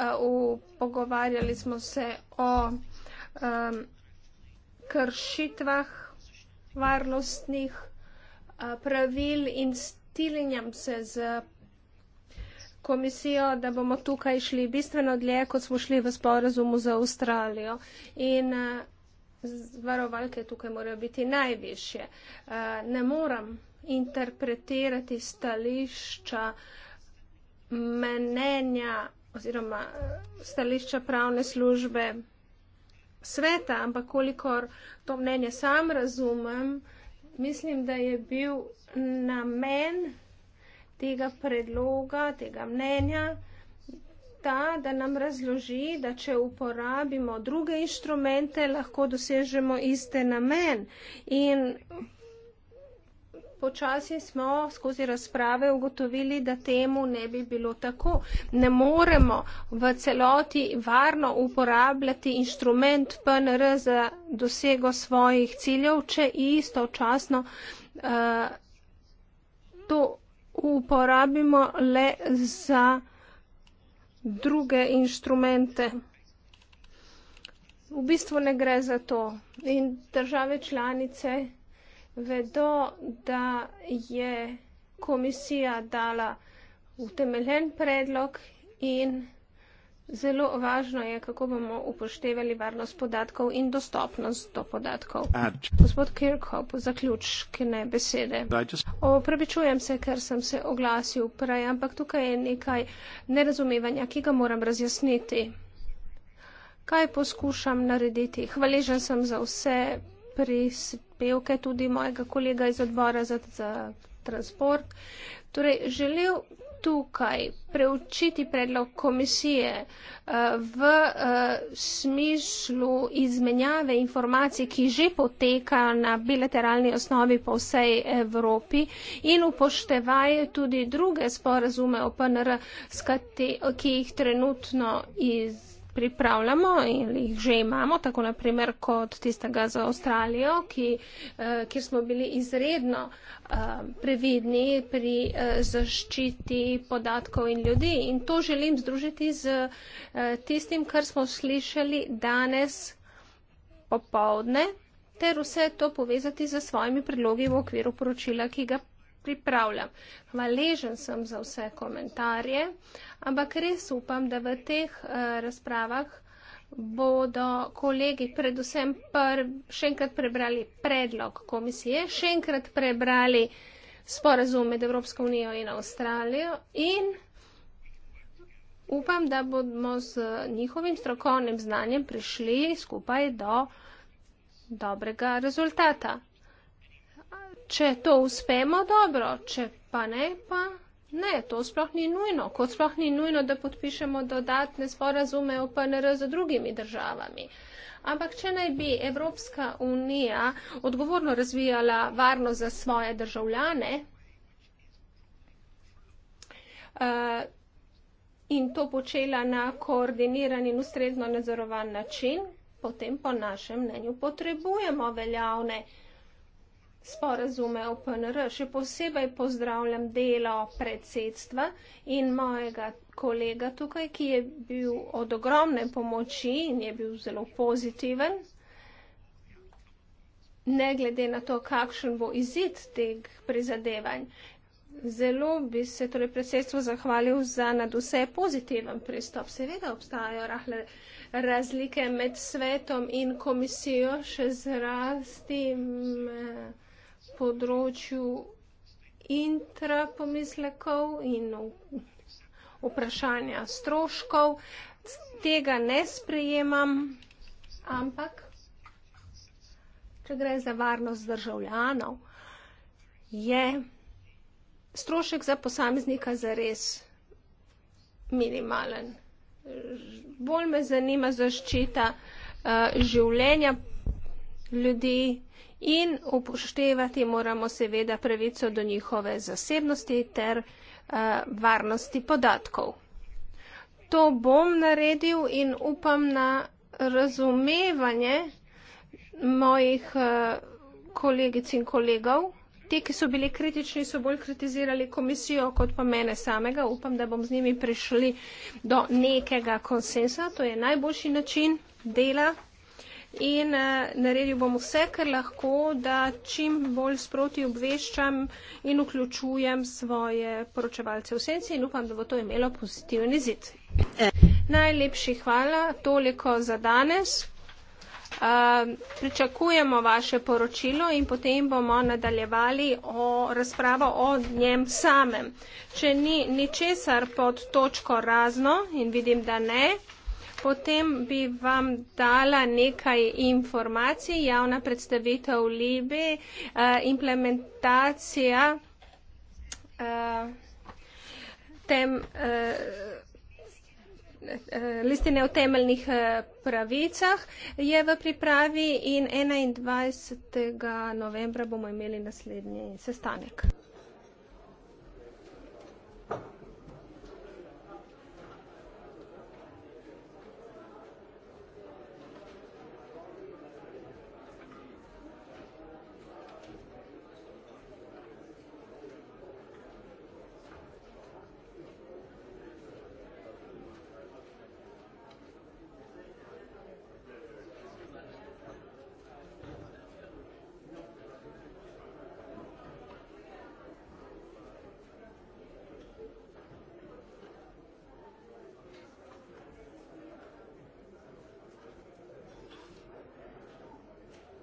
pogovarjali smo se o kršitvah varnostnih eh, pravil in stilinjam se z komisijo, da bomo tukaj šli bistveno dlje, kot smo šli v sporazumu za Avstralijo. In varovalke tukaj morajo biti najvišje. Ne moram interpretirati stališča uh, mnenja oziroma eh, stališča pravne službe sveta, ampak kolikor to mnenje sam razumem, mislim, da je bil namen tega predloga, tega mnenja, ta, da nam razloži, da če uporabimo druge inštrumente, lahko dosežemo iste namen. In počasi smo skozi razprave ugotovili, da temu ne bi bilo tako. Ne moremo v celoti varno uporabljati inštrument PNR za dosego svojih ciljev, če istočasno uh, to uporabimo le za druge inštrumente. V bistvu ne gre za to. In države članice vedo, da je komisija dala utemeljen predlog in zelo važno je, kako bomo upoštevali varnost podatkov in dostopnost do podatkov. Gospod Kirkhop, zaključkne besede. Opravičujem se, ker sem se oglasil prej, ampak tukaj je nekaj nerazumevanja, ki ga moram razjasniti. Kaj poskušam narediti? Hvaležen sem za vse pristojnosti pevke, tudi mojega kolega iz odbora za, za transport. Torej, želel tukaj preučiti predlog komisije eh, v eh, smislu izmenjave informacij, ki že poteka na bilateralni osnovi po vsej Evropi in upoštevaje tudi druge sporazume o PNR, ki jih trenutno iz, pripravljamo ali jih že imamo, tako naprimer kot tistega za Avstralijo, ki, eh, kjer smo bili izredno eh, previdni pri eh, zaščiti podatkov in ljudi. In to želim združiti z tistim, kar smo slišali danes popovdne ter vse to povezati z svojimi predlogi v okviru poročila, ki ga pripravljam. Hvaležen sem za vse komentarje, ampak res upam, da v teh eh, razpravah bodo kolegi predvsem pr še enkrat prebrali predlog komisije, še enkrat prebrali sporazum med Evropsko unijo in Avstralijo in upam, da bomo z njihovim strokovnim znanjem prišli skupaj do dobrega rezultata. Če to uspemo, dobro, če pa ne, pa ne, to sploh ni nujno, kot sploh ni nujno, da podpišemo dodatne sporazume o PNR z drugimi državami. Ampak, če naj bi Evropska unija odgovorno razvijala varnost za svoje državljane eh, in to počela na koordiniran in ustrezno nadzorovan način, potem po našem mnenju potrebujemo veljavne sporazume v PNR. Še posebej pozdravljam delo predsedstva in mojega kolega tukaj, ki je bil od ogromne pomoči in je bil zelo pozitiven. Ne glede na to, kakšen bo izid teh prizadevanj. Zelo bi se torej predsedstvo zahvalil za nadvse pozitiven pristop. Seveda obstajajo rahle razlike med svetom in komisijo, še zrastim. Eh, področju intrapomislekov in vprašanja stroškov. Tega ne sprejemam, ampak če gre za varnost državljanov, je strošek za posameznika zares minimalen. Bolj me zanima zaščita uh, življenja ljudi in upoštevati moramo seveda pravico do njihove zasebnosti ter uh, varnosti podatkov. To bom naredil in upam na razumevanje mojih uh, kolegic in kolegov. Ti, ki so bili kritični, so bolj kritizirali komisijo kot pa mene samega. Upam, da bom z njimi prišli do nekega konsensa. To je najboljši način dela in uh, naredil bom vse, kar lahko, da čim bolj sproti obveščam in vključujem svoje poročevalce v senci in upam, da bo to imelo pozitivni zid. Najlepši hvala, toliko za danes. Uh, pričakujemo vaše poročilo in potem bomo nadaljevali o razpravo o njem samem. Če ni ničesar pod točko razno in vidim, da ne. Potem bi vam dala nekaj informacij. Javna predstavitev Libi, eh, implementacija eh, tem, eh, listine o temeljnih pravicah je v pripravi in 21. novembra bomo imeli naslednji sestanek.